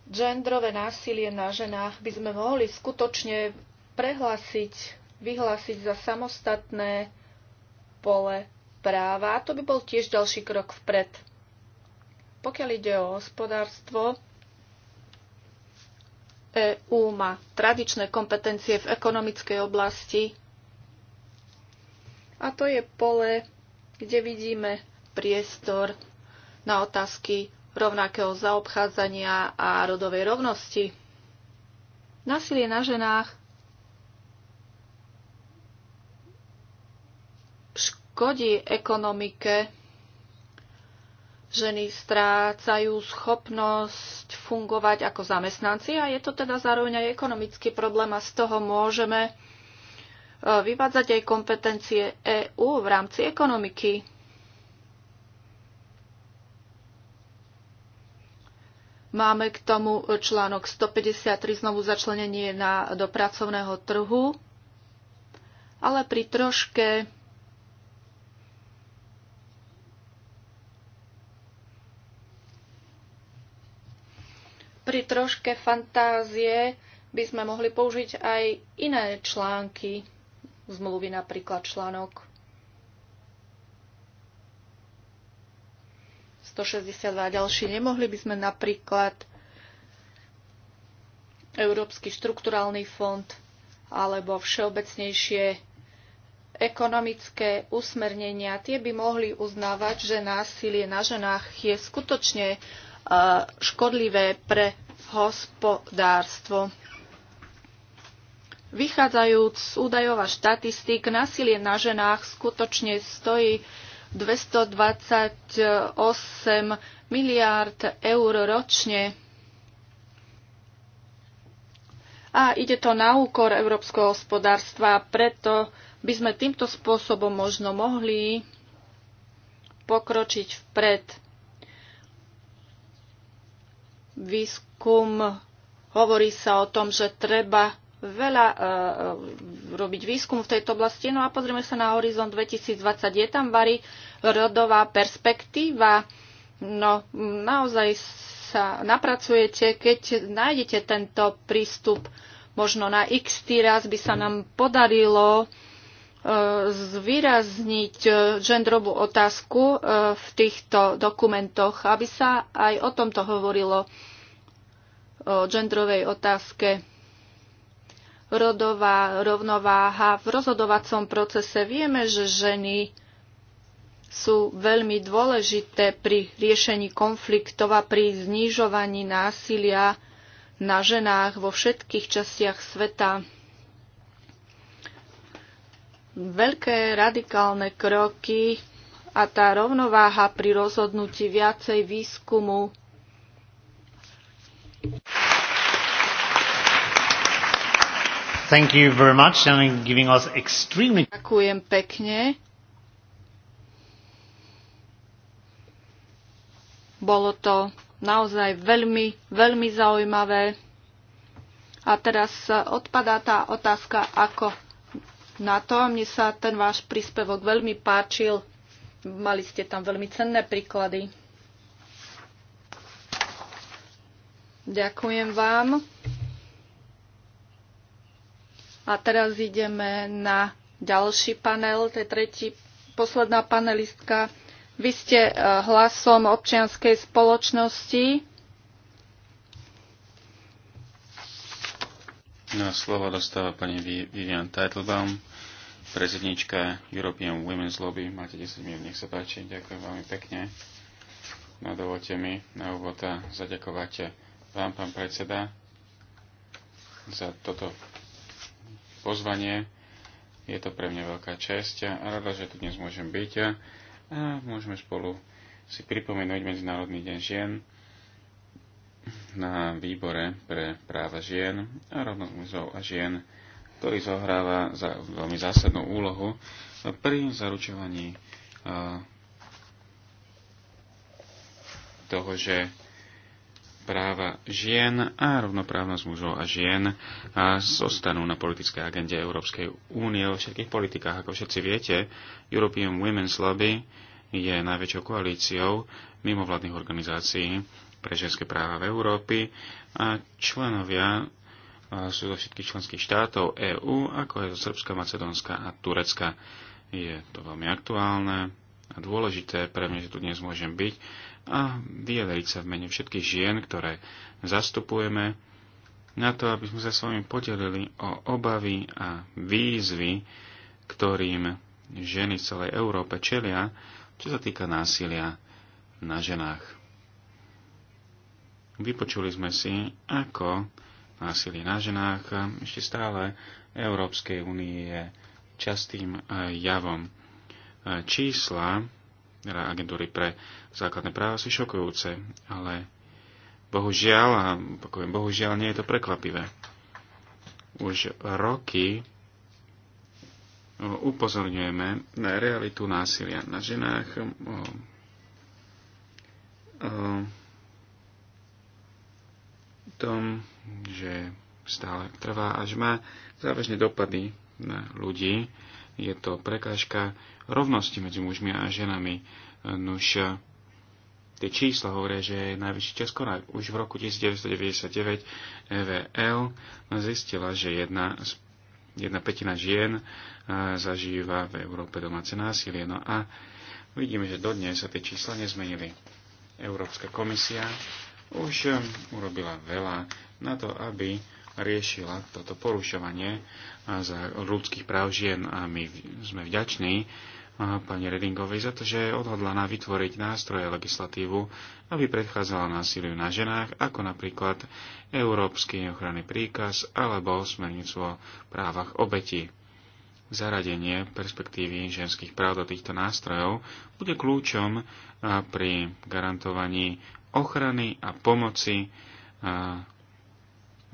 S3: Gendrové násilie na ženách by sme mohli skutočne prehlásiť, vyhlásiť za samostatné pole správa. To by bol tiež ďalší krok vpred. Pokiaľ ide o hospodárstvo, EÚ má tradičné kompetencie v ekonomickej oblasti a to je pole, kde vidíme priestor na otázky rovnakého zaobchádzania a rodovej rovnosti. Násilie na ženách škodí ekonomike. Ženy strácajú schopnosť fungovať ako zamestnanci a je to teda zároveň aj ekonomický problém a z toho môžeme e, vyvádzať aj kompetencie EÚ v rámci ekonomiky. Máme k tomu článok 153 znovu začlenenie na, do pracovného trhu, ale pri troške pri troške fantázie by sme mohli použiť aj iné články zmluvy, napríklad článok 162 a ďalší. Nemohli by sme napríklad Európsky štrukturálny fond alebo všeobecnejšie ekonomické usmernenia, tie by mohli uznávať, že násilie na ženách je skutočne škodlivé pre hospodárstvo. Vychádzajúc z údajov a štatistík, násilie na ženách skutočne stojí 228 miliárd eur ročne. A ide to na úkor európskeho hospodárstva, preto by sme týmto spôsobom možno mohli pokročiť vpred výskum, hovorí sa o tom, že treba veľa e, e, robiť výskum v tejto oblasti. No a pozrieme sa na horizont 2020. Je tam varí rodová perspektíva. No naozaj sa napracujete, keď nájdete tento prístup. Možno na x raz by sa nám podarilo e, zvýrazniť e, genderovú otázku e, v týchto dokumentoch, aby sa aj o tomto hovorilo o genderovej otázke. Rodová rovnováha v rozhodovacom procese. Vieme, že ženy sú veľmi dôležité pri riešení konfliktov a pri znižovaní násilia na ženách vo všetkých častiach sveta veľké radikálne kroky a tá rovnováha pri rozhodnutí viacej výskumu
S1: Thank you very much and giving us extremely
S3: Ďakujem pekne. Bolo to naozaj veľmi, veľmi zaujímavé. A teraz odpadá tá otázka, ako na to. Mne sa ten váš príspevok veľmi páčil. Mali ste tam veľmi cenné príklady. Ďakujem vám. A teraz ideme na ďalší panel, to je tretí, posledná panelistka. Vy ste eh, hlasom občianskej spoločnosti.
S2: No, slovo dostáva pani Vivian Teitelbaum, prezidnička European Women's Lobby. Máte 10 minút, nech sa páči. Ďakujem veľmi pekne. No, dovolte mi na úvod a zaďakovať vám, pán predseda, za toto pozvanie. Je to pre mňa veľká čest a rada, že tu dnes môžem byť a, a môžeme spolu si pripomenúť Medzinárodný deň žien na výbore pre práva žien a rovnosť mužov a žien, ktorý zohráva za veľmi zásadnú úlohu pri zaručovaní toho, že práva žien a rovnoprávnosť mužov a žien a zostanú na politickej agende Európskej únie vo všetkých politikách. Ako všetci viete, European Women's Lobby je najväčšou koalíciou mimovládnych organizácií pre ženské práva v Európy a členovia sú zo všetkých členských štátov EÚ, ako je zo Srbska, Macedónska a Turecka. Je to veľmi aktuálne a dôležité pre mňa, že tu dnes môžem byť a vyjadriť sa v mene všetkých žien, ktoré zastupujeme, na to, aby sme sa s vami podelili o obavy a výzvy, ktorým ženy v celej Európe čelia, čo sa týka násilia na ženách. Vypočuli sme si, ako násilie na ženách ešte stále Európskej únie je častým e, javom. E, čísla teda agentúry pre základné práva sú šokujúce, ale bohužiaľ, a pokujem, bohužiaľ nie je to prekvapivé. Už roky e, upozorňujeme na realitu násilia na ženách, tom, že stále trvá až má závažné dopady na ľudí. Je to prekážka rovnosti medzi mužmi a ženami. Nuž tie čísla hovoria, že je najvyšší čas konať. Už v roku 1999 EVL zistila, že jedna, jedna petina žien e, zažíva v Európe domáce násilie. No a vidíme, že dodnes sa tie čísla nezmenili. Európska komisia už eh, urobila veľa na to, aby riešila toto porušovanie eh, za ľudských práv žien a my sme vďační eh, pani Redingovej za to, že je odhodlaná vytvoriť nástroje legislatívu, aby predchádzala násiliu na ženách, ako napríklad Európsky ochranný príkaz alebo smernicu o právach obetí. Zaradenie perspektívy ženských práv do týchto nástrojov bude kľúčom pri garantovaní ochrany a pomoci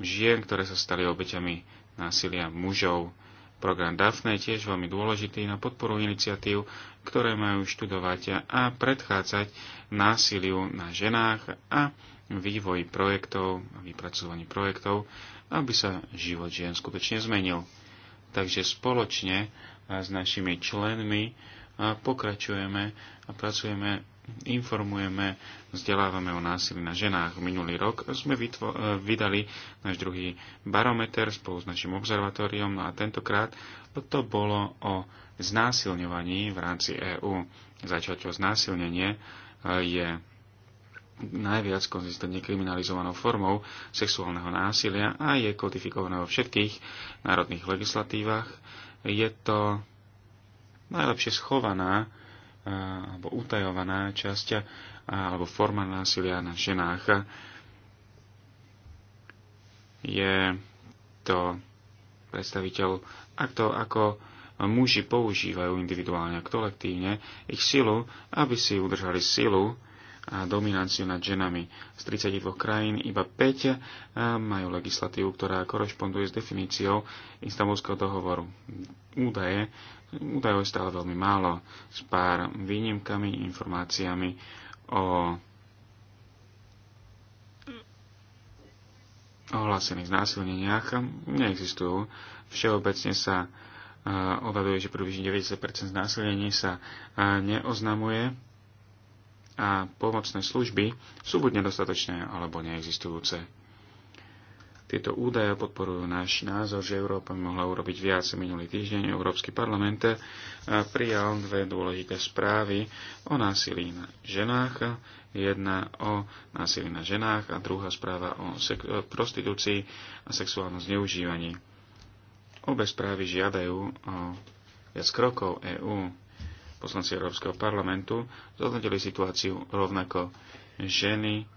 S2: žien, ktoré sa stali obeťami násilia mužov. Program DAFNE je tiež veľmi dôležitý na podporu iniciatív, ktoré majú študovať a predchádzať násiliu na ženách a vývoj projektov a vypracovanie projektov, aby sa život žien skutočne zmenil. Takže spoločne s našimi členmi pokračujeme a pracujeme informujeme, vzdelávame o násilí na ženách. Minulý rok sme e, vydali náš druhý barometer spolu s našim observatóriom no a tentokrát to bolo o znásilňovaní v rámci EÚ. Začať o znásilnenie e, je najviac konzistentne kriminalizovanou formou sexuálneho násilia a je kodifikované vo všetkých národných legislatívach. Je to najlepšie schovaná alebo utajovaná časť alebo forma násilia na ženách je to predstaviteľ ak to ako muži používajú individuálne a kolektívne ich silu, aby si udržali silu a dominanciu nad ženami. Z 32 krajín iba 5 majú legislatívu, ktorá korešponduje s definíciou Istanbulského dohovoru. Údaje údajov je stále veľmi málo, s pár výnimkami, informáciami o ohlásených znásilneniach neexistujú. Všeobecne sa e, odhaduje, že približne 90% znásilnení sa e, neoznamuje a pomocné služby sú buď nedostatočné alebo neexistujúce. Tieto údaje podporujú náš názor, že Európa mohla urobiť viac. Minulý týždeň Európsky parlament eh, prijal dve dôležité správy o násilí na ženách. Jedna o násilí na ženách a druhá správa o eh, prostitúcii a sexuálnom zneužívaní. Obe správy žiadajú o viac krokov EÚ. Poslanci Európskeho parlamentu zhodnotili situáciu rovnako ženy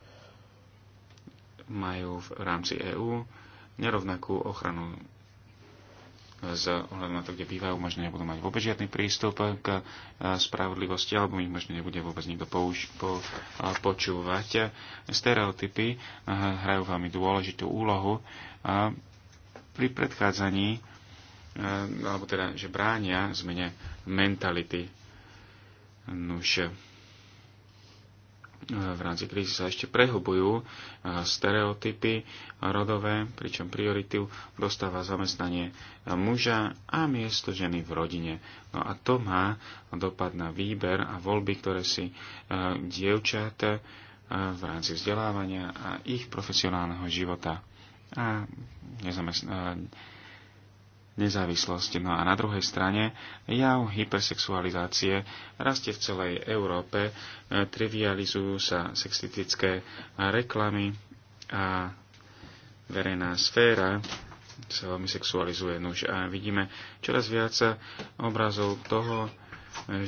S2: majú v rámci EÚ nerovnakú ochranu z ohľadom na to, kde bývajú, možno nebudú mať vôbec žiadny prístup k e, spravodlivosti, alebo ich možno nebude vôbec nikto použ- po- e, počúvať. Stereotypy e, hrajú veľmi dôležitú úlohu pri predchádzaní, alebo teda, že bránia zmene mentality. Nuž, v rámci krízy sa ešte prehlbujú e, stereotypy rodové, pričom prioritu dostáva zamestnanie muža a miesto ženy v rodine. No a to má dopad na výber a voľby, ktoré si e, dievčate v rámci vzdelávania a ich profesionálneho života a nezamestnanie nezávislosť. No a na druhej strane jav hypersexualizácie rastie v celej Európe, e, trivializujú sa sexistické reklamy a verejná sféra sa veľmi sexualizuje. Nuž a vidíme čoraz viac obrazov toho,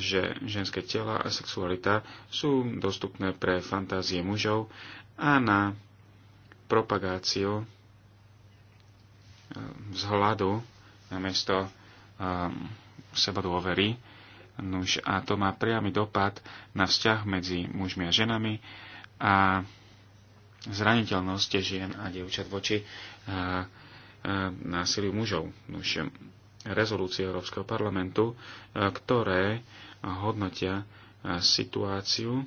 S2: že ženské tela a sexualita sú dostupné pre fantázie mužov a na propagáciu e, vzhľadu namiesto um, seba dôvery. Nuž, a to má priamy dopad na vzťah medzi mužmi a ženami a zraniteľnosť žien a dievčat voči a, eh, a, eh, násiliu mužov. Nuž, rezolúcie Európskeho parlamentu, a, eh, ktoré hodnotia a, situáciu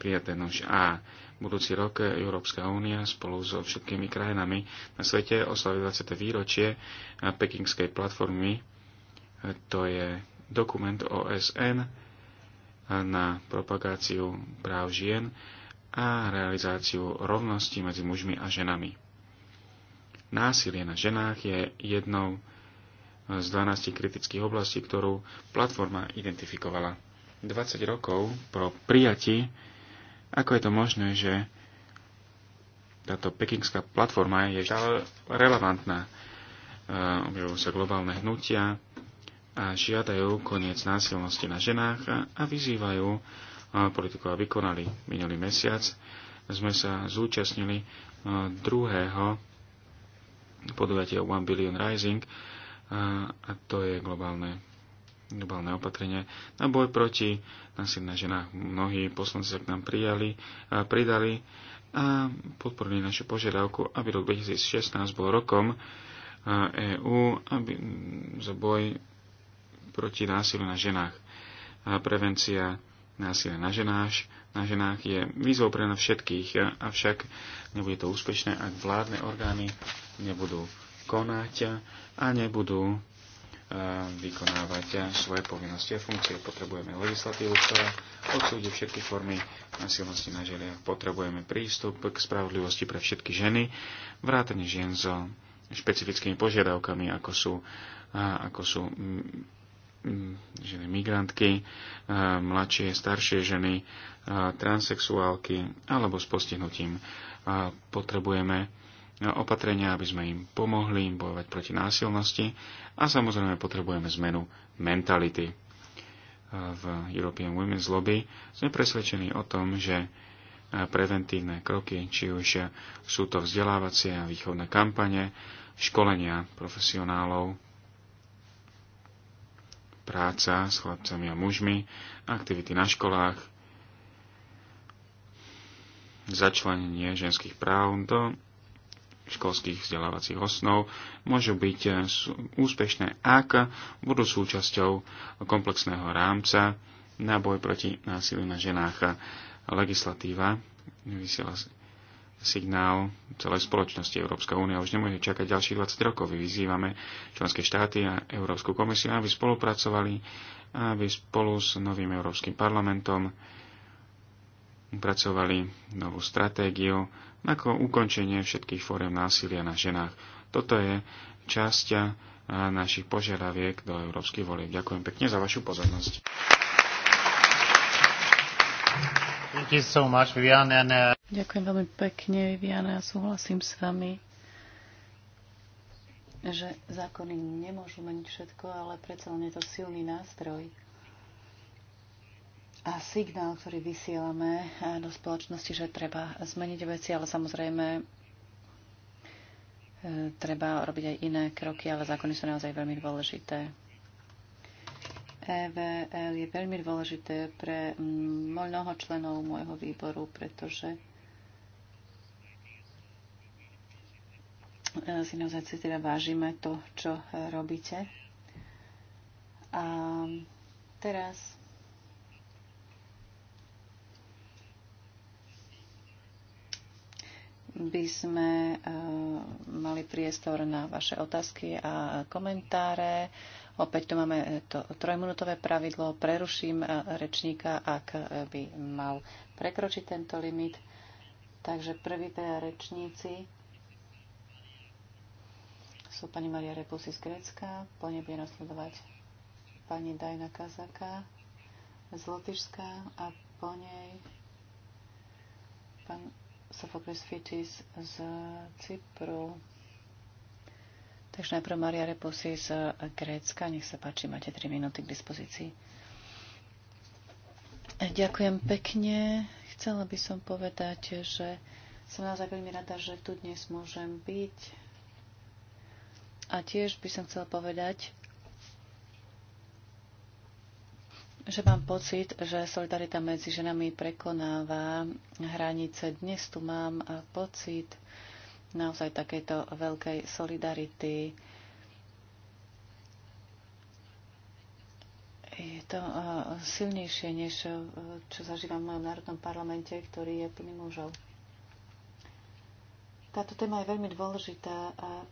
S2: prijaté nuž a Budúci rok Európska únia spolu so všetkými krajinami na svete oslaví 20. výročie pekingskej platformy. To je dokument OSN na propagáciu práv žien a realizáciu rovnosti medzi mužmi a ženami. Násilie na ženách je jednou z 12 kritických oblastí, ktorú platforma identifikovala. 20 rokov po prijati ako je to možné, že táto pekingská platforma je stále relevantná? Eh, objavujú sa globálne hnutia a žiadajú koniec násilnosti na ženách a, vyzývajú eh, politikov, aby konali. Minulý mesiac sme sa zúčastnili eh, druhého podujatia One Billion Rising a to je globálne globálne opatrenie na boj proti násilné na ženách. Mnohí poslanci sa k nám prijali, a pridali a podporili našu požiadavku, aby rok 2016 bol rokom EÚ aby, za boj proti násilu na ženách. A prevencia násilia na ženách, na ženách je výzvou pre nás všetkých, avšak nebude to úspešné, ak vládne orgány nebudú konať a nebudú Eh, vykonávať svoje povinnosti a funkcie. Potrebujeme legislatívu, ktorá odsúdi všetky formy násilnosti na želiach. Potrebujeme prístup k spravodlivosti pre všetky ženy, vrátane žien so špecifickými požiadavkami, ako sú, eh, ako sú mm, mm, ženy migrantky, eh, mladšie, staršie ženy, transexuálky alebo s postihnutím. Potrebujeme opatrenia, aby sme im pomohli im bojovať proti násilnosti a samozrejme potrebujeme zmenu mentality. V European Women's Lobby sme presvedčení o tom, že preventívne kroky, či už sú to vzdelávacie a výchovné kampane, školenia profesionálov, práca s chlapcami a mužmi, aktivity na školách, začlenenie ženských práv do školských vzdelávacích osnov môžu byť eh, úspešné, ak budú súčasťou komplexného rámca na boj proti násiliu na ženách. Legislatíva vysiela signál celej spoločnosti Európska únia už nemôže čakať ďalších 20 rokov. Vyzývame členské štáty a Európsku komisiu, aby spolupracovali, aby spolu s novým Európskym parlamentom Upracovali novú stratégiu, ako ukončenie všetkých fóriem násilia na ženách. Toto je časť našich požiadaviek do európskych volieb. Ďakujem
S1: pekne za vašu pozornosť. Uh, Ďakujem veľmi pekne, Viviana. a súhlasím s vami,
S4: že zákony nemôžu meniť všetko, ale predsa len je to silný nástroj a signál, ktorý vysielame e, do spoločnosti, že treba zmeniť veci, ale samozrejme e, treba robiť aj iné kroky, ale zákony sú naozaj veľmi dôležité. EVL je veľmi dôležité pre mnoho členov môjho výboru, pretože e, si naozaj si teda vážime to, čo robíte. A teraz by sme eh, mali priestor na vaše otázky a komentáre. Opäť tu máme to trojminútové pravidlo. Preruším eh, rečníka, ak eh, by mal prekročiť tento limit. Takže prví teda rečníci sú pani Maria Repusy z Grécka, po nej bude nasledovať pani Dajna Kazaka z Lotyšska a po nej pán Sofokles Fitis z Cypru. Takže najprv Maria Reposi z Grécka. Nech sa páči, máte 3 minúty k dispozícii. Ďakujem pekne. Chcela by som povedať, že som naozaj veľmi rada, že tu dnes môžem byť. A tiež by som chcela povedať, že mám pocit, že solidarita medzi ženami prekonáva hranice. Dnes tu mám eh, pocit naozaj takejto veľkej solidarity. Je to eh, silnejšie, než eh, čo zažívam v mojom národnom parlamente, ktorý je plný mužov. Táto téma je veľmi dôležitá a e,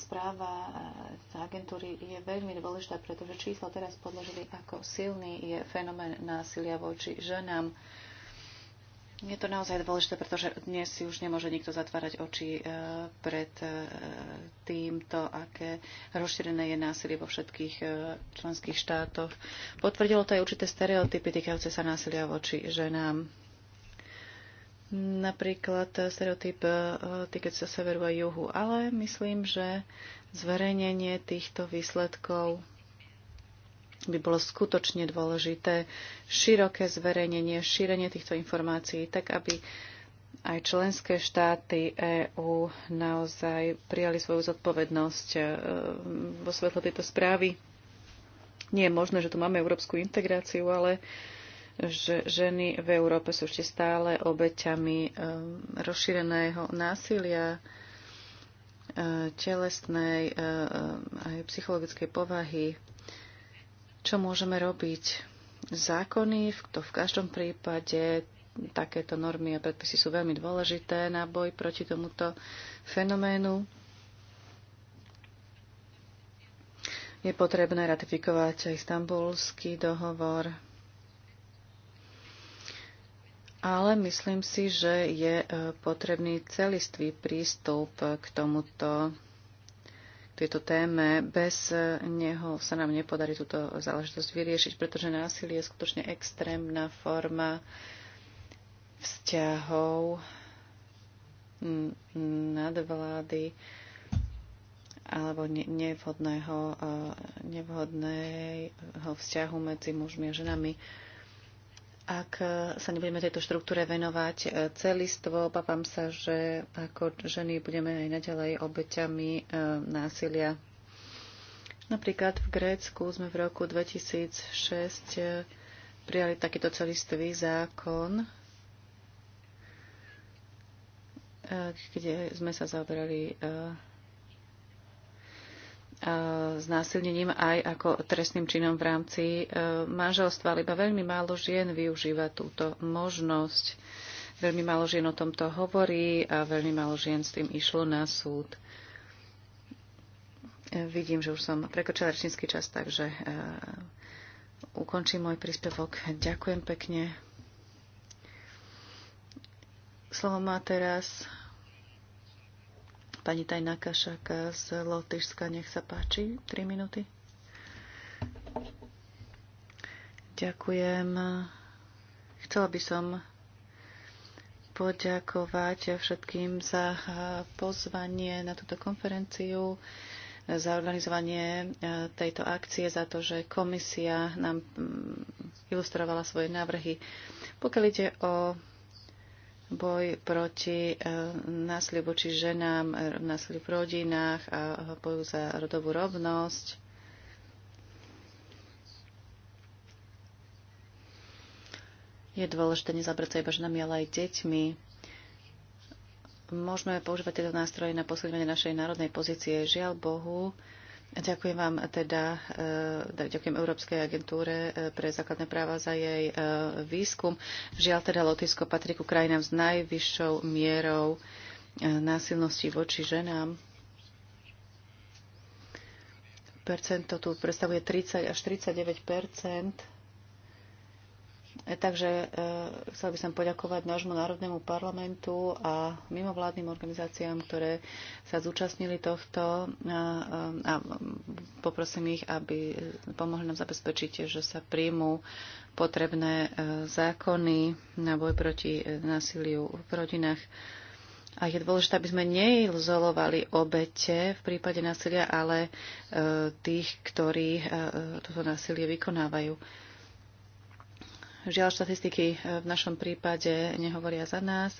S4: správa z e, agentúry je veľmi dôležitá, pretože čísla teraz podložili, ako silný je fenomén násilia voči ženám. Je to naozaj dôležité, pretože dnes si už nemôže nikto zatvárať oči e, pred týmto, aké rozšírené je násilie vo všetkých členských štátoch. Potvrdilo to aj určité stereotypy týkajúce sa násilia voči ženám napríklad eh, stereotyp eh, týkať sa severu a juhu, ale myslím, že zverejnenie týchto výsledkov by bolo skutočne dôležité široké zverejnenie, šírenie týchto informácií, tak aby aj členské štáty EÚ naozaj prijali svoju zodpovednosť eh, vo svetle tejto správy. Nie je možné, že tu máme európsku integráciu, ale uh, že ženy v Európe sú ešte stále obeťami eh, rozšíreného násilia eh, telesnej eh, aj psychologickej povahy. Čo môžeme robiť? Zákony, to v každom prípade, takéto normy a predpisy sú veľmi dôležité na boj proti tomuto fenoménu. Je potrebné ratifikovať aj istambulský dohovor, ale myslím si, že je e, potrebný celistvý prístup k tomuto k tejto téme. Bez e, neho sa nám nepodarí túto záležitosť vyriešiť, pretože násilie je skutočne extrémna forma vzťahov nadvlády alebo nevhodného, e, nevhodného vzťahu medzi mužmi a ženami ak sa nebudeme tejto štruktúre venovať e, celistvo, obávam sa, že ako ženy budeme aj naďalej obeťami e, násilia. Napríklad v Grécku sme v roku 2006 e, prijali takýto celistvý zákon, kde sme sa zaoberali násilnením aj ako trestným činom v rámci e, manželstva, ale iba veľmi málo žien využíva túto možnosť. Veľmi málo žien o tomto hovorí a veľmi málo žien s tým išlo na súd. E, vidím, že už som prekočila rečnícky čas, takže e, ukončím môj príspevok. Ďakujem pekne. Slovo má teraz Pani Tajná Kašak z Lotyšska, nech sa páči, 3 minúty. Ďakujem. Chcela by som poďakovať všetkým za pozvanie na túto konferenciu, za organizovanie tejto akcie, za to, že komisia nám mm, ilustrovala svoje návrhy. Pokiaľ ide o boj proti e, násiliu voči ženám, e, násiliu v rodinách a e, boju za rodovú rovnosť. Je dôležité nezabrať sa iba ženami, ale aj deťmi. Môžeme používať tieto nástroje na posilňovanie našej národnej pozície. Žiaľ Bohu, Ďakujem vám teda, e, ďakujem Európskej agentúre e, pre základné práva za jej e, výskum. Žiaľ teda Lotisko patrí ku krajinám s najvyššou mierou násilnosti voči ženám. Percento tu predstavuje 30 až 39 percent Takže e, chcel by som poďakovať nášmu Národnému parlamentu a mimovládnym organizáciám, ktoré sa zúčastnili tohto a, e, e, a poprosím ich, aby pomohli nám zabezpečiť, že sa príjmú potrebné zákony na boj proti násiliu v rodinách. A je dôležité, aby sme neizolovali obete v prípade násilia, ale tých, ktorí toto násilie vykonávajú. Žiaľ, štatistiky e, v našom prípade nehovoria za nás.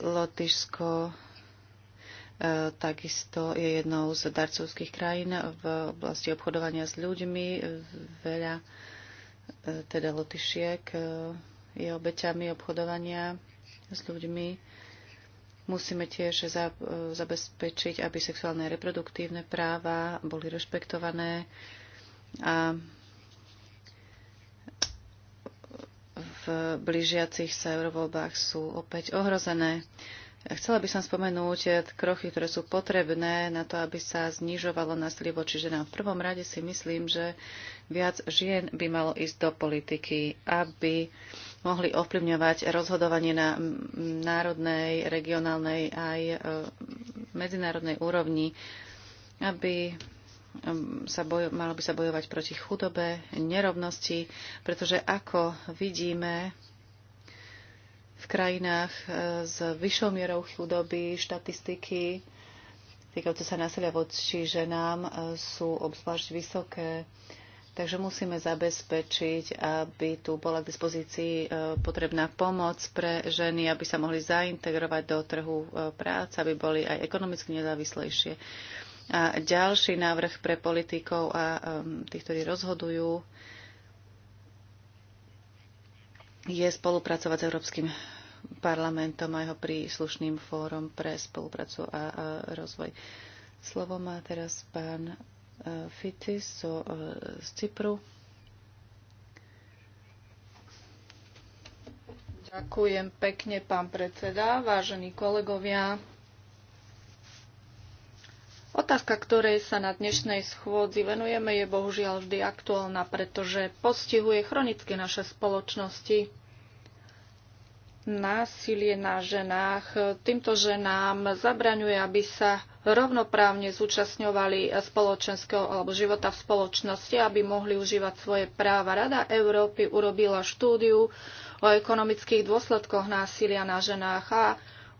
S4: Lotyšsko e, takisto je jednou z darcovských krajín v oblasti obchodovania s ľuďmi. Veľa e, teda Lotyšiek je obeťami obchodovania s ľuďmi. Musíme tiež zabezpečiť, aby sexuálne a reproduktívne práva boli rešpektované a blížiacich sa eurovoľbách sú opäť ohrozené. Chcela by som spomenúť kroky, ktoré sú potrebné na to, aby sa znižovalo násilie čiže ženám. V prvom rade si myslím, že viac žien by malo ísť do politiky, aby mohli ovplyvňovať rozhodovanie na národnej, regionálnej aj e, medzinárodnej úrovni, aby sa bojo, malo by sa bojovať proti chudobe, nerovnosti, pretože ako vidíme v krajinách eh, s vyššou mierou chudoby, štatistiky týkajúce sa násilia voči ženám eh, sú obzvlášť vysoké. Takže musíme zabezpečiť, aby tu bola k dispozícii eh, potrebná pomoc pre ženy, aby sa mohli zaintegrovať do trhu práce, aby boli aj ekonomicky nezávislejšie. A ďalší návrh pre politikov a um, tých, ktorí rozhodujú, je spolupracovať s Európskym parlamentom a jeho príslušným fórom pre spoluprácu a rozvoj. Slovo má teraz pán uh, Fitis uh, z Cypru.
S3: Ďakujem pekne, pán predseda, vážení kolegovia. Otázka, ktorej sa na dnešnej schôdzi venujeme, je bohužiaľ vždy aktuálna, pretože postihuje chronicky naše spoločnosti. Násilie na ženách. Týmto ženám zabraňuje, aby sa rovnoprávne zúčastňovali spoločenského alebo života v spoločnosti, aby mohli užívať svoje práva. Rada Európy urobila štúdiu o ekonomických dôsledkoch násilia na ženách a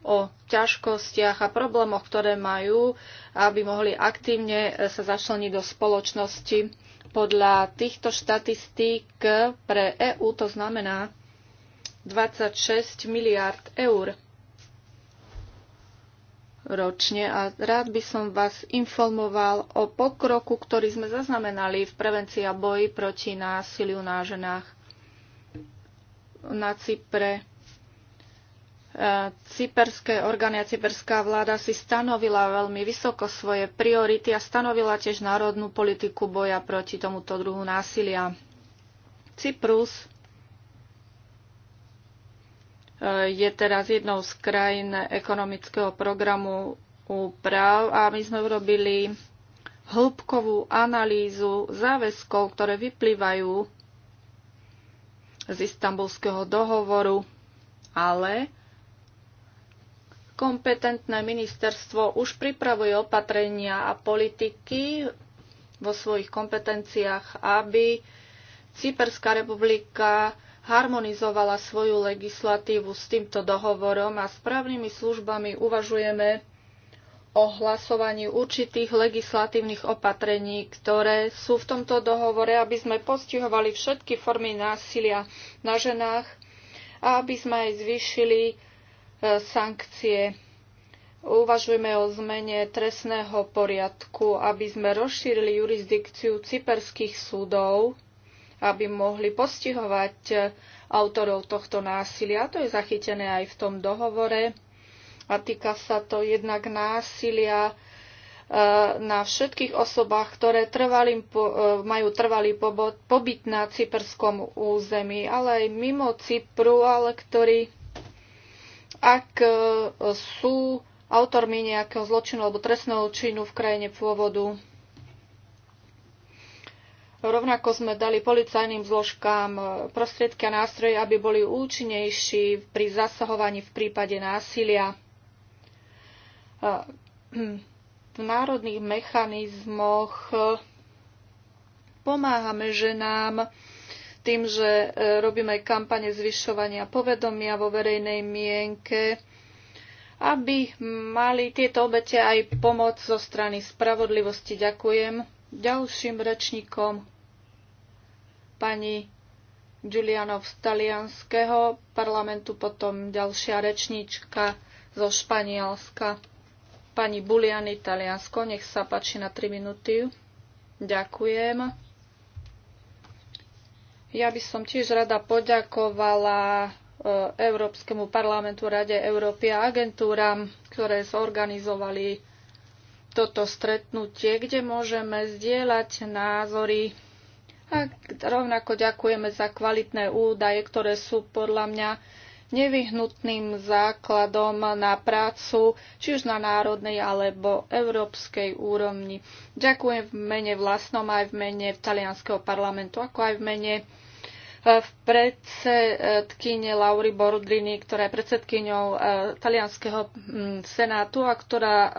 S3: o ťažkostiach a problémoch, ktoré majú, aby mohli aktívne e, sa začleniť do spoločnosti. Podľa týchto štatistík pre EÚ to znamená 26 miliard eur ročne a rád by som vás informoval o pokroku, ktorý sme zaznamenali v prevencii a boji proti násiliu na ženách na Cypre cyperské orgány a cyperská vláda si stanovila veľmi vysoko svoje priority a stanovila tiež národnú politiku boja proti tomuto druhu násilia. Cyprus eh, je teraz jednou z krajín ekonomického programu úprav a my sme urobili hĺbkovú analýzu záväzkov, ktoré vyplývajú z istambulského dohovoru, ale Kompetentné ministerstvo už pripravuje opatrenia a politiky vo svojich kompetenciách, aby Cyperská republika harmonizovala svoju legislatívu s týmto dohovorom a správnymi službami uvažujeme o hlasovaní určitých legislatívnych opatrení, ktoré sú v tomto dohovore, aby sme postihovali všetky formy násilia na ženách a aby sme aj zvýšili sankcie. Uvažujeme o zmene trestného poriadku, aby sme rozšírili jurisdikciu cyperských súdov, aby mohli postihovať eh, autorov tohto násilia. To je zachytené aj v tom dohovore. A týka sa to jednak násilia eh, na všetkých osobách, ktoré trvalý, eh, majú trvalý pobyt na cyperskom území, ale aj mimo Cypru, ale ktorí ak e, sú autormi nejakého zločinu alebo trestného činu v krajine pôvodu. Rovnako sme dali policajným zložkám e, prostriedky a nástroje, aby boli účinnejší pri zasahovaní v prípade násilia. E, v národných mechanizmoch pomáhame ženám tým, že e, robíme kampane zvyšovania povedomia vo verejnej mienke, aby mali tieto obete aj pomoc zo strany spravodlivosti. Ďakujem ďalším rečníkom pani Giulianov z talianského parlamentu, potom ďalšia rečníčka zo Španielska, pani Buliani Taliansko. Nech sa páči na 3 minúty. Ďakujem. Ja by som tiež rada poďakovala e, Európskemu parlamentu, Rade Európy a agentúram, ktoré zorganizovali toto stretnutie, kde môžeme zdieľať názory. A rovnako ďakujeme za kvalitné údaje, ktoré sú podľa mňa nevyhnutným základom na prácu, či už na národnej alebo európskej úrovni. Ďakujem v mene vlastnom aj v mene talianského parlamentu, ako aj v mene e, v predsedkyne Lauri Borudrini, ktorá je predsedkyňou e, talianského senátu a ktorá e,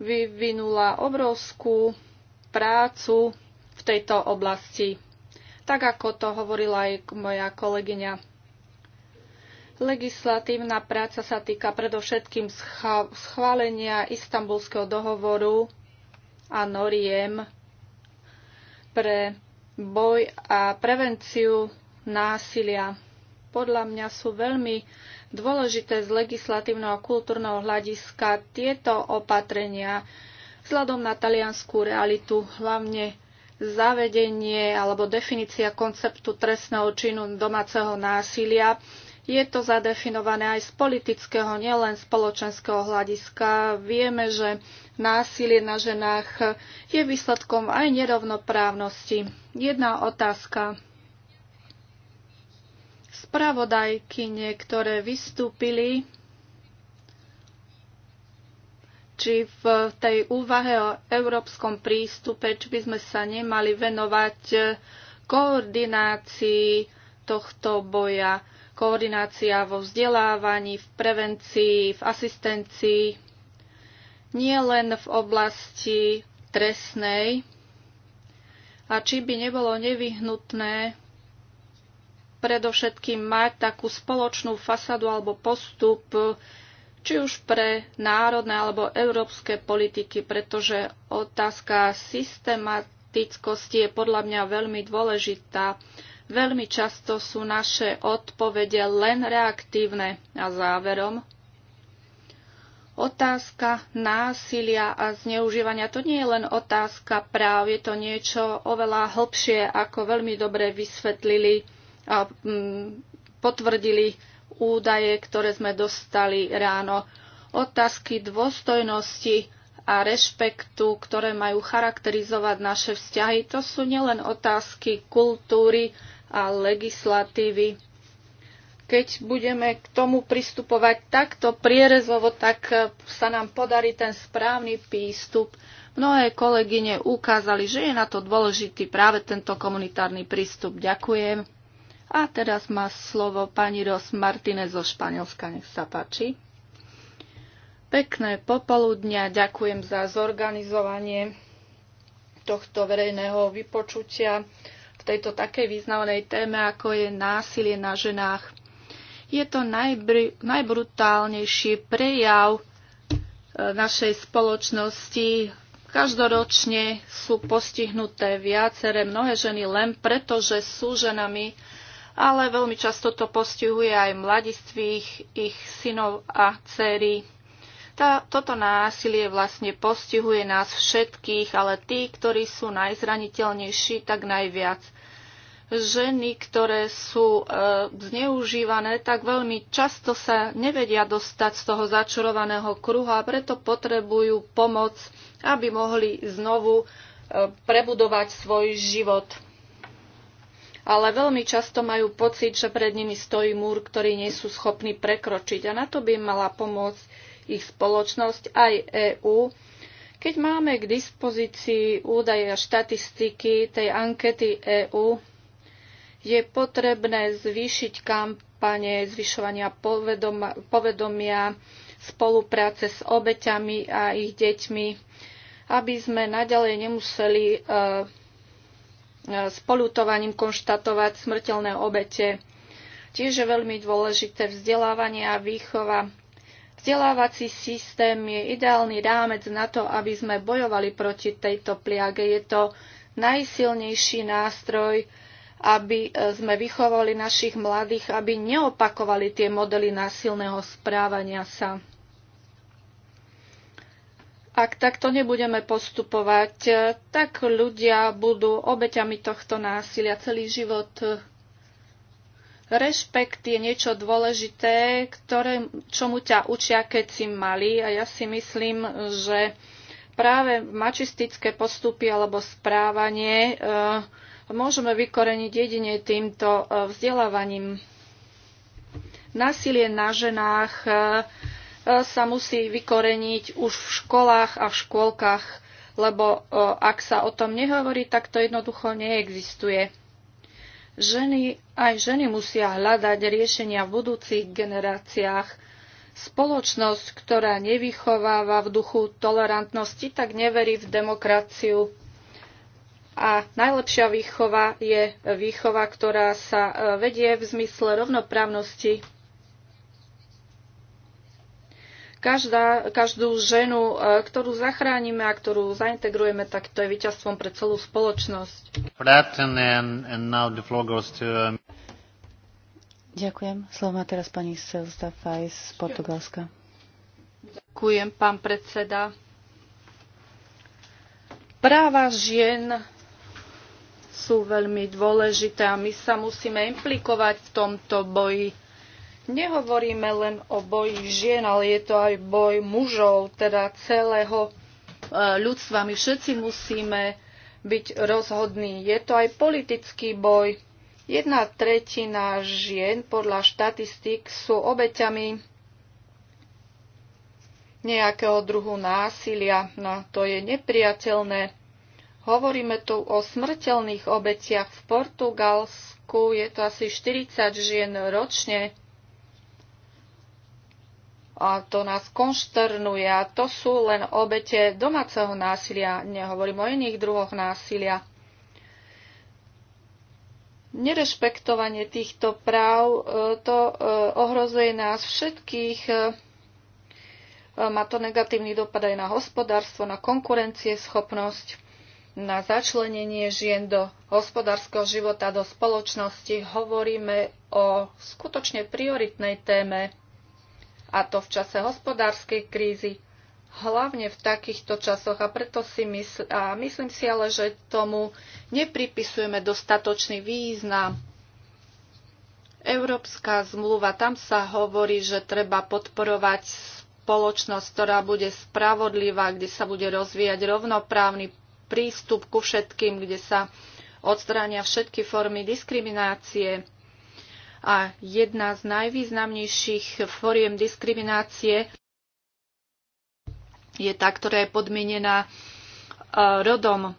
S3: vyvinula obrovskú prácu v tejto oblasti. Tak ako to hovorila aj moja kolegyňa Legislatívna práca sa týka predovšetkým schválenia istambulského dohovoru a noriem pre boj a prevenciu násilia. Podľa mňa sú veľmi dôležité z legislatívneho a kultúrneho hľadiska tieto opatrenia vzhľadom na talianskú realitu, hlavne zavedenie alebo definícia konceptu trestného činu domáceho násilia je to zadefinované aj z politického, nielen spoločenského hľadiska. Vieme, že násilie na ženách je výsledkom aj nerovnoprávnosti. Jedna otázka. Spravodajky niektoré vystúpili či v tej úvahe o európskom prístupe, či by sme sa nemali venovať koordinácii tohto boja koordinácia vo vzdelávaní, v prevencii, v asistencii, nie len v oblasti trestnej, a či by nebolo nevyhnutné predovšetkým mať takú spoločnú fasadu alebo postup, či už pre národné alebo európske politiky, pretože otázka systematickosti je podľa mňa veľmi dôležitá. Veľmi často sú naše odpovede len reaktívne. A záverom, otázka násilia a zneužívania, to nie je len otázka práv, je to niečo oveľa hlbšie, ako veľmi dobre vysvetlili a mm, potvrdili údaje, ktoré sme dostali ráno. Otázky dôstojnosti a rešpektu, ktoré majú charakterizovať naše vzťahy, to sú nielen otázky kultúry a legislatívy. Keď budeme k tomu pristupovať takto prierezovo, tak eh, sa nám podarí ten správny prístup. Mnohé kolegyne ukázali, že je na to dôležitý práve tento komunitárny prístup. Ďakujem. A teraz má slovo pani Ros Martinez zo Španielska. Nech sa páči. Pekné popoludnia, ďakujem za zorganizovanie tohto verejného vypočutia v tejto takej významnej téme, ako je násilie na ženách. Je to najbr- najbrutálnejší prejav e, našej spoločnosti. Každoročne sú postihnuté viaceré mnohé ženy len preto, že sú ženami, ale veľmi často to postihuje aj mladistvých, ich synov a dcery tá, toto násilie vlastne postihuje nás všetkých, ale tí, ktorí sú najzraniteľnejší, tak najviac. Ženy, ktoré sú e, zneužívané, tak veľmi často sa nevedia dostať z toho začarovaného kruhu a preto potrebujú pomoc, aby mohli znovu e, prebudovať svoj život. Ale veľmi často majú pocit, že pred nimi stojí múr, ktorý nie sú schopní prekročiť a na to by mala pomôcť ich spoločnosť aj EÚ. Keď máme k dispozícii údaje a štatistiky tej ankety EÚ, je potrebné zvýšiť kampane zvyšovania povedoma, povedomia, spolupráce s obeťami a ich deťmi, aby sme naďalej nemuseli e, e s polutovaním konštatovať smrteľné obete. Tiež je veľmi dôležité vzdelávanie a výchova. Vzdelávací systém je ideálny rámec na to, aby sme bojovali proti tejto pliage. Je to najsilnejší nástroj, aby e, sme vychovali našich mladých, aby neopakovali tie modely násilného správania sa. Ak takto nebudeme postupovať, e, tak ľudia budú obeťami tohto násilia celý život. E, Rešpekt je niečo dôležité, ktoré, čomu ťa učia, keď si malý a ja si myslím, že práve mačistické postupy alebo správanie e, môžeme vykoreniť jedine týmto eh, vzdelávaním. Násilie na ženách eh, sa musí vykoreniť už v školách a v škôlkach, lebo ak sa o tom nehovorí, tak to jednoducho neexistuje. Ženy, aj ženy musia hľadať riešenia v budúcich generáciách. Spoločnosť, ktorá nevychováva v duchu tolerantnosti, tak neverí v demokraciu. A najlepšia výchova je výchova, ktorá sa e, vedie v zmysle rovnoprávnosti Každá, každú ženu, e, ktorú zachránime a ktorú zaintegrujeme, tak to je víťazstvom pre celú spoločnosť.
S1: Um,
S4: Ďakujem. Slovo má teraz pani Selsta Fajs z Portugalska.
S3: Ďakujem, pán predseda. Práva žien sú veľmi dôležité a my sa musíme implikovať v tomto boji nehovoríme len o boji žien, ale je to aj boj mužov, teda celého e, ľudstva. My všetci musíme byť rozhodní. Je to aj politický boj. Jedna tretina žien podľa štatistík sú obeťami nejakého druhu násilia. No, to je nepriateľné. Hovoríme tu o smrteľných obetiach v Portugalsku. Je to asi 40 žien ročne. A to nás konšternuje. A to sú len obete domáceho násilia. Nehovorím o iných druhoch násilia. Nerešpektovanie týchto práv e, to e, ohrozuje nás všetkých. E, má to negatívny dopad aj na hospodárstvo, na konkurencieschopnosť na začlenenie žien do hospodárskeho života, do spoločnosti. Hovoríme o skutočne prioritnej téme a to v čase hospodárskej krízy, hlavne v takýchto časoch a preto si mysl- a myslím si ale, že tomu nepripisujeme dostatočný význam. Európska zmluva, tam sa hovorí, že treba podporovať spoločnosť, ktorá bude spravodlivá, kde sa bude rozvíjať rovnoprávny prístup ku všetkým, kde sa odstránia všetky formy diskriminácie a jedna z najvýznamnejších foriem diskriminácie je tá, ktorá je podmienená e, rodom.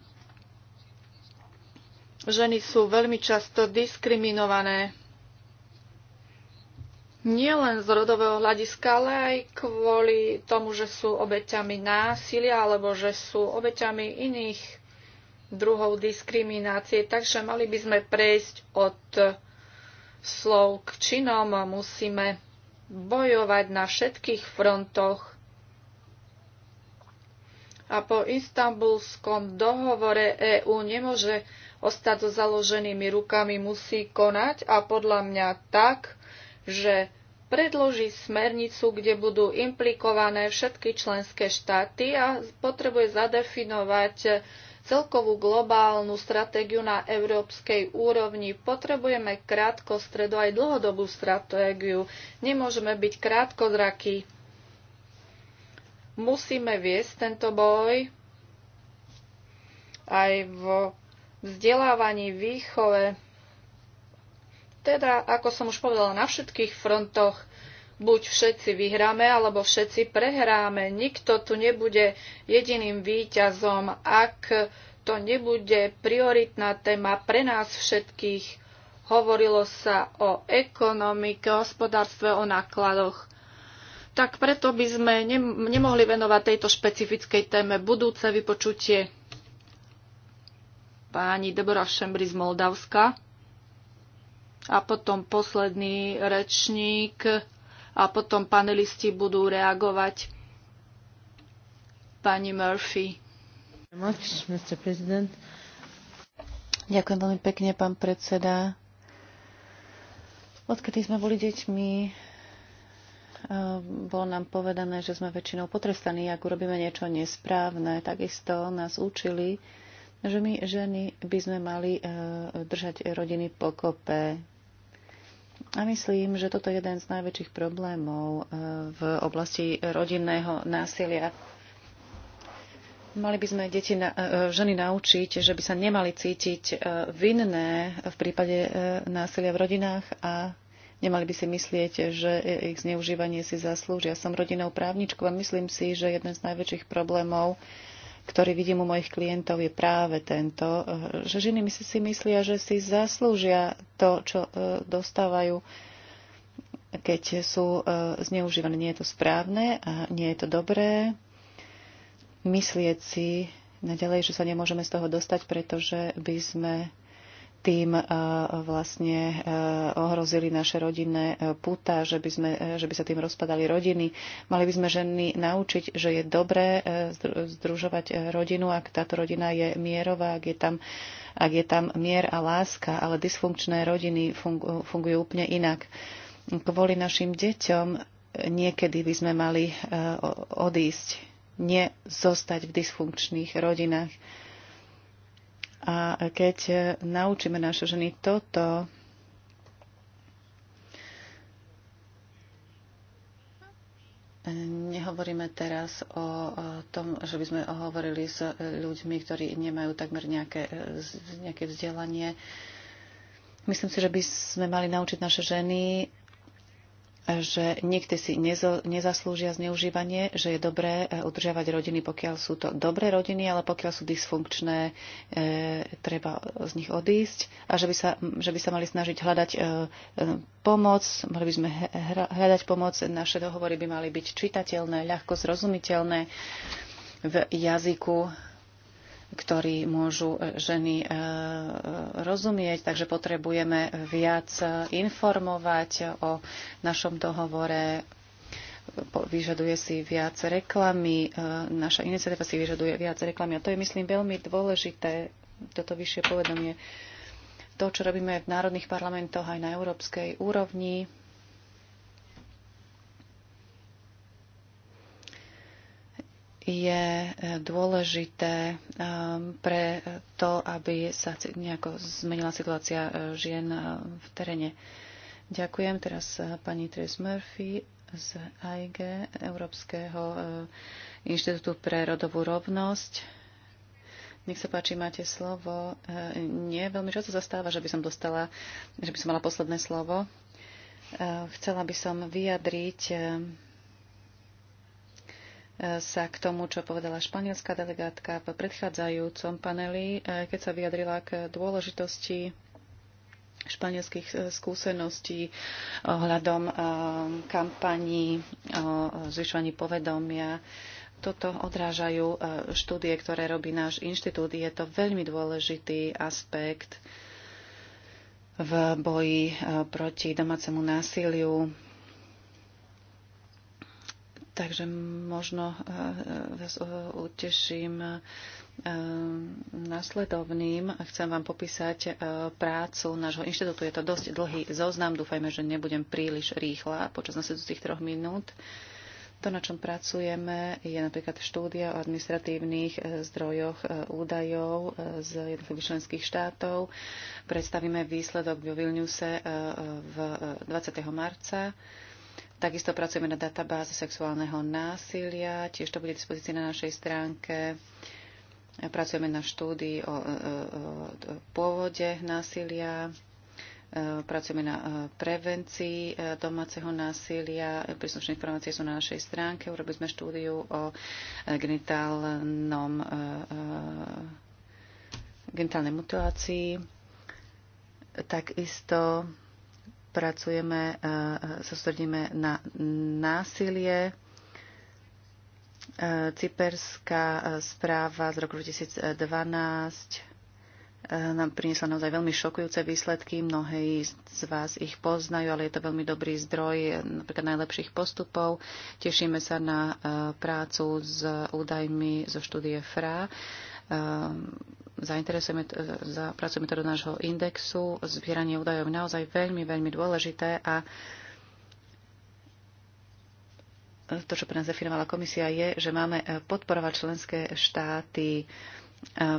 S3: Ženy sú veľmi často diskriminované nielen z rodového hľadiska, ale aj kvôli tomu, že sú obeťami násilia alebo že sú obeťami iných druhov diskriminácie. Takže mali by sme prejsť od slov k činom musíme bojovať na všetkých frontoch. A po istambulskom dohovore EÚ nemôže ostať so založenými rukami, musí konať a podľa mňa tak, že predloží smernicu, kde budú implikované všetky členské štáty a potrebuje zadefinovať celkovú globálnu stratégiu na európskej úrovni. Potrebujeme krátko, stredo aj dlhodobú stratégiu. Nemôžeme byť krátkozraky. Musíme viesť tento boj aj v vzdelávaní, výchove, teda, ako som už povedala, na všetkých frontoch buď všetci vyhráme, alebo všetci prehráme. Nikto tu nebude jediným výťazom, ak to nebude prioritná téma pre nás všetkých. Hovorilo sa o ekonomike, o hospodárstve, o nákladoch. Tak preto by sme nemohli venovať tejto špecifickej téme budúce vypočutie páni Debora Šembri z Moldavska a potom posledný rečník a potom panelisti budú reagovať. Pani Murphy.
S4: Ďakujem veľmi pekne, pán predseda. Odkedy sme boli deťmi, eh, bolo nám povedané, že sme väčšinou potrestaní, ak urobíme niečo nesprávne. Takisto nás učili, že my ženy by sme mali eh, držať rodiny pokope, a myslím, že toto je jeden z najväčších problémov eh, v oblasti rodinného násilia. Mali by sme deti eh, eh, ženy naučiť, že by sa nemali cítiť vinné v prípade násilia v rodinách a nemali by si myslieť, že ich zneužívanie si zaslúžia. Som rodinou právničkou a myslím si, že jeden z najväčších problémov ktorý vidím u mojich klientov, je práve tento, eh, že ženy si myslia, že si zaslúžia to, čo eh, dostávajú, keď sú eh, zneužívané. Nie je to správne a nie je to dobré myslieť si naďalej, že sa nemôžeme z toho dostať, pretože by sme tým e, vlastne e, ohrozili naše rodinné e, puta, že by, sme, že by sa tým rozpadali rodiny. Mali by sme ženy naučiť, že je dobré združovať rodinu, ak táto rodina je mierová, ak je tam, ak je tam mier a láska, ale dysfunkčné rodiny fungujú úplne inak. Kvôli našim deťom niekedy by sme mali odísť, nezostať v dysfunkčných rodinách a keď naučíme naše ženy toto, Nehovoríme teraz o tom, že by sme hovorili s ľuďmi, ktorí nemajú takmer nejaké, nejaké vzdelanie. Myslím si, že by sme mali naučiť naše ženy že niekde si nezo, nezaslúžia zneužívanie, že je dobré e, udržiavať rodiny, pokiaľ sú to dobré rodiny, ale pokiaľ sú dysfunkčné, e, treba z nich odísť a že by sa, že by sa mali snažiť hľadať e, e pomoc, mali by sme hľadať pomoc, naše dohovory by mali byť čitateľné, ľahko zrozumiteľné v jazyku, ktorý môžu e, ženy e, e, rozumieť, takže potrebujeme viac informovať o našom dohovore, vyžaduje si viac reklamy, naša iniciatíva si vyžaduje viac reklamy a to je, myslím, veľmi dôležité, toto vyššie povedomie. To, čo robíme v národných parlamentoch aj na európskej úrovni, je e, dôležité e, pre to, aby sa nejako zmenila situácia e, žien v teréne. Ďakujem teraz pani Tres Murphy z AIG, Európskeho inštitútu pre rodovú rovnosť. Nech sa páči, máte slovo. Nie, veľmi často zastáva, že by som dostala, že by som mala posledné slovo. Chcela by som vyjadriť sa k tomu, čo povedala španielská delegátka v predchádzajúcom paneli, e, keď sa vyjadrila k dôležitosti španielských e, skúseností ohľadom e, kampaní o zvyšovaní povedomia. Toto odrážajú štúdie, ktoré robí náš inštitút. Je to veľmi dôležitý aspekt v boji proti domácemu násiliu, Takže možno eh, vás eh, uteším eh, nasledovným. Chcem vám popísať prácu nášho inštitútu. Je to dosť dlhý zoznam. Dúfajme, že nebudem príliš rýchla počas nasledujúcich troch minút. To, na čom pracujeme, je napríklad štúdia o administratívnych zdrojoch údajov z jednotlivých členských štátov. Predstavíme výsledok vo Vilniuse v 20. marca Takisto pracujeme na databáze sexuálneho násilia, tiež to bude dispozícii na našej stránke. Pracujeme na štúdii o, o, o pôvode násilia, e, pracujeme na e, prevencii e, domáceho násilia. Príslušné informácie sú na našej stránke. Urobili sme štúdiu o genitálnom genitálnej mutilácii. Takisto pracujeme, e, e, sa sústredíme na násilie. E, Cyperská správa z roku 2012 nám priniesla naozaj veľmi šokujúce výsledky. Mnohí z vás ich poznajú, ale je to veľmi dobrý zdroj napríklad najlepších postupov. Tešíme sa na prácu s údajmi zo štúdie FRA. Ehm, zainteresujeme, zapracujeme to teda do nášho indexu. Zbieranie údajov je naozaj veľmi, veľmi dôležité a to, čo pre nás definovala komisia, je, že máme e, podporovať členské štáty e,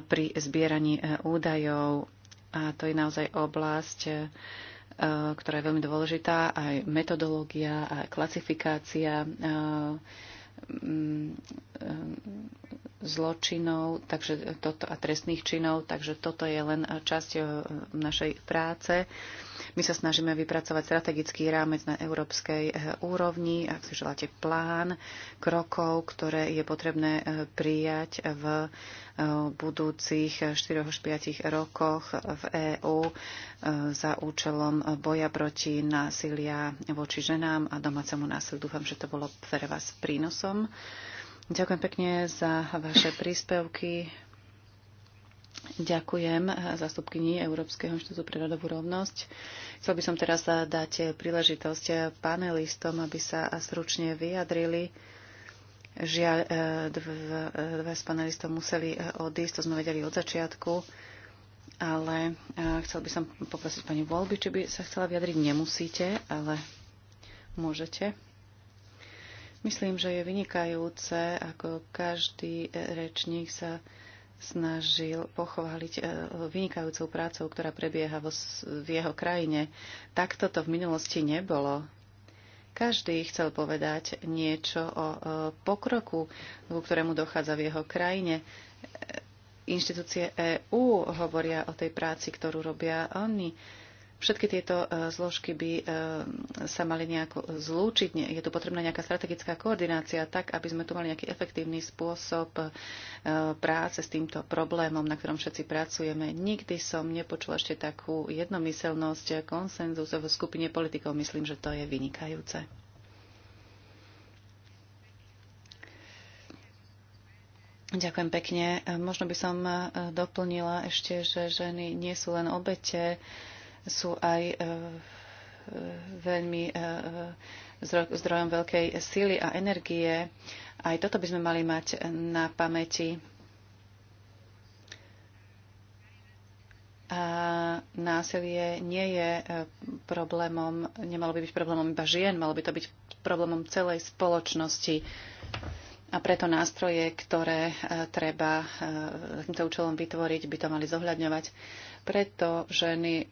S4: pri zbieraní e, údajov. A to je naozaj oblasť, ktorá je veľmi dôležitá, aj metodológia, aj klasifikácia Mm, zločinov takže toto, a trestných činov, takže toto je len časť e, našej práce. My sa snažíme vypracovať strategický rámec na európskej eh, úrovni, ak si želáte plán krokov, ktoré je potrebné eh, prijať v eh, budúcich 4-5 rokoch v EÚ za účelom boja proti násilia voči ženám a domácemu násiliu. Dúfam, že to bolo pre vás prínosom. Ďakujem pekne za vaše príspevky. Ďakujem eh, zastupkyni Európskeho inštitútu pre rodovú rovnosť. Chcel by som teraz eh, dať eh, príležitosť panelistom, aby sa stručne vyjadrili. Žiaľ, dve z panelistov museli odísť, to sme vedeli od začiatku, ale chcel by som poprosiť pani Volby, či by sa chcela vyjadriť. Nemusíte, ale môžete. Myslím, že je vynikajúce, ako každý rečník sa snažil pochváliť e, vynikajúcou prácou, ktorá prebieha vo, v jeho krajine. Takto to v minulosti nebolo. Každý chcel povedať niečo o e, pokroku, ku ktorému dochádza v jeho krajine. E, inštitúcie EÚ hovoria o tej práci, ktorú robia oni Všetky tieto e, zložky by e, sa mali nejako zlúčiť. Je tu potrebná nejaká strategická koordinácia tak, aby sme tu mali nejaký efektívny spôsob e, práce s týmto problémom, na ktorom všetci pracujeme. Nikdy som nepočula ešte takú jednomyselnosť, konsenzus v skupine politikov. Myslím, že to je vynikajúce. Ďakujem pekne. Možno by som doplnila ešte, že ženy nie sú len obete sú aj e, e, veľmi e, zdrojom veľkej sily a energie. Aj toto by sme mali mať na pamäti. A násilie nie je problémom, nemalo by byť problémom iba žien, malo by to byť problémom celej spoločnosti. A preto nástroje, ktoré treba týmto účelom vytvoriť, by to mali zohľadňovať. Preto ženy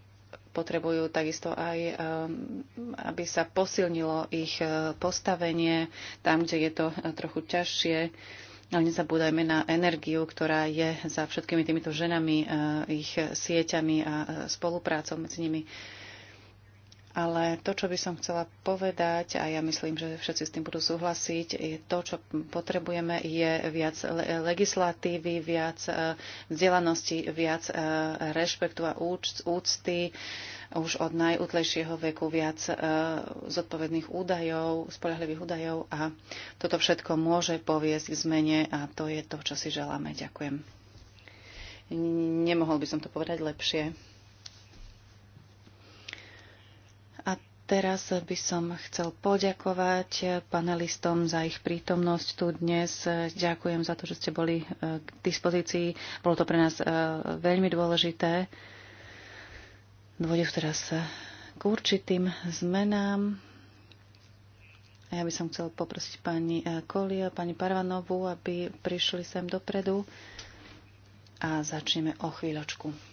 S4: potrebujú takisto aj, ehm, aby sa posilnilo ich e, postavenie tam, kde je to e, trochu ťažšie. Ale nezabúdajme na energiu, ktorá je za všetkými týmito ženami, e, ich sieťami a spoluprácou medzi nimi. Ale to, čo by som chcela povedať, a ja myslím, že všetci s tým budú súhlasiť, je to, čo potrebujeme, je viac legislatívy, viac e, vzdelanosti, viac e, rešpektu a úcty, už od najútlejšieho veku viac e, zodpovedných údajov, spolahlivých údajov a toto všetko môže poviesť k zmene a to je to, čo si želáme. Ďakujem. Nemohol by som to povedať lepšie. Teraz by som chcel poďakovať panelistom za ich prítomnosť tu dnes. Ďakujem za to, že ste boli e, k dispozícii. Bolo to pre nás e, veľmi dôležité. Dôjdem teraz e, k určitým zmenám. Ja by som chcel poprosiť pani Kolia, pani Parvanovú, aby prišli sem dopredu a začneme o chvíľočku.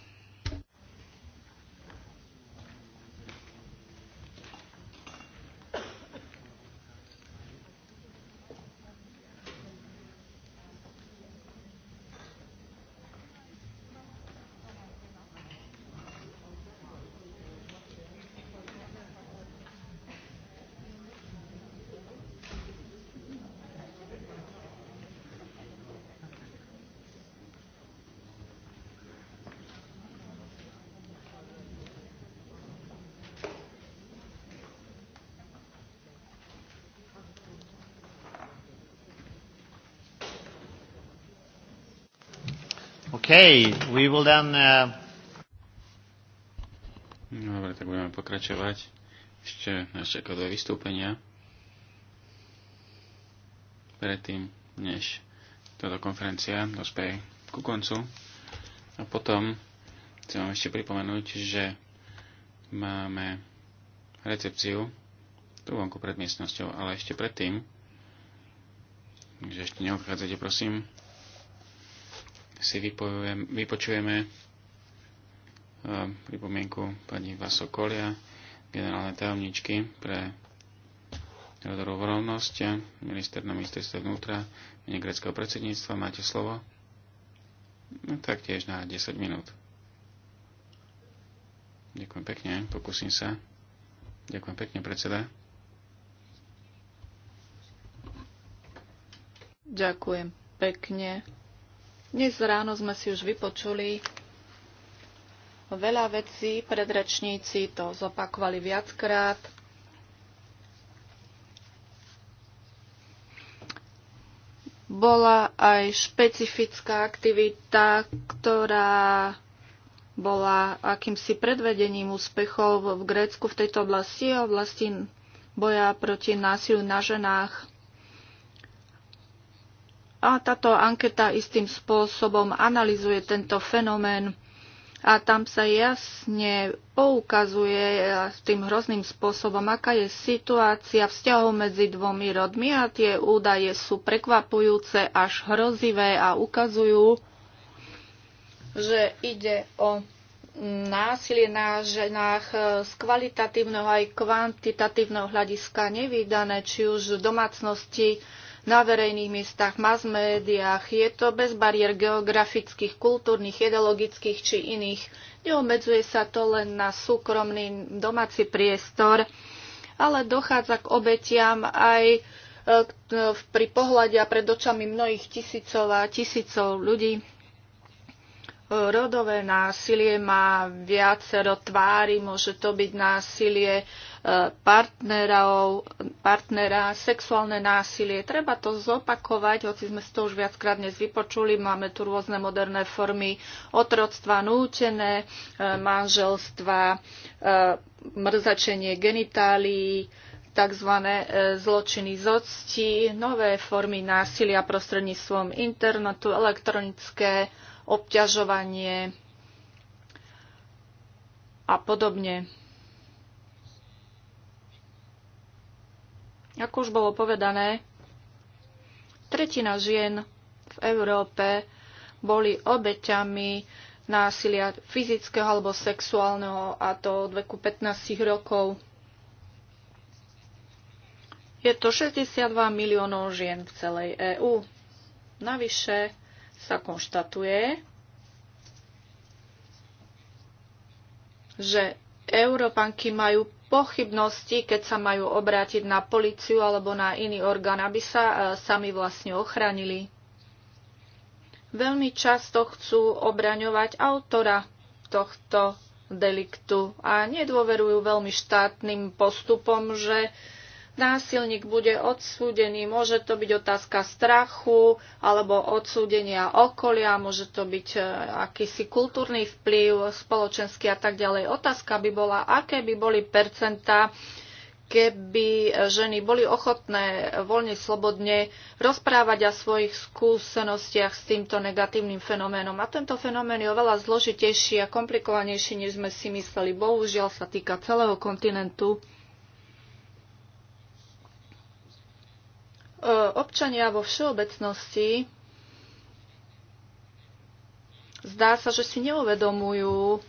S1: Okay, we will then... Uh...
S2: No, dobre, tak budeme pokračovať. Ešte nás čaká dve vystúpenia. Predtým, než táto konferencia dospeje ku koncu. A potom chcem vám ešte pripomenúť, že máme recepciu tu vonku pred miestnosťou, ale ešte predtým, takže ešte neodchádzajte, prosím, si vypočujeme eh, pripomienku pani Vasokolia, generálne generálnej tajomničky pre rodorovú rovnosť, minister na ministerstve vnútra, mene greckého predsedníctva. Máte slovo? No, taktiež na 10 minút. Ďakujem pekne, pokúsim sa. Ďakujem pekne, predseda.
S3: Ďakujem pekne dnes ráno sme si už vypočuli veľa vecí, predrečníci to zopakovali viackrát. Bola aj špecifická aktivita, ktorá bola akýmsi predvedením úspechov v Grécku v tejto oblasti, oblasti boja proti násiliu na ženách. A táto anketa istým spôsobom analizuje tento fenomén a tam sa jasne poukazuje tým hrozným spôsobom, aká je situácia vzťahov medzi dvomi rodmi a tie údaje sú prekvapujúce až hrozivé a ukazujú, že ide o násilie na ženách z kvalitatívneho aj kvantitatívneho hľadiska nevydané, či už v domácnosti, na verejných miestach, mass médiách. Je to bez bariér geografických, kultúrnych, ideologických či iných. Neobmedzuje sa to len na súkromný domáci priestor, ale dochádza k obetiam aj e, e, pri pohľade a pred očami mnohých tisícov a tisícov ľudí. E, rodové násilie má viacero tvári, môže to byť násilie partnerov, partnera, sexuálne násilie. Treba to zopakovať, hoci sme si to už viackrát dnes vypočuli. Máme tu rôzne moderné formy otroctva, nútené, e, manželstva, e, mrzačenie genitálií, tzv. E, zločiny z nové formy násilia prostredníctvom internetu, elektronické obťažovanie a podobne. Ako už bolo povedané, tretina žien v Európe boli obeťami násilia fyzického alebo sexuálneho a to od veku 15 rokov. Je to 62 miliónov žien v celej EÚ. Navyše sa konštatuje, že Európanky majú pochybnosti, keď sa majú obrátiť na policiu alebo na iný orgán, aby sa e, sami vlastne ochránili. Veľmi často chcú obraňovať autora tohto deliktu a nedôverujú veľmi štátnym postupom, že násilník bude odsúdený. Môže to byť otázka strachu alebo odsúdenia okolia, môže to byť e, akýsi kultúrny vplyv, spoločenský a tak ďalej. Otázka by bola, aké by boli percentá keby ženy boli ochotné voľne, slobodne rozprávať o svojich skúsenostiach s týmto negatívnym fenoménom. A tento fenomén je oveľa zložitejší a komplikovanejší, než sme si mysleli. Bohužiaľ sa týka celého kontinentu. E, občania vo všeobecnosti zdá sa, že si neuvedomujú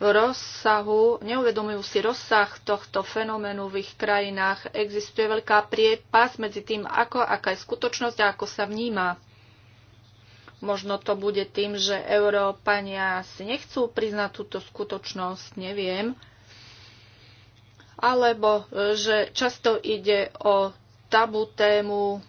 S3: rozsahu, neuvedomujú si rozsah tohto fenoménu v ich krajinách. Existuje veľká priepas medzi tým, ako, aká je skutočnosť a ako sa vníma. Možno to bude tým, že Európania si nechcú priznať túto skutočnosť, neviem. Alebo že často ide o tabu tému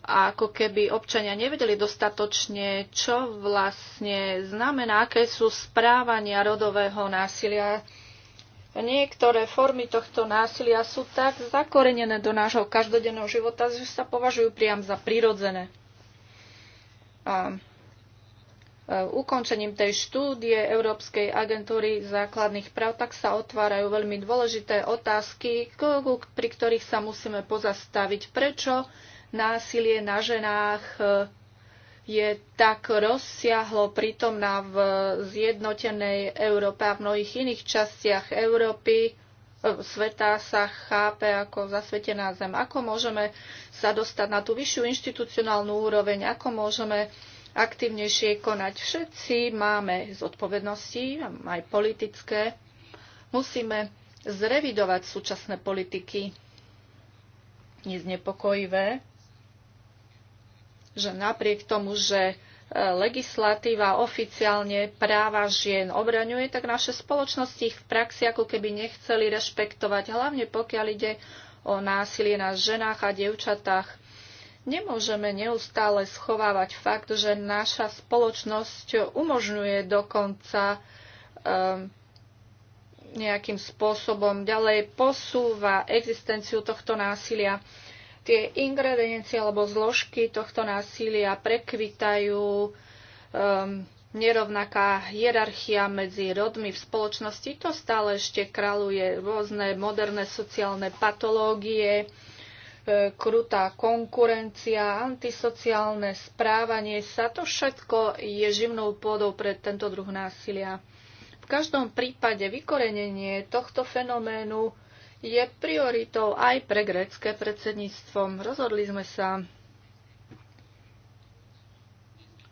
S3: a ako keby občania nevedeli dostatočne, čo vlastne znamená, aké sú správania rodového násilia. Niektoré formy tohto násilia sú tak zakorenené do nášho každodenného života, že sa považujú priam za prirodzené. A E, ukončením tej štúdie Európskej agentúry základných práv, tak sa otvárajú veľmi dôležité otázky, pri ktorých sa musíme pozastaviť. Prečo násilie na ženách e, je tak rozsiahlo prítomná v zjednotenej Európe a v mnohých iných častiach Európy, e, sveta sa chápe ako zasvetená zem. Ako môžeme sa dostať na tú vyššiu inštitucionálnu úroveň? Ako môžeme aktívnejšie konať. Všetci máme zodpovednosti, aj politické. Musíme zrevidovať súčasné politiky. Je znepokojivé, že napriek tomu, že e, legislatíva oficiálne práva žien obraňuje, tak naše spoločnosti ich v praxi ako keby nechceli rešpektovať, hlavne pokiaľ ide o násilie na ženách a devčatách. Nemôžeme neustále schovávať fakt, že naša spoločnosť umožňuje dokonca um, nejakým spôsobom ďalej posúva existenciu tohto násilia. Tie ingrediencie alebo zložky tohto násilia prekvitajú um, nerovnaká hierarchia medzi rodmi v spoločnosti. To stále ešte kraluje rôzne moderné sociálne patológie, krutá konkurencia, antisociálne správanie sa, to všetko je živnou pôdou pre tento druh násilia. V každom prípade vykorenenie tohto fenoménu je prioritou aj pre grécké predsedníctvo. Rozhodli sme sa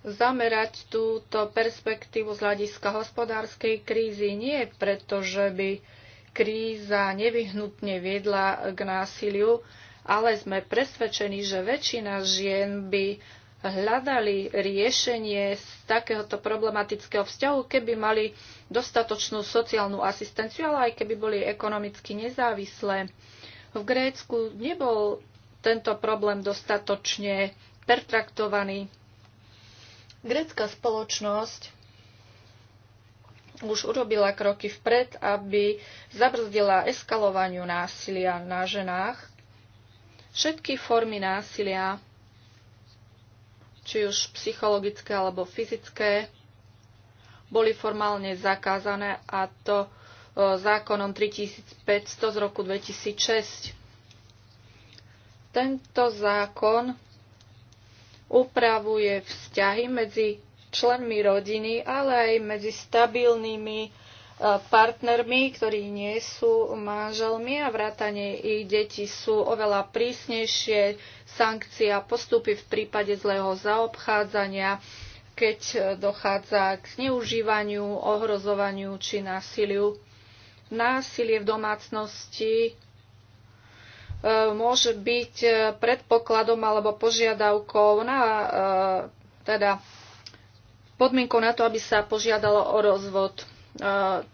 S3: zamerať túto perspektívu z hľadiska hospodárskej krízy nie preto, že by kríza nevyhnutne viedla k násiliu, ale sme presvedčení, že väčšina žien by hľadali riešenie z takéhoto problematického vzťahu, keby mali dostatočnú sociálnu asistenciu, ale aj keby boli ekonomicky nezávislé. V Grécku nebol tento problém dostatočne pertraktovaný. Grécka spoločnosť už urobila kroky vpred, aby zabrzdila eskalovaniu násilia na ženách Všetky formy násilia, či už psychologické alebo fyzické, boli formálne zakázané a to e, zákonom 3500 z roku 2006. Tento zákon upravuje vzťahy medzi členmi rodiny, ale aj medzi stabilnými partnermi, ktorí nie sú manželmi a vrátane ich detí sú oveľa prísnejšie sankcia postupy v prípade zlého zaobchádzania, keď dochádza k zneužívaniu, ohrozovaniu či násiliu. Násilie v domácnosti e, môže byť e, predpokladom alebo požiadavkou na e, teda podmienkou na to, aby sa požiadalo o rozvod.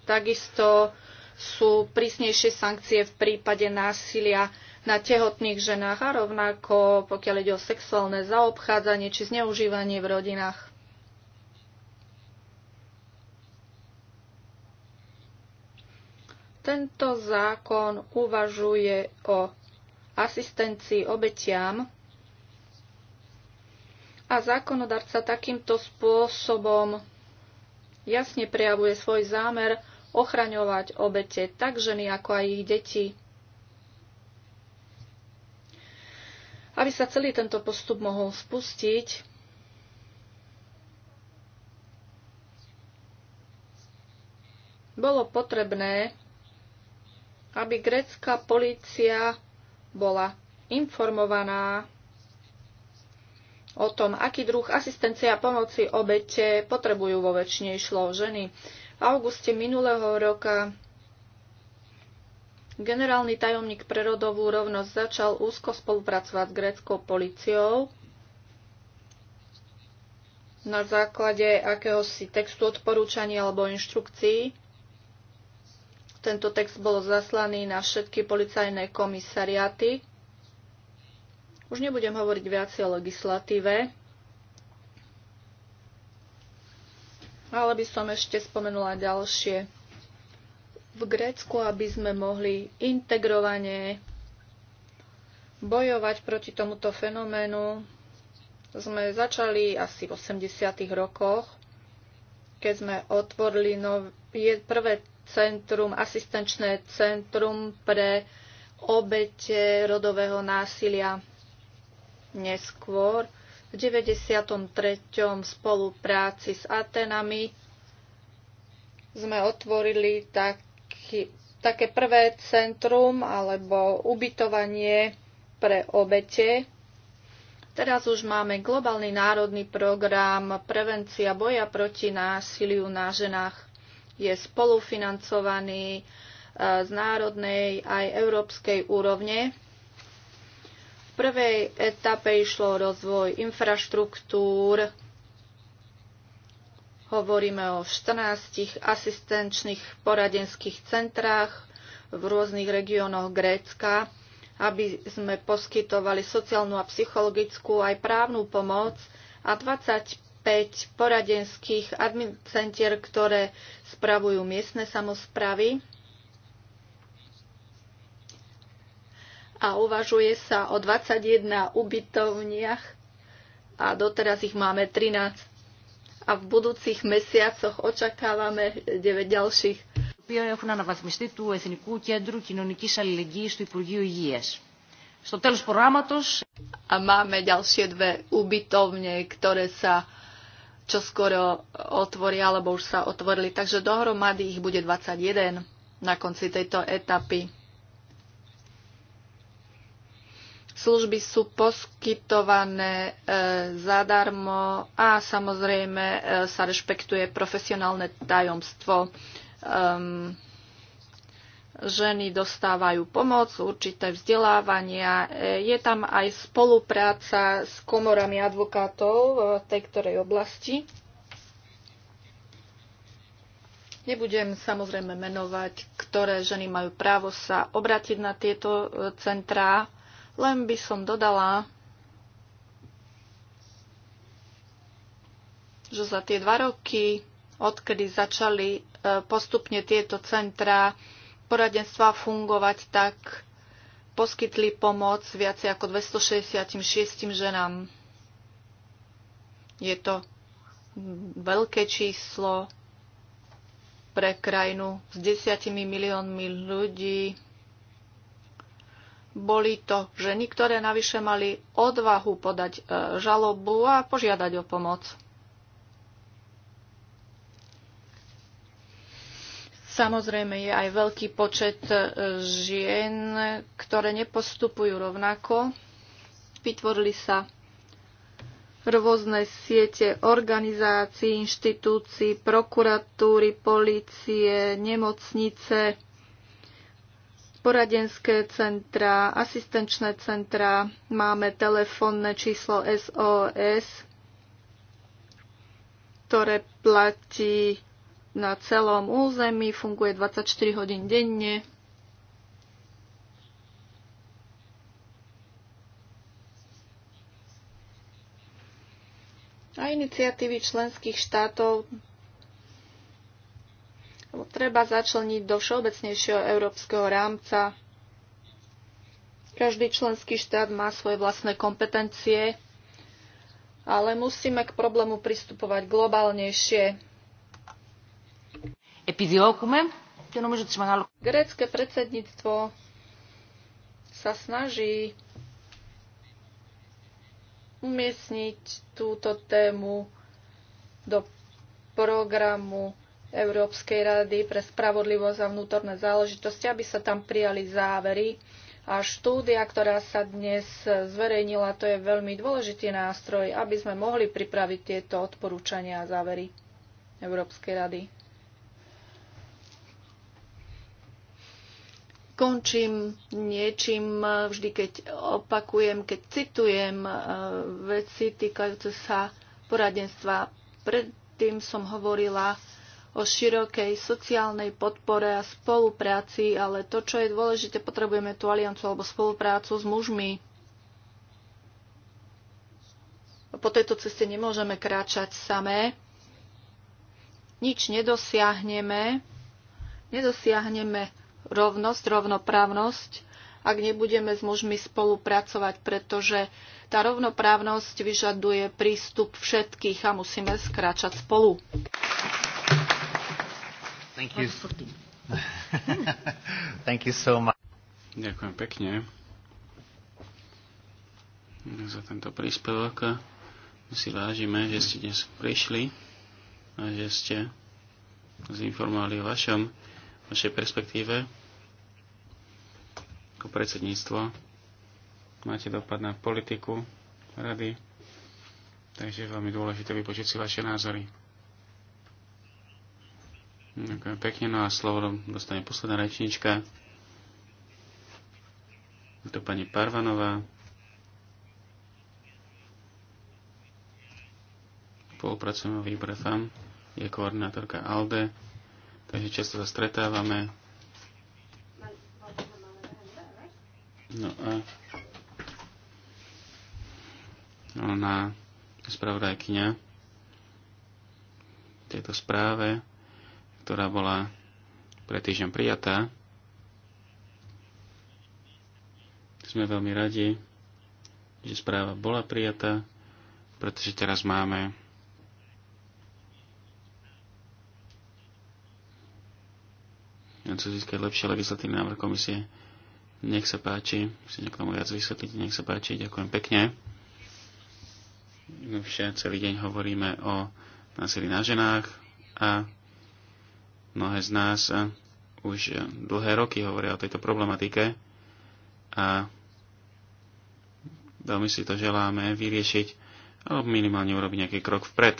S3: Takisto sú prísnejšie sankcie v prípade násilia na tehotných ženách a rovnako pokiaľ ide o sexuálne zaobchádzanie či zneužívanie v rodinách. Tento zákon uvažuje o asistencii obetiam a zákonodarca takýmto spôsobom jasne prejavuje svoj zámer ochraňovať obete, tak ženy ako aj ich deti. Aby sa celý tento postup mohol spustiť, bolo potrebné, aby grécka polícia bola informovaná o tom, aký druh asistencia a pomoci obete potrebujú vo väčšine išlo ženy. V auguste minulého roka generálny tajomník pre rodovú rovnosť začal úzko spolupracovať s gréckou policiou na základe akéhosi textu odporúčania alebo inštrukcií. Tento text bol zaslaný na všetky policajné komisariáty už nebudem hovoriť viacej o legislatíve, ale by som ešte spomenula ďalšie. V Grécku, aby sme mohli integrovane bojovať proti tomuto fenoménu, sme začali asi v 80. rokoch, keď sme otvorili nové, prvé centrum, asistenčné centrum pre obete rodového násilia neskôr v 93. spolupráci s Atenami sme otvorili taký, také prvé centrum alebo ubytovanie pre obete. Teraz už máme globálny národný program Prevencia boja proti násiliu na ženách. Je spolufinancovaný eh, z národnej aj európskej úrovne prvej etape išlo o rozvoj infraštruktúr. Hovoríme o 14 asistenčných poradenských centrách v rôznych regiónoch Grécka, aby sme poskytovali sociálnu a psychologickú aj právnu pomoc a 25 poradenských centier, ktoré spravujú miestne samozprávy. a uvažuje sa o 21 ubytovniach a doteraz ich máme 13 a v budúcich mesiacoch očakávame 9 ďalších. Έχουν αναβαθμιστεί του Εθνικού Κέντρου Κοινωνικής Αλληλεγγύης του Υπουργείου Υγείας. Στο τέλος προγράμματος... A máme ďalšie dve ubytovne, ktoré sa čoskoro otvoria, alebo už sa otvorili. Takže dohromady ich bude 21 na konci tejto etapy. Služby sú poskytované e, zadarmo a samozrejme e, sa rešpektuje profesionálne tajomstvo. Ehm, ženy dostávajú pomoc, určité vzdelávania. E, je tam aj spolupráca s komorami advokátov v tej ktorej oblasti. Nebudem samozrejme menovať, ktoré ženy majú právo sa obrátiť na tieto centrá. Len by som dodala, že za tie dva roky, odkedy začali e, postupne tieto centra poradenstva fungovať, tak poskytli pomoc viacej ako 266 ženám. Je to veľké číslo pre krajinu s desiatimi miliónmi ľudí, boli to ženy, ktoré navyše mali odvahu podať e, žalobu a požiadať o pomoc. Samozrejme je aj veľký počet e, žien, ktoré nepostupujú rovnako. Vytvorili sa rôzne siete organizácií, inštitúcií, prokuratúry, polície, nemocnice poradenské centra, asistenčné centra, máme telefónne číslo SOS, ktoré platí na celom území, funguje 24 hodín denne. A iniciatívy členských štátov treba začleniť do všeobecnejšieho európskeho rámca. Každý členský štát má svoje vlastné kompetencie, ale musíme k problému pristupovať globálnejšie. Grécké Grécke predsedníctvo sa snaží umiestniť túto tému do programu Európskej rady pre spravodlivosť a vnútorné záležitosti, aby sa tam prijali závery. A štúdia, ktorá sa dnes zverejnila, to je veľmi dôležitý nástroj, aby sme mohli pripraviť tieto odporúčania a závery Európskej rady. končím niečím, vždy keď opakujem, keď citujem e, veci týkajúce sa poradenstva. Predtým som hovorila o širokej sociálnej podpore a spolupráci, ale to, čo je dôležité, potrebujeme tú aliancu alebo spoluprácu s mužmi. Po tejto ceste nemôžeme kráčať samé. Nič nedosiahneme. Nedosiahneme rovnosť, rovnoprávnosť, ak nebudeme s mužmi spolupracovať, pretože tá rovnoprávnosť vyžaduje prístup všetkých a musíme skráčať spolu.
S2: Thank you.
S1: Thank you so much. Ďakujem pekne
S2: za tento príspevok. My si vážime, že ste dnes prišli a že ste zinformovali o vašom, vašej perspektíve ako predsedníctvo. Máte dopad na politiku rady, takže je veľmi dôležité vypočuť si vaše názory. Ďakujem pekne, no a slovo dostane posledná rečnička. Je to pani Parvanová. Spolupracujeme v výbore FAM, je koordinátorka ALDE, takže často sa stretávame. No a ona spravodajkynia tejto správe ktorá bola pre týždeň prijatá. Sme veľmi radi, že správa bola prijatá, pretože teraz máme chcú získať lepšie legislatívne návrh komisie. Nech sa páči, musíte k tomu viac vysvetliť, nech sa páči, ďakujem pekne. Všetci celý deň hovoríme o násilí na ženách a Mnohé z nás eh, už eh, dlhé roky hovoria o tejto problematike a veľmi si to želáme vyriešiť alebo minimálne urobiť nejaký krok vpred.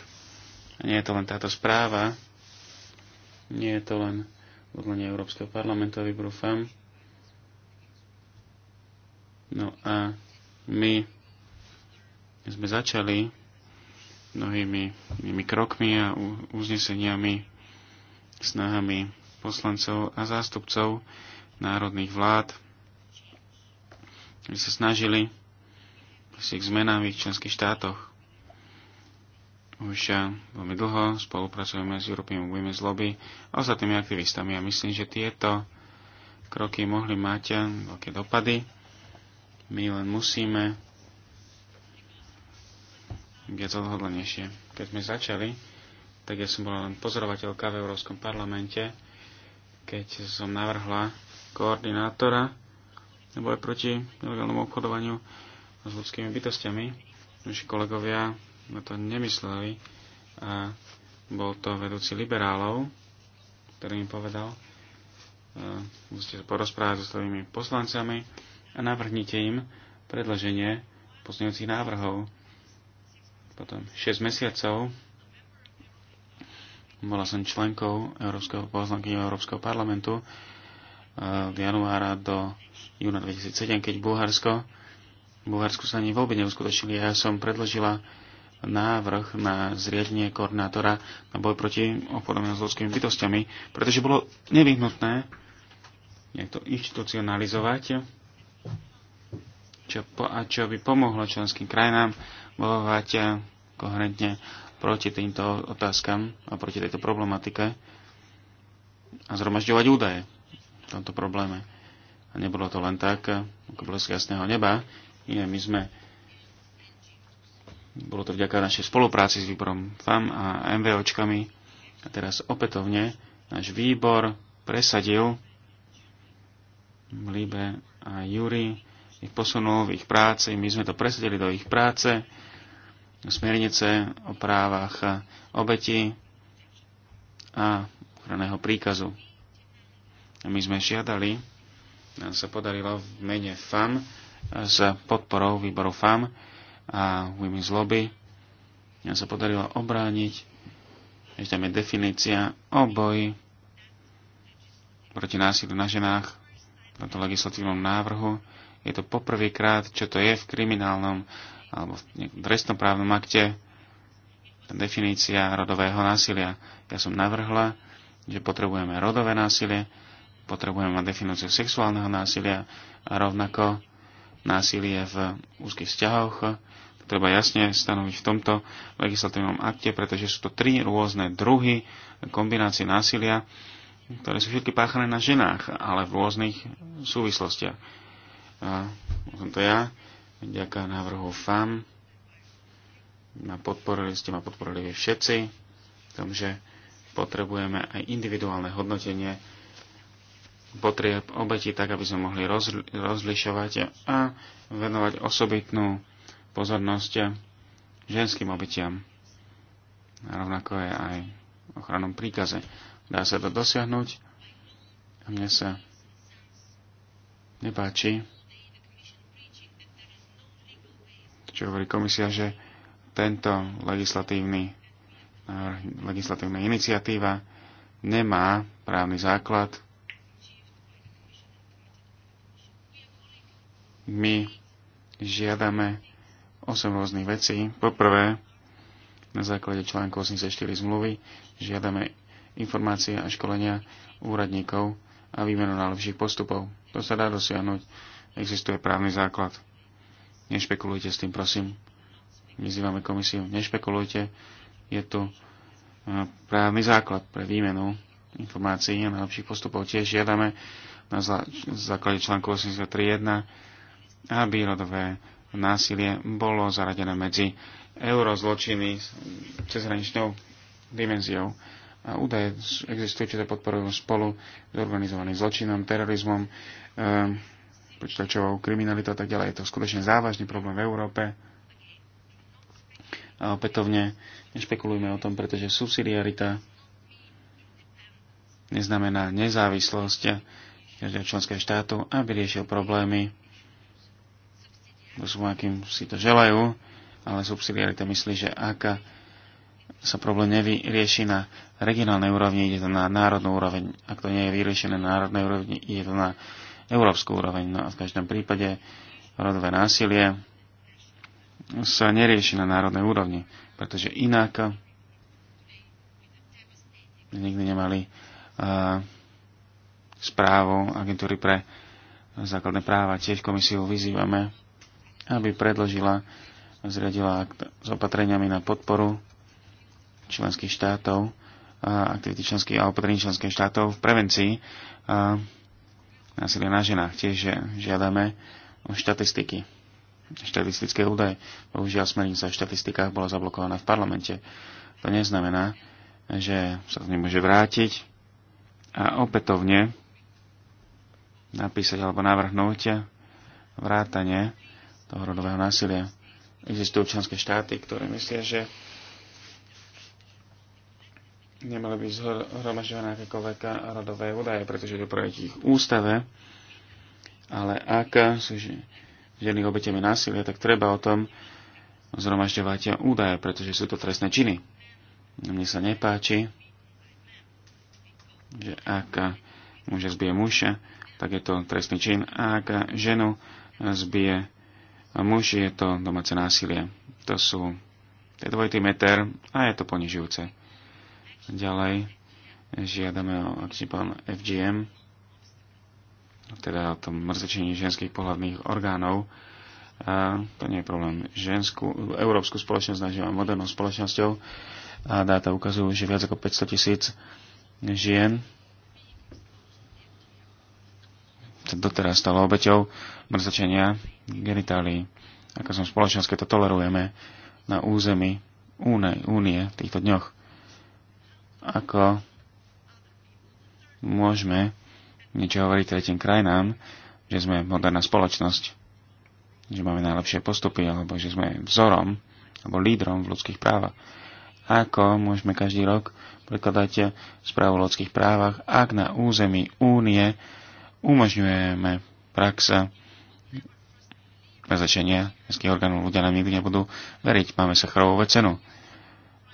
S2: A nie je to len táto správa, nie je to len odlenie Európskeho parlamentu, FAM. No a my sme začali mnohými, mnohými krokmi a uzneseniami snahami poslancov a zástupcov národných vlád, ktorí sa snažili si k zmenám v členských štátoch. Už eh, veľmi dlho spolupracujeme s European Women's Lobby a ostatnými aktivistami a myslím, že tieto kroky mohli mať eh, veľké dopady. My len musíme viac odhodlanejšie. Keď sme začali tak ja som bola len pozorovateľka v Európskom parlamente, keď som navrhla koordinátora na proti nelegálnemu obchodovaniu s ľudskými bytostiami. Naši kolegovia na to nemysleli a bol to vedúci liberálov, ktorý mi povedal, e, musíte sa porozprávať so svojimi poslancami a navrhnite im predloženie pozmeňujúcich návrhov. Potom 6 mesiacov bola som členkou Európskeho, poslanky Európskeho parlamentu eh, od januára do júna 2007, keď Bulharsko, Bulharsku sa ani vôbec neuskutočnili. Ja som predložila návrh na zriadenie koordinátora na boj proti obchodom s ľudskými bytostiami, pretože bolo nevyhnutné nejak to inštitucionalizovať, čo, po, a čo by pomohlo členským krajinám bojovať eh, koherentne proti týmto otázkam a proti tejto problematike a zhromažďovať údaje v tomto probléme. A nebolo to len tak, ako z jasného neba. Nie, my sme bolo to vďaka našej spolupráci s výborom FAM a MVOčkami. A teraz opätovne náš výbor presadil Líbe a Júri ich posunul v ich práci, my sme to presadili do ich práce smernice o právach obeti a ochranného príkazu. My sme žiadali, nám sa podarilo v mene FAM s podporou výboru FAM a Women's Lobby nám sa podarilo obrániť, ešte tam je definícia o boji proti násilu na ženách na tomto legislatívnom návrhu. Je to poprvýkrát, čo to je v kriminálnom alebo v trestnom právnom akte definícia rodového násilia. Ja som navrhla, že potrebujeme rodové násilie, potrebujeme mať definíciu sexuálneho násilia a rovnako násilie v úzkých vzťahoch. To treba jasne stanoviť v tomto legislatívnom akte, pretože sú to tri rôzne druhy kombinácie násilia, ktoré sú všetky páchané na ženách, ale v rôznych súvislostiach. A, som to ja Ďaká návrhu FAM. Ma podporili ste, ma podporili vy všetci. V tom, že potrebujeme aj individuálne hodnotenie potrieb obeti, tak aby sme mohli rozli- rozlišovať a venovať osobitnú pozornosť ženským obetiam. A rovnako je aj ochranom príkaze. Dá sa to dosiahnuť a mne sa nepáči čo hovorí komisia, že tento legislatívny, eh, legislatívna iniciatíva nemá právny základ. My žiadame 8 rôznych vecí. Poprvé, na základe článku 84 zmluvy žiadame informácie a školenia úradníkov a výmenu najlepších postupov. To sa dá dosiahnuť. Existuje právny základ. Nešpekulujte s tým, prosím. Vyzývame komisiu. Nešpekulujte. Je tu e, právny základ pre výmenu informácií a najlepších postupov. Tiež žiadame na základe článku 83.1, aby rodové násilie bolo zaradené medzi eurozločiny s cezhraničnou dimenziou. A údaje existujúce podporujú spolu s organizovaným zločinom, terorizmom, e počítačovou kriminalitou a tak ďalej. Je to skutočne závažný problém v Európe. A opätovne nešpekulujme o tom, pretože subsidiarita neznamená nezávislosť každého členského štátu, aby riešil problémy, to akým si to želajú, ale subsidiarita myslí, že ak sa problém nevyrieši na regionálnej úrovni, ide to na národnú úroveň. Ak to nie je vyriešené na národnej úrovni, ide to na európsku úroveň. No a v každom prípade rodové násilie sa nerieši na národnej úrovni, pretože inak nikdy nemali uh, správu agentúry pre základné práva. Tiež komisiu vyzývame, aby predložila, zriadila akt s opatreniami na podporu členských štátov, aktivity členských a opatrení členských štátov v prevencii násilie na ženách. Tiež žiadame o štatistiky, štatistické údaje. Bohužiaľ smernica o štatistikách bola zablokovaná v parlamente. To neznamená, že sa nemôže vrátiť a opätovne napísať alebo navrhnúť vrátanie toho rodového násilia. Existujú členské štáty, ktoré myslia, že nemali byť zhromažďované akékoľvek rodové údaje, pretože to proti ich ústave, ale ak sú ženy obetiami násilia, tak treba o tom zhromažďovať údaje, pretože sú to trestné činy. Mne sa nepáči, že ak muža zbije muša, tak je to trestný čin, a ak ženu zbije muž, je to domáce násilie. To sú to je dvojitý meter a je to ponižujúce. Ďalej žiadame o akčný FGM, teda o tom mrzečení ženských pohľadných orgánov. A to nie je problém. Ženskú, európsku spoločnosť nazývame modernou spoločnosťou a dáta ukazujú, že viac ako 500 tisíc žien doteraz stalo obeťou mrzečenia genitálií. Ako som spoločnosť, keď to tolerujeme na území únie, únie v týchto dňoch ako môžeme niečo hovoriť tretím krajinám, že sme moderná spoločnosť, že máme najlepšie postupy, alebo že sme vzorom, alebo lídrom v ľudských právach. Ako môžeme každý rok prekladať správu o ľudských právach, ak na území únie umožňujeme praxa prezlečenia mestských orgánov. Ľudia nám nikdy nebudú veriť. Máme sa chrovú cenu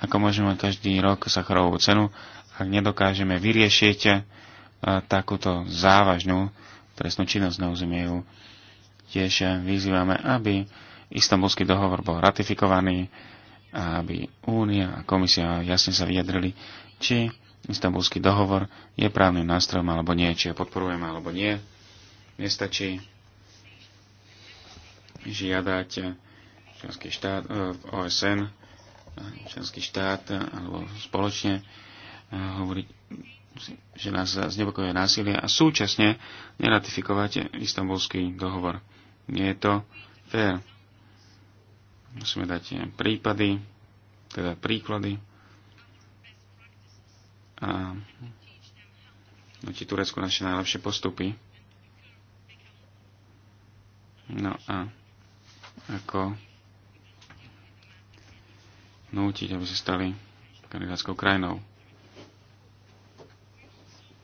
S2: ako môžeme každý rok Sacharovú cenu, ak nedokážeme vyriešiť e, takúto závažnú trestnú činnosť na území EU. Tiež e, vyzývame, aby istambulský dohovor bol ratifikovaný a aby Únia a komisia jasne sa vyjadrili, či istambulský dohovor je právnym nástrojom alebo nie, či ho podporujeme alebo nie. Nestačí žiadať členský štát e, OSN členský štát alebo spoločne eh, hovoriť, že nás znepokojuje násilie a súčasne neratifikovať istambulský dohovor. Nie je to fér. Musíme dať prípady, teda príklady a nutí Turecku naše najlepšie postupy. No a ako nútiť, aby sa stali kandidátskou krajinou.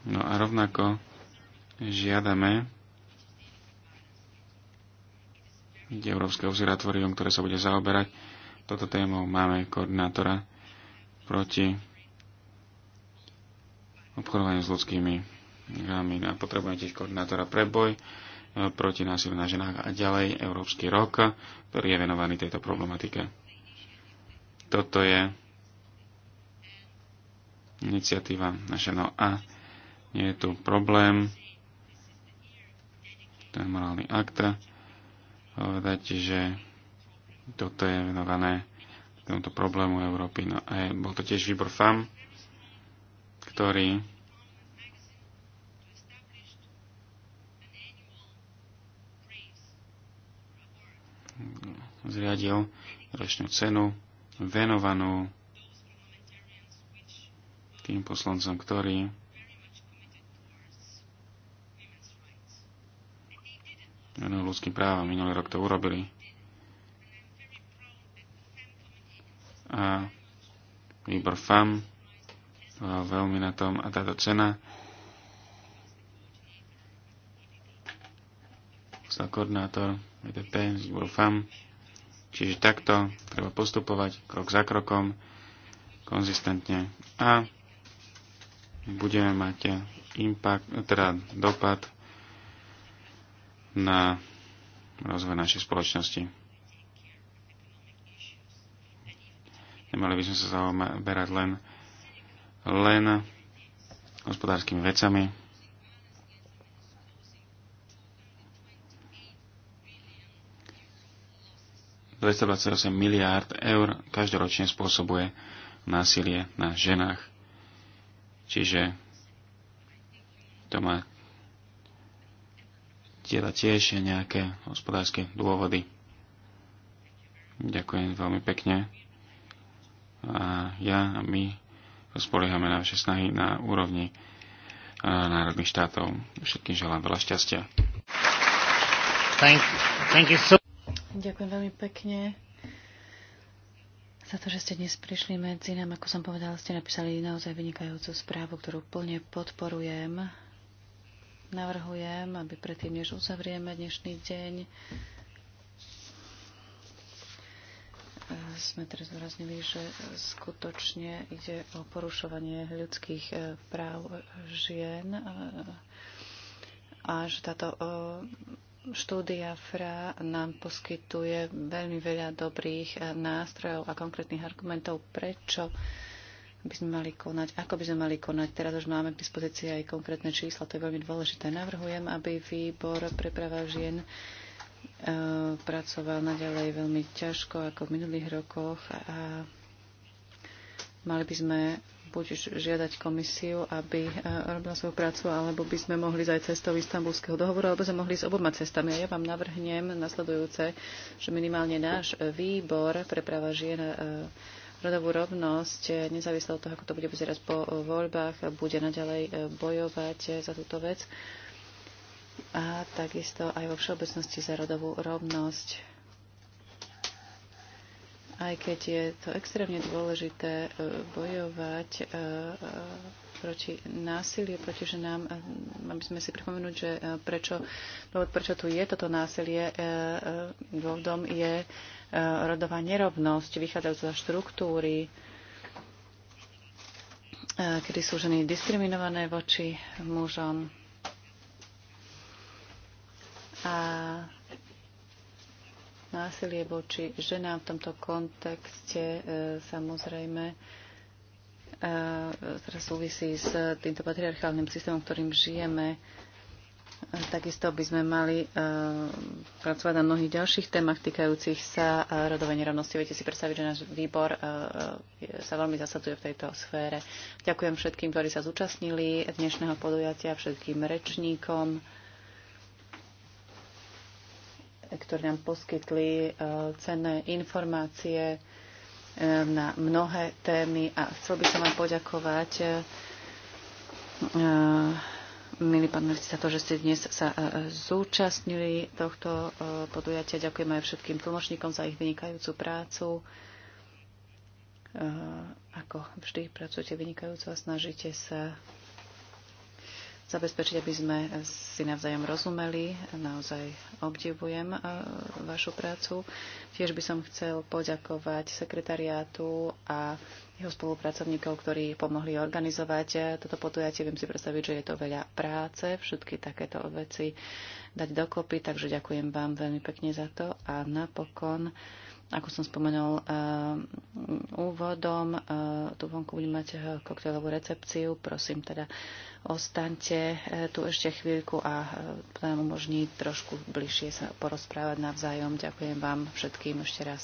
S2: No a rovnako žiadame Európske observatórium, ktoré sa bude zaoberať toto témou. Máme koordinátora proti obchodovaniu s ľudskými hrami no a potrebujeme tiež koordinátora pre boj e, proti násiliu na ženách a ďalej Európsky rok, ktorý je venovaný tejto problematike. Toto je iniciatíva naša. No a nie je tu problém, je morálny akt, povedať, že toto je venované tomuto problému Európy. No a bol to tiež výbor FAM, ktorý zriadil ročnú cenu venovanú tým poslancom, ktorí venujú no, ľudským právam. Minulý rok to urobili. A výbor FAM veľmi na tom a táto cena sa koordinátor VDP z výboru FAM Čiže takto treba postupovať krok za krokom, konzistentne a budeme mať impact, teda dopad na rozvoj našej spoločnosti. Nemali by sme sa zaoberať len, len hospodárskymi vecami, 228 miliárd eur každoročne spôsobuje násilie na ženách. Čiže to má teda tiež nejaké hospodárske dôvody. Ďakujem veľmi pekne. A ja a my spoliehame na vaše snahy na úrovni národných štátov. Všetkým želám veľa šťastia.
S1: Thank you.
S4: Thank you so Ďakujem veľmi pekne za to, že ste dnes prišli medzi nám. Ako som povedala, ste napísali naozaj vynikajúcu správu, ktorú plne podporujem. Navrhujem, aby predtým, než uzavrieme dnešný deň, sme teraz zúraznili, že skutočne ide o porušovanie ľudských e, práv žien e, a že táto e, Štúdia FRA nám poskytuje veľmi veľa dobrých eh, nástrojov a konkrétnych argumentov, prečo by sme mali konať, ako by sme mali konať. Teraz už máme k dispozícii aj konkrétne čísla, to je veľmi dôležité. Navrhujem, aby výbor preprava žien eh, pracoval naďalej veľmi ťažko ako v minulých rokoch a mali by sme buď žiadať komisiu, aby e, robila svoju prácu, alebo by sme mohli zajť cestou istambulského dohovoru, alebo sme mohli s oboma cestami. A ja vám navrhnem nasledujúce, že minimálne náš e, výbor pre práva žien e, rodovú rovnosť, nezávisle od toho, ako to bude vyzerať po voľbách, bude naďalej bojovať za túto vec a takisto aj vo všeobecnosti za rodovú rovnosť aj keď je to extrémne dôležité e, bojovať e, e, proti násilie proti ženám, aby sme si pripomenúť, že prečo, dôvod, prečo tu je toto násilie, dôvodom je rodová nerovnosť, vychádzajú za štruktúry, kedy sú ženy diskriminované voči mužom. A Násilie voči ženám v tomto kontexte e, samozrejme e, teraz súvisí s týmto patriarchálnym systémom, ktorým žijeme. E, takisto by sme mali pracovať na mnohých ďalších témach týkajúcich sa rodovej nerovnosti. Viete si predstaviť, že náš výbor sa veľmi zasaduje v tejto sfére. Ďakujem všetkým, ktorí sa zúčastnili dnešného podujatia, všetkým rečníkom ktorí nám poskytli e, cenné informácie e, na mnohé témy a chcel by som vám poďakovať, e, milý pán Merci, za to, že ste dnes sa zúčastnili tohto podujatia. Ďakujem aj všetkým tlmočníkom za ich vynikajúcu prácu. Ako vždy, pracujete vynikajúco a snažíte sa zabezpečiť, aby sme si navzájom rozumeli. Naozaj obdivujem e, vašu prácu. Tiež by som chcel poďakovať sekretariátu a jeho spolupracovníkov, ktorí pomohli organizovať e, toto podujatie. Viem si predstaviť, že je to veľa práce, všetky takéto veci dať dokopy, takže ďakujem vám veľmi pekne za to. A napokon ako som spomenul eh, úvodom, eh, tu vonku budeme mať eh, koktejlovú recepciu. Prosím teda, ostaňte tu ešte chvíľku a uh, nám umožní trošku bližšie sa porozprávať navzájom. Ďakujem vám všetkým ešte raz.